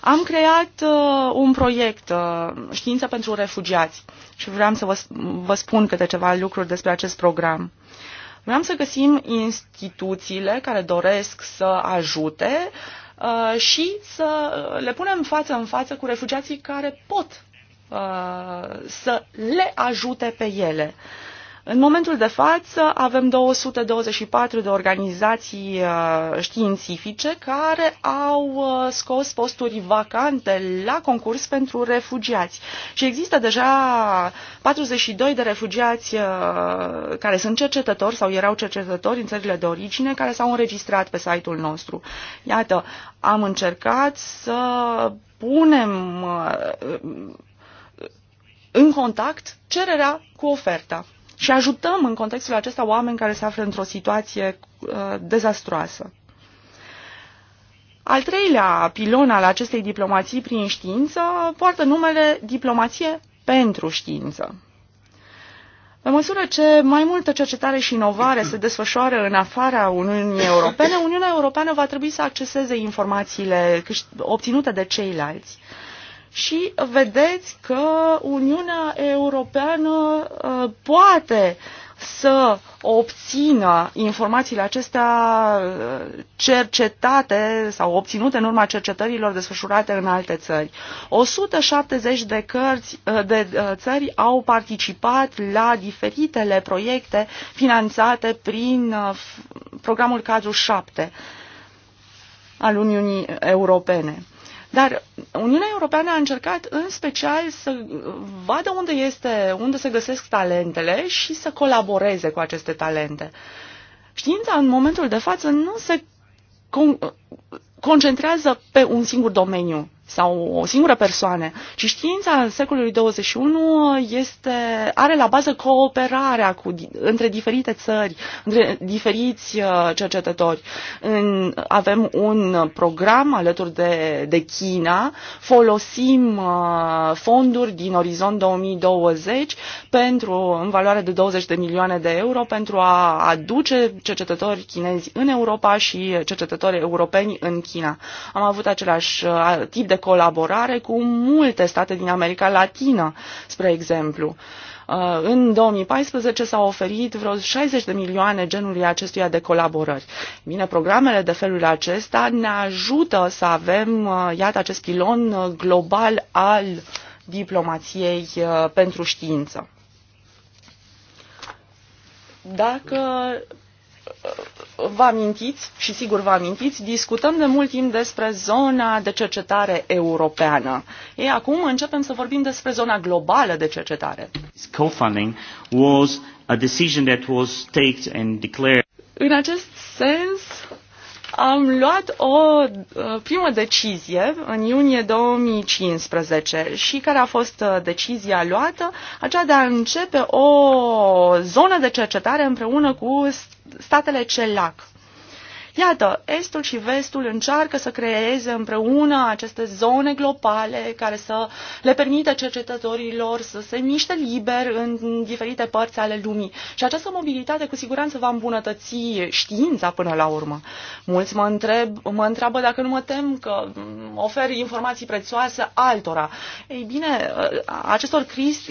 Am creat uh, un proiect, uh, Știință pentru refugiați, și vreau să vă, vă spun câte ceva lucruri despre acest program. Vreau să găsim instituțiile care doresc să ajute uh, și să le punem față în față cu refugiații care pot uh, să le ajute pe ele. Uh, în momentul de față avem 224 de organizații uh, științifice care au uh, scos posturi vacante la concurs pentru refugiați. Și există deja 42 de refugiați uh, care sunt cercetători sau erau cercetători în țările de origine care s-au înregistrat pe site-ul nostru. Iată, am încercat să punem în contact cererea cu oferta și ajutăm în contextul acesta oameni care se află într-o situație uh, dezastroasă. Al treilea pilon al acestei diplomații prin știință poartă numele diplomație pentru știință. Pe măsură ce mai multă cercetare și inovare se desfășoară în afara Uniunii Europene, Uniunea Europeană va trebui să acceseze informațiile obținute de ceilalți. Uh, și vedeți că Uniunea Europeană uh, poate să obțină informațiile acestea uh, cercetate sau obținute în urma cercetărilor desfășurate în alte țări. 170 de, cărți, uh, de țări au participat la diferitele proiecte finanțate prin programul cadru 7 al Uniunii Europene. Dar Uniunea Europeană a încercat în special să vadă unde, este, unde se găsesc talentele și să colaboreze cu aceste talente. Știința în momentul de față nu se con- concentrează pe un singur domeniu sau o singură persoană, ci știința secolului 21 este, are la bază cooperarea cu, între diferite țări, între diferiți uh, cercetători. În, avem un program alături de, de China, folosim uh, fonduri din Orizont 2020 pentru, în valoare de 20 de milioane de euro pentru a aduce cercetători chinezi în Europa și cercetători europeni în China. Am avut același uh, tip de colaborare cu multe state din America Latină, spre exemplu. Uh, în 2014 s-au oferit vreo 60 de milioane genului acestuia de colaborări. Bine, programele de felul acesta ne ajută să avem, uh, iată, acest pilon uh, global al diplomației pentru știință. Dacă vă amintiți, și sigur vă amintiți, discutăm de mult timp despre zona de cercetare europeană. Ei, acum începem să vorbim despre zona globală de cercetare. Co-funding was a decision that was taken and declared. În acest sens, am luat o uh, primă decizie în iunie 2015 și care a fost uh, decizia luată, aceea de a începe o zonă de cercetare împreună cu statele CELAC. Iată, Estul și Vestul încearcă să creeze împreună aceste zone globale care să le permită cercetătorilor să se miște liber în diferite părți ale lumii. Și această mobilitate cu siguranță va îmbunătăți știința până la urmă. Mulți mă, întreb, mă întreabă dacă nu mă tem că ofer informații prețioase altora. Ei bine, acestor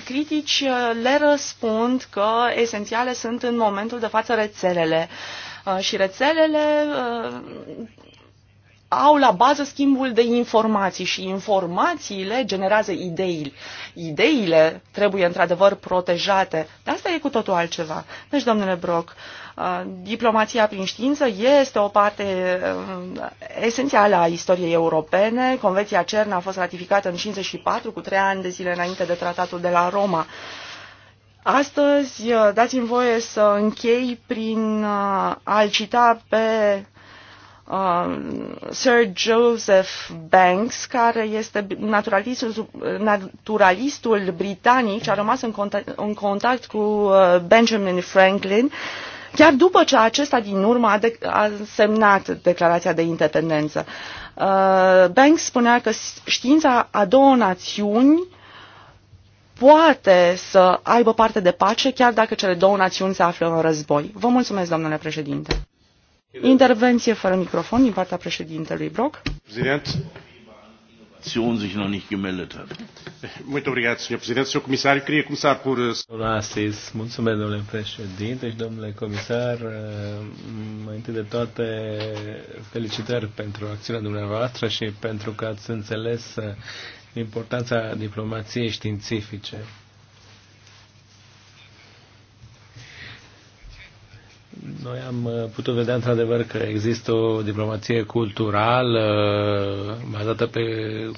critici le răspund că esențiale sunt în momentul de față rețelele. Uh, Uh, și rețelele uh, au la bază schimbul de informații și informațiile generează idei. Ideile trebuie într-adevăr protejate, dar asta e cu totul altceva. Deci, domnule Brock, uh, diplomația prin știință este o parte esențială a istoriei europene. Convenția CERN a fost ratificată în 54, cu trei ani de zile înainte de tratatul de la Roma. Astăzi uh, dați-mi voie să închei prin uh, a-l cita pe uh, Sir Joseph Banks, care este naturalistul, naturalistul britanic și a rămas în contact, în contact cu Benjamin Franklin, chiar după ce acesta din urmă a, de- a semnat declarația de independență. Uh, Banks spunea că știința a două națiuni poate să aibă parte de pace, chiar dacă cele două națiuni se află în război. Vă mulțumesc, domnule președinte. Intervenție fără microfon din partea președintelui Brock. mulțumesc, domnule președinte și domnule comisar. Eh, mai întâi de toate, felicitări pentru acțiunea dumneavoastră și pentru că ați înțeles eh, importanța diplomației științifice. Noi am uh, putut vedea într-adevăr că există o diplomație culturală uh, bazată pe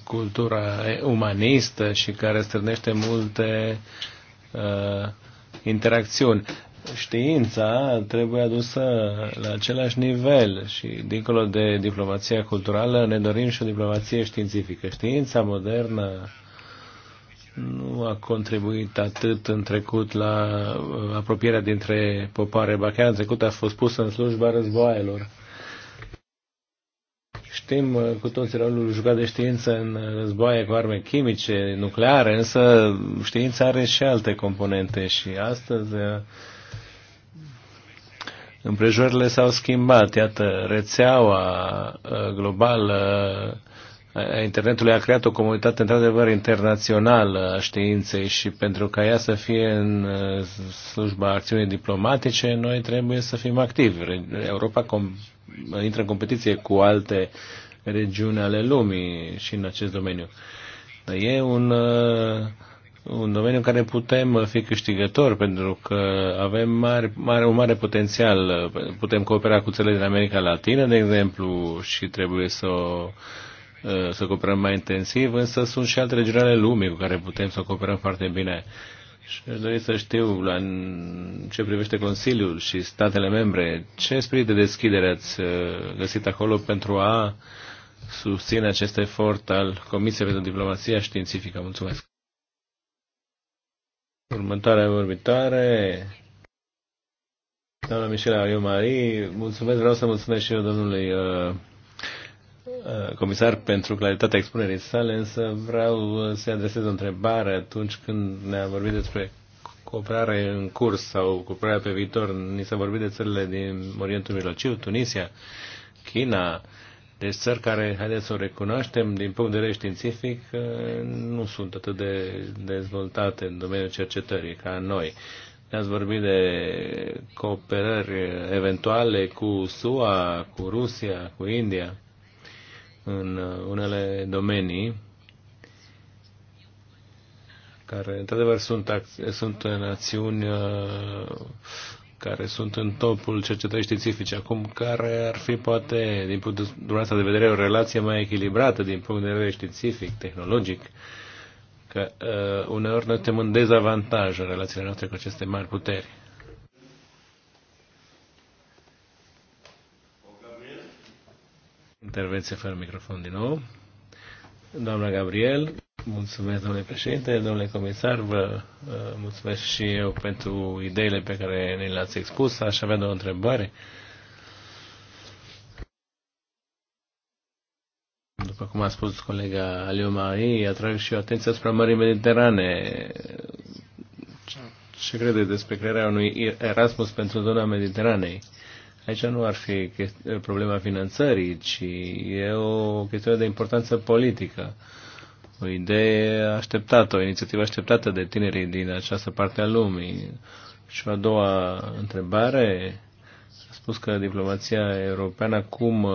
cultura umanistă și care strânește multe uh, interacțiuni știința trebuie adusă la același nivel și dincolo de diplomația culturală ne dorim și o diplomație științifică. Știința modernă nu a contribuit atât în trecut la uh, apropierea dintre popoare, ba chiar în trecut a fost pusă în slujba războaielor. Știm uh, cu toții rolul jucat de știință în uh, războaie cu arme chimice, nucleare, însă știința are și alte componente și astăzi împrejurările s-au schimbat. Iată, rețeaua uh, globală uh, a internetului a creat o comunitate într-adevăr internațională a științei și pentru ca ea să fie în uh, slujba acțiunii diplomatice, noi trebuie să fim activi. Europa intră în competiție cu alte regiuni ale lumii și în acest domeniu. Dar e un uh, un domeniu în care putem fi câștigători, pentru că avem mare, mare, un mare potențial. Putem coopera cu țările din America Latină, de exemplu, și trebuie să, o, uh, să cooperăm mai intensiv, însă sunt și alte regiuni ale lumii cu care putem să cooperăm foarte bine. Și aș dori să știu, la ce privește Consiliul și statele membre, ce spirit de deschidere ați uh, găsit acolo pentru a susține acest efort al Comisiei pentru Diplomația Științifică? Mulțumesc! Următoarea vorbitoare, doamna Ariu Mari, mulțumesc, vreau să mulțumesc și eu domnului uh, uh comisar pentru claritatea expunerii sale, însă vreau uh, să-i adresez o întrebare atunci când ne-a vorbit despre cooperare în curs sau cooperarea pe viitor. Ni s-a vorbit de țările din Orientul Mijlociu, Tunisia, China, deci țări care, haideți să o recunoaștem, din punct de vedere științific, eh, nu sunt atât de dezvoltate în domeniul cercetării ca noi. Ne-ați vorbit de cooperări eventuale cu SUA, cu Rusia, cu India în eh, unele domenii care într-adevăr sunt, sunt eh, națiuni care sunt în topul cercetării științifice acum, care ar fi poate, din punctul dumneavoastră de vedere, o relație mai echilibrată din punct de vedere științific, tehnologic, că uh, uneori noi suntem în dezavantaj în relațiile noastre cu aceste mari puteri. Intervenție fără microfon din nou. Doamna Gabriel. Mulțumesc, domnule președinte, domnule comisar, vă uh, mulțumesc și eu pentru ideile pe care ne le-ați expus. Aș avea două întrebare. După cum a spus colega Aliu Marie, atrag și eu atenția asupra Mării Mediterane. Ce credeți despre crearea unui Erasmus pentru zona Mediteranei? Aici nu ar fi problema finanțării, ci e o chestiune de importanță politică o idee așteptată, o inițiativă așteptată de tinerii din această parte a lumii. Și o a doua întrebare, a spus că diplomația europeană acum uh,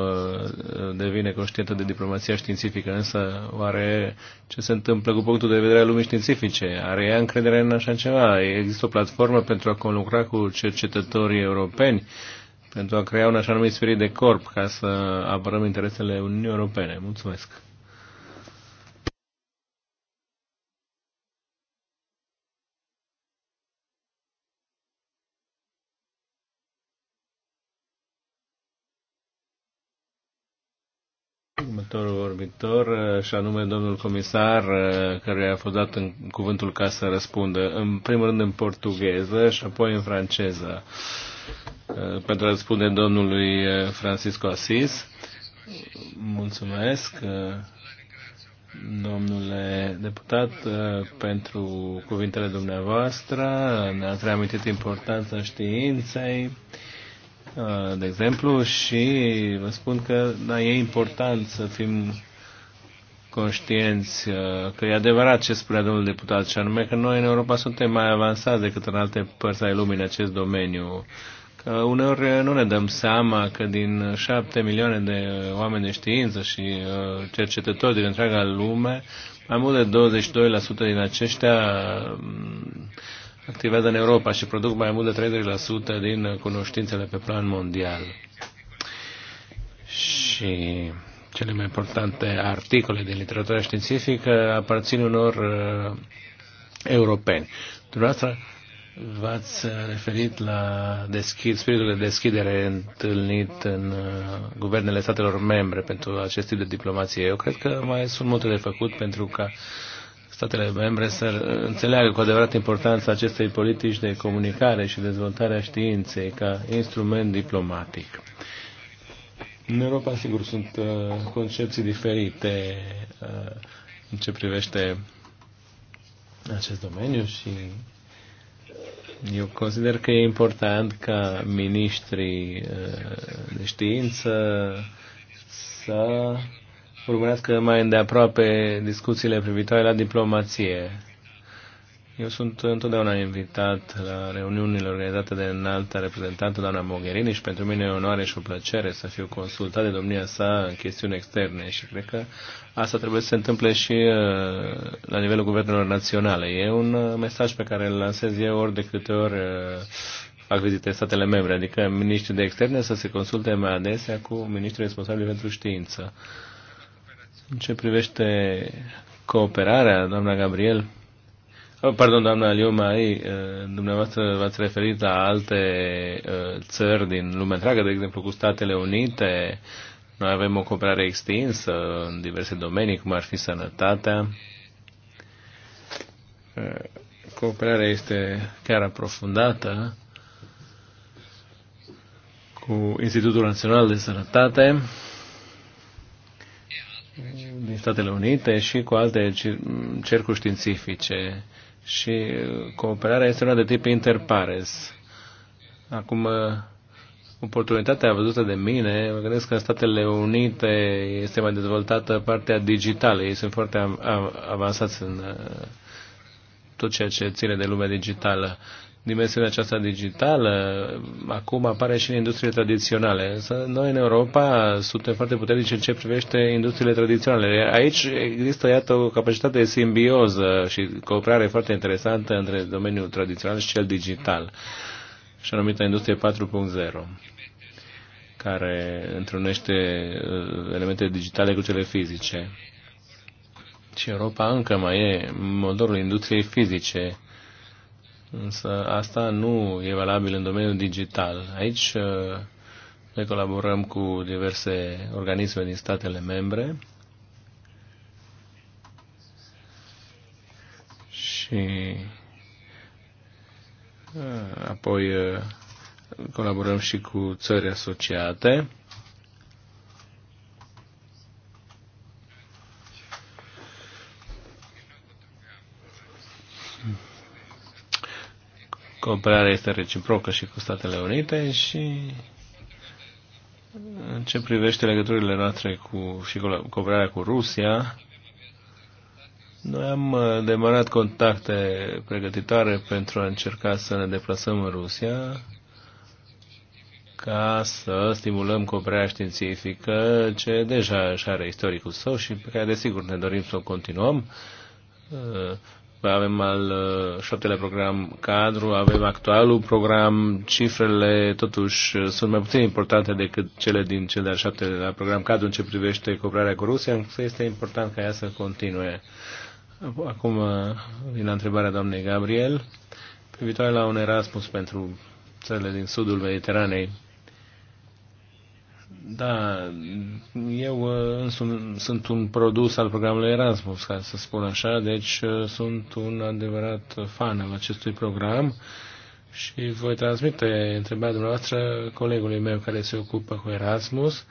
devine conștientă de diplomația științifică, însă oare ce se întâmplă cu punctul de vedere al lumii științifice? Are ea încredere în așa ceva? Există o platformă pentru a conlucra cu cercetătorii europeni? pentru a crea un așa numit spirit de corp ca să apărăm interesele Uniunii Europene. Mulțumesc! următorul vorbitor, uh, și anume domnul comisar, uh, care a fost dat în cuvântul ca să răspundă, în primul rând în portugheză și apoi în franceză, uh, pentru a răspunde domnului Francisco Assis. Mulțumesc, domnule deputat, pentru cuvintele dumneavoastră. Ne-ați reamintit importanța științei de exemplu, și vă spun că da, e important să fim conștienți uh, că e adevărat ce spunea domnul deputat, și anume că noi în Europa suntem mai avansați decât în alte părți ale lumii în acest domeniu. Că uneori nu ne dăm seama că din șapte milioane de oameni de știință și uh, cercetători din întreaga lume, mai mult de 22% din aceștia mm, activează în Europa și produc mai mult de 30% din cunoștințele pe plan mondial. Și cele mai importante articole din literatura științifică aparțin unor uh, europeni. Dumneavoastră v-ați uh, referit la deschid, spiritul de deschidere întâlnit în uh, guvernele statelor membre pentru acest tip de diplomație. Eu cred că mai sunt multe de făcut pentru ca uh, statele membre să înțeleagă cu adevărat importanța acestei politici de comunicare și dezvoltarea științei ca instrument diplomatic. În Europa, sigur, sunt uh, concepții diferite uh, în ce privește acest domeniu și eu consider că e important ca ministrii uh, de știință să urmărească mai îndeaproape discuțiile privitoare la diplomație. Eu sunt întotdeauna invitat la reuniunile organizate de înalta reprezentantă, doamna Mogherini, și pentru mine e onoare și o plăcere să fiu consultat de domnia sa în chestiuni externe și cred că asta trebuie să se întâmple și uh, la nivelul guvernelor naționale. E un uh, mesaj pe care îl lansez eu ori de câte ori uh, fac vizite statele membre, adică miniștrii de externe să se consulte mai adesea cu miniștrii responsabili pentru știință. În ce privește cooperarea, doamna Gabriel, oh, pardon, doamna Liu Mai, eh, dumneavoastră v-ați referit la alte eh, țări din lumea întreagă, de exemplu cu Statele Unite, noi avem o cooperare extinsă în diverse domenii, cum ar fi sănătatea. Eh, cooperarea este chiar aprofundată cu Institutul Național de Sănătate din Statele Unite și cu alte cercuri științifice. Și cooperarea este una de tip interpares. Acum, uh, oportunitatea văzută de mine, mă gândesc că în Statele Unite este mai dezvoltată partea digitală. Ei sunt foarte avansați în uh, tot ceea ce ține de lumea digitală dimensiunea aceasta digitală acum apare și în industriile tradiționale. Însă noi în Europa suntem foarte puternici în ce privește industriile tradiționale. Aici există, iată, o capacitate de simbioză și cooperare foarte interesantă între domeniul tradițional și cel digital, și anumită industrie 4.0 care întrunește uh, elemente digitale cu cele fizice. Și Europa încă mai e motorul industriei fizice Însă asta nu e valabil în domeniul digital. Aici uh, ne colaborăm cu diverse organisme din statele membre și uh, apoi uh, colaborăm și cu țări asociate Cooperarea este reciprocă și cu Statele Unite și în ce privește legăturile noastre cu, și cooperarea cu Rusia, noi am uh, demarat contacte pregătitoare pentru a încerca să ne deplasăm în Rusia ca să stimulăm cooperarea științifică ce deja își are istoricul său și pe care desigur ne dorim să o continuăm uh, avem al uh, șaptelea program cadru, avem actualul program, cifrele totuși uh, sunt mai puțin importante decât cele din cel de-al șaptelea program cadru în ce privește cooperarea cu Rusia, însă este important ca ea să continue. Acum uh, vin întrebarea doamnei Gabriel, privitoare la un Erasmus pentru țările din sudul Mediteranei. Da, eu uh, sunt un produs al programului Erasmus, ca să spun așa, deci uh, sunt un adevărat fan al acestui program și voi transmite întrebarea dumneavoastră colegului meu care se ocupă cu Erasmus.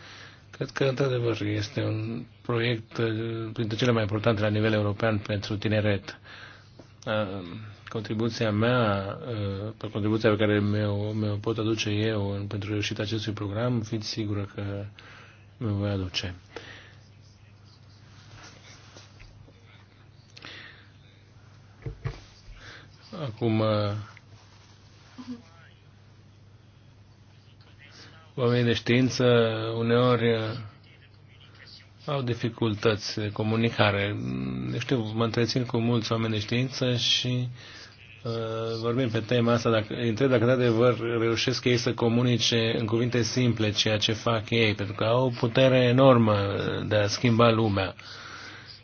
Cred că, într-adevăr, este un proiect uh, printre cele mai importante la nivel european pentru tineret contribuția mea, uh, pe contribuția pe care mi-o, mi pot aduce eu pentru reușita acestui program, fiți sigură că mi voi aduce. Acum, uh, oamenii de știință uneori uh, au dificultăți de comunicare. Știu, mă întrețin cu mulți oameni de știință și uh, Uh, vorbim pe tema asta, dacă, întreb dacă de-adevăr reușesc ei să comunice în cuvinte simple ceea ce fac ei, pentru că au o putere enormă de a schimba lumea.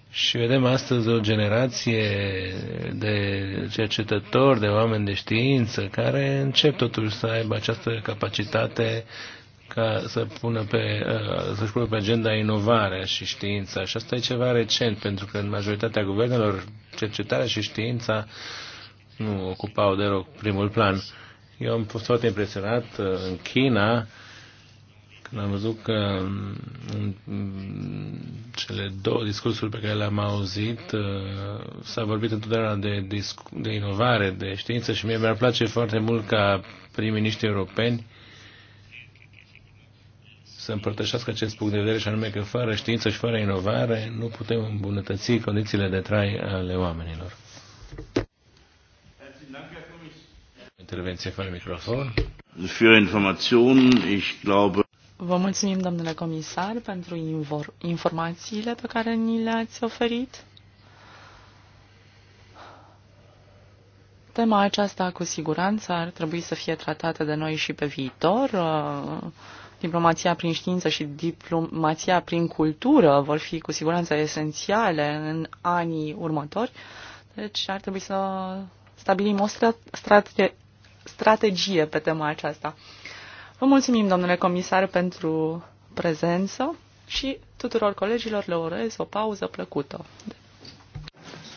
Și vedem astăzi o generație de cercetători, de oameni de știință, care încep totuși să aibă această capacitate ca să pună pe, uh, să-și pună pe agenda inovarea și știința. Și asta e ceva recent, pentru că în majoritatea guvernelor cercetarea și știința uh, nu ocupau deloc primul plan. Eu am fost foarte impresionat uh, în China când am văzut că mm, în mm, cele două discursuri pe care le-am auzit uh, s-a vorbit întotdeauna de, de inovare, de știință și mie mi-ar place foarte mult ca prim-miniștri europeni să împărtășească acest punct de vedere și anume că fără știință și fără inovare nu putem îmbunătăți condițiile de trai ale oamenilor intervenție fără microfon. Vă mulțumim, domnule comisar, pentru informațiile pe care ni le-ați oferit. Tema aceasta, cu siguranță, ar trebui să fie tratată de noi și pe viitor. Uh, diplomația prin știință și diplomația prin cultură vor fi, cu siguranță, esențiale în anii următori. Deci ar trebui să stabilim o strate strategie pe tema aceasta. Vă mulțumim, domnule comisar, pentru prezență și tuturor colegilor le urez o pauză plăcută.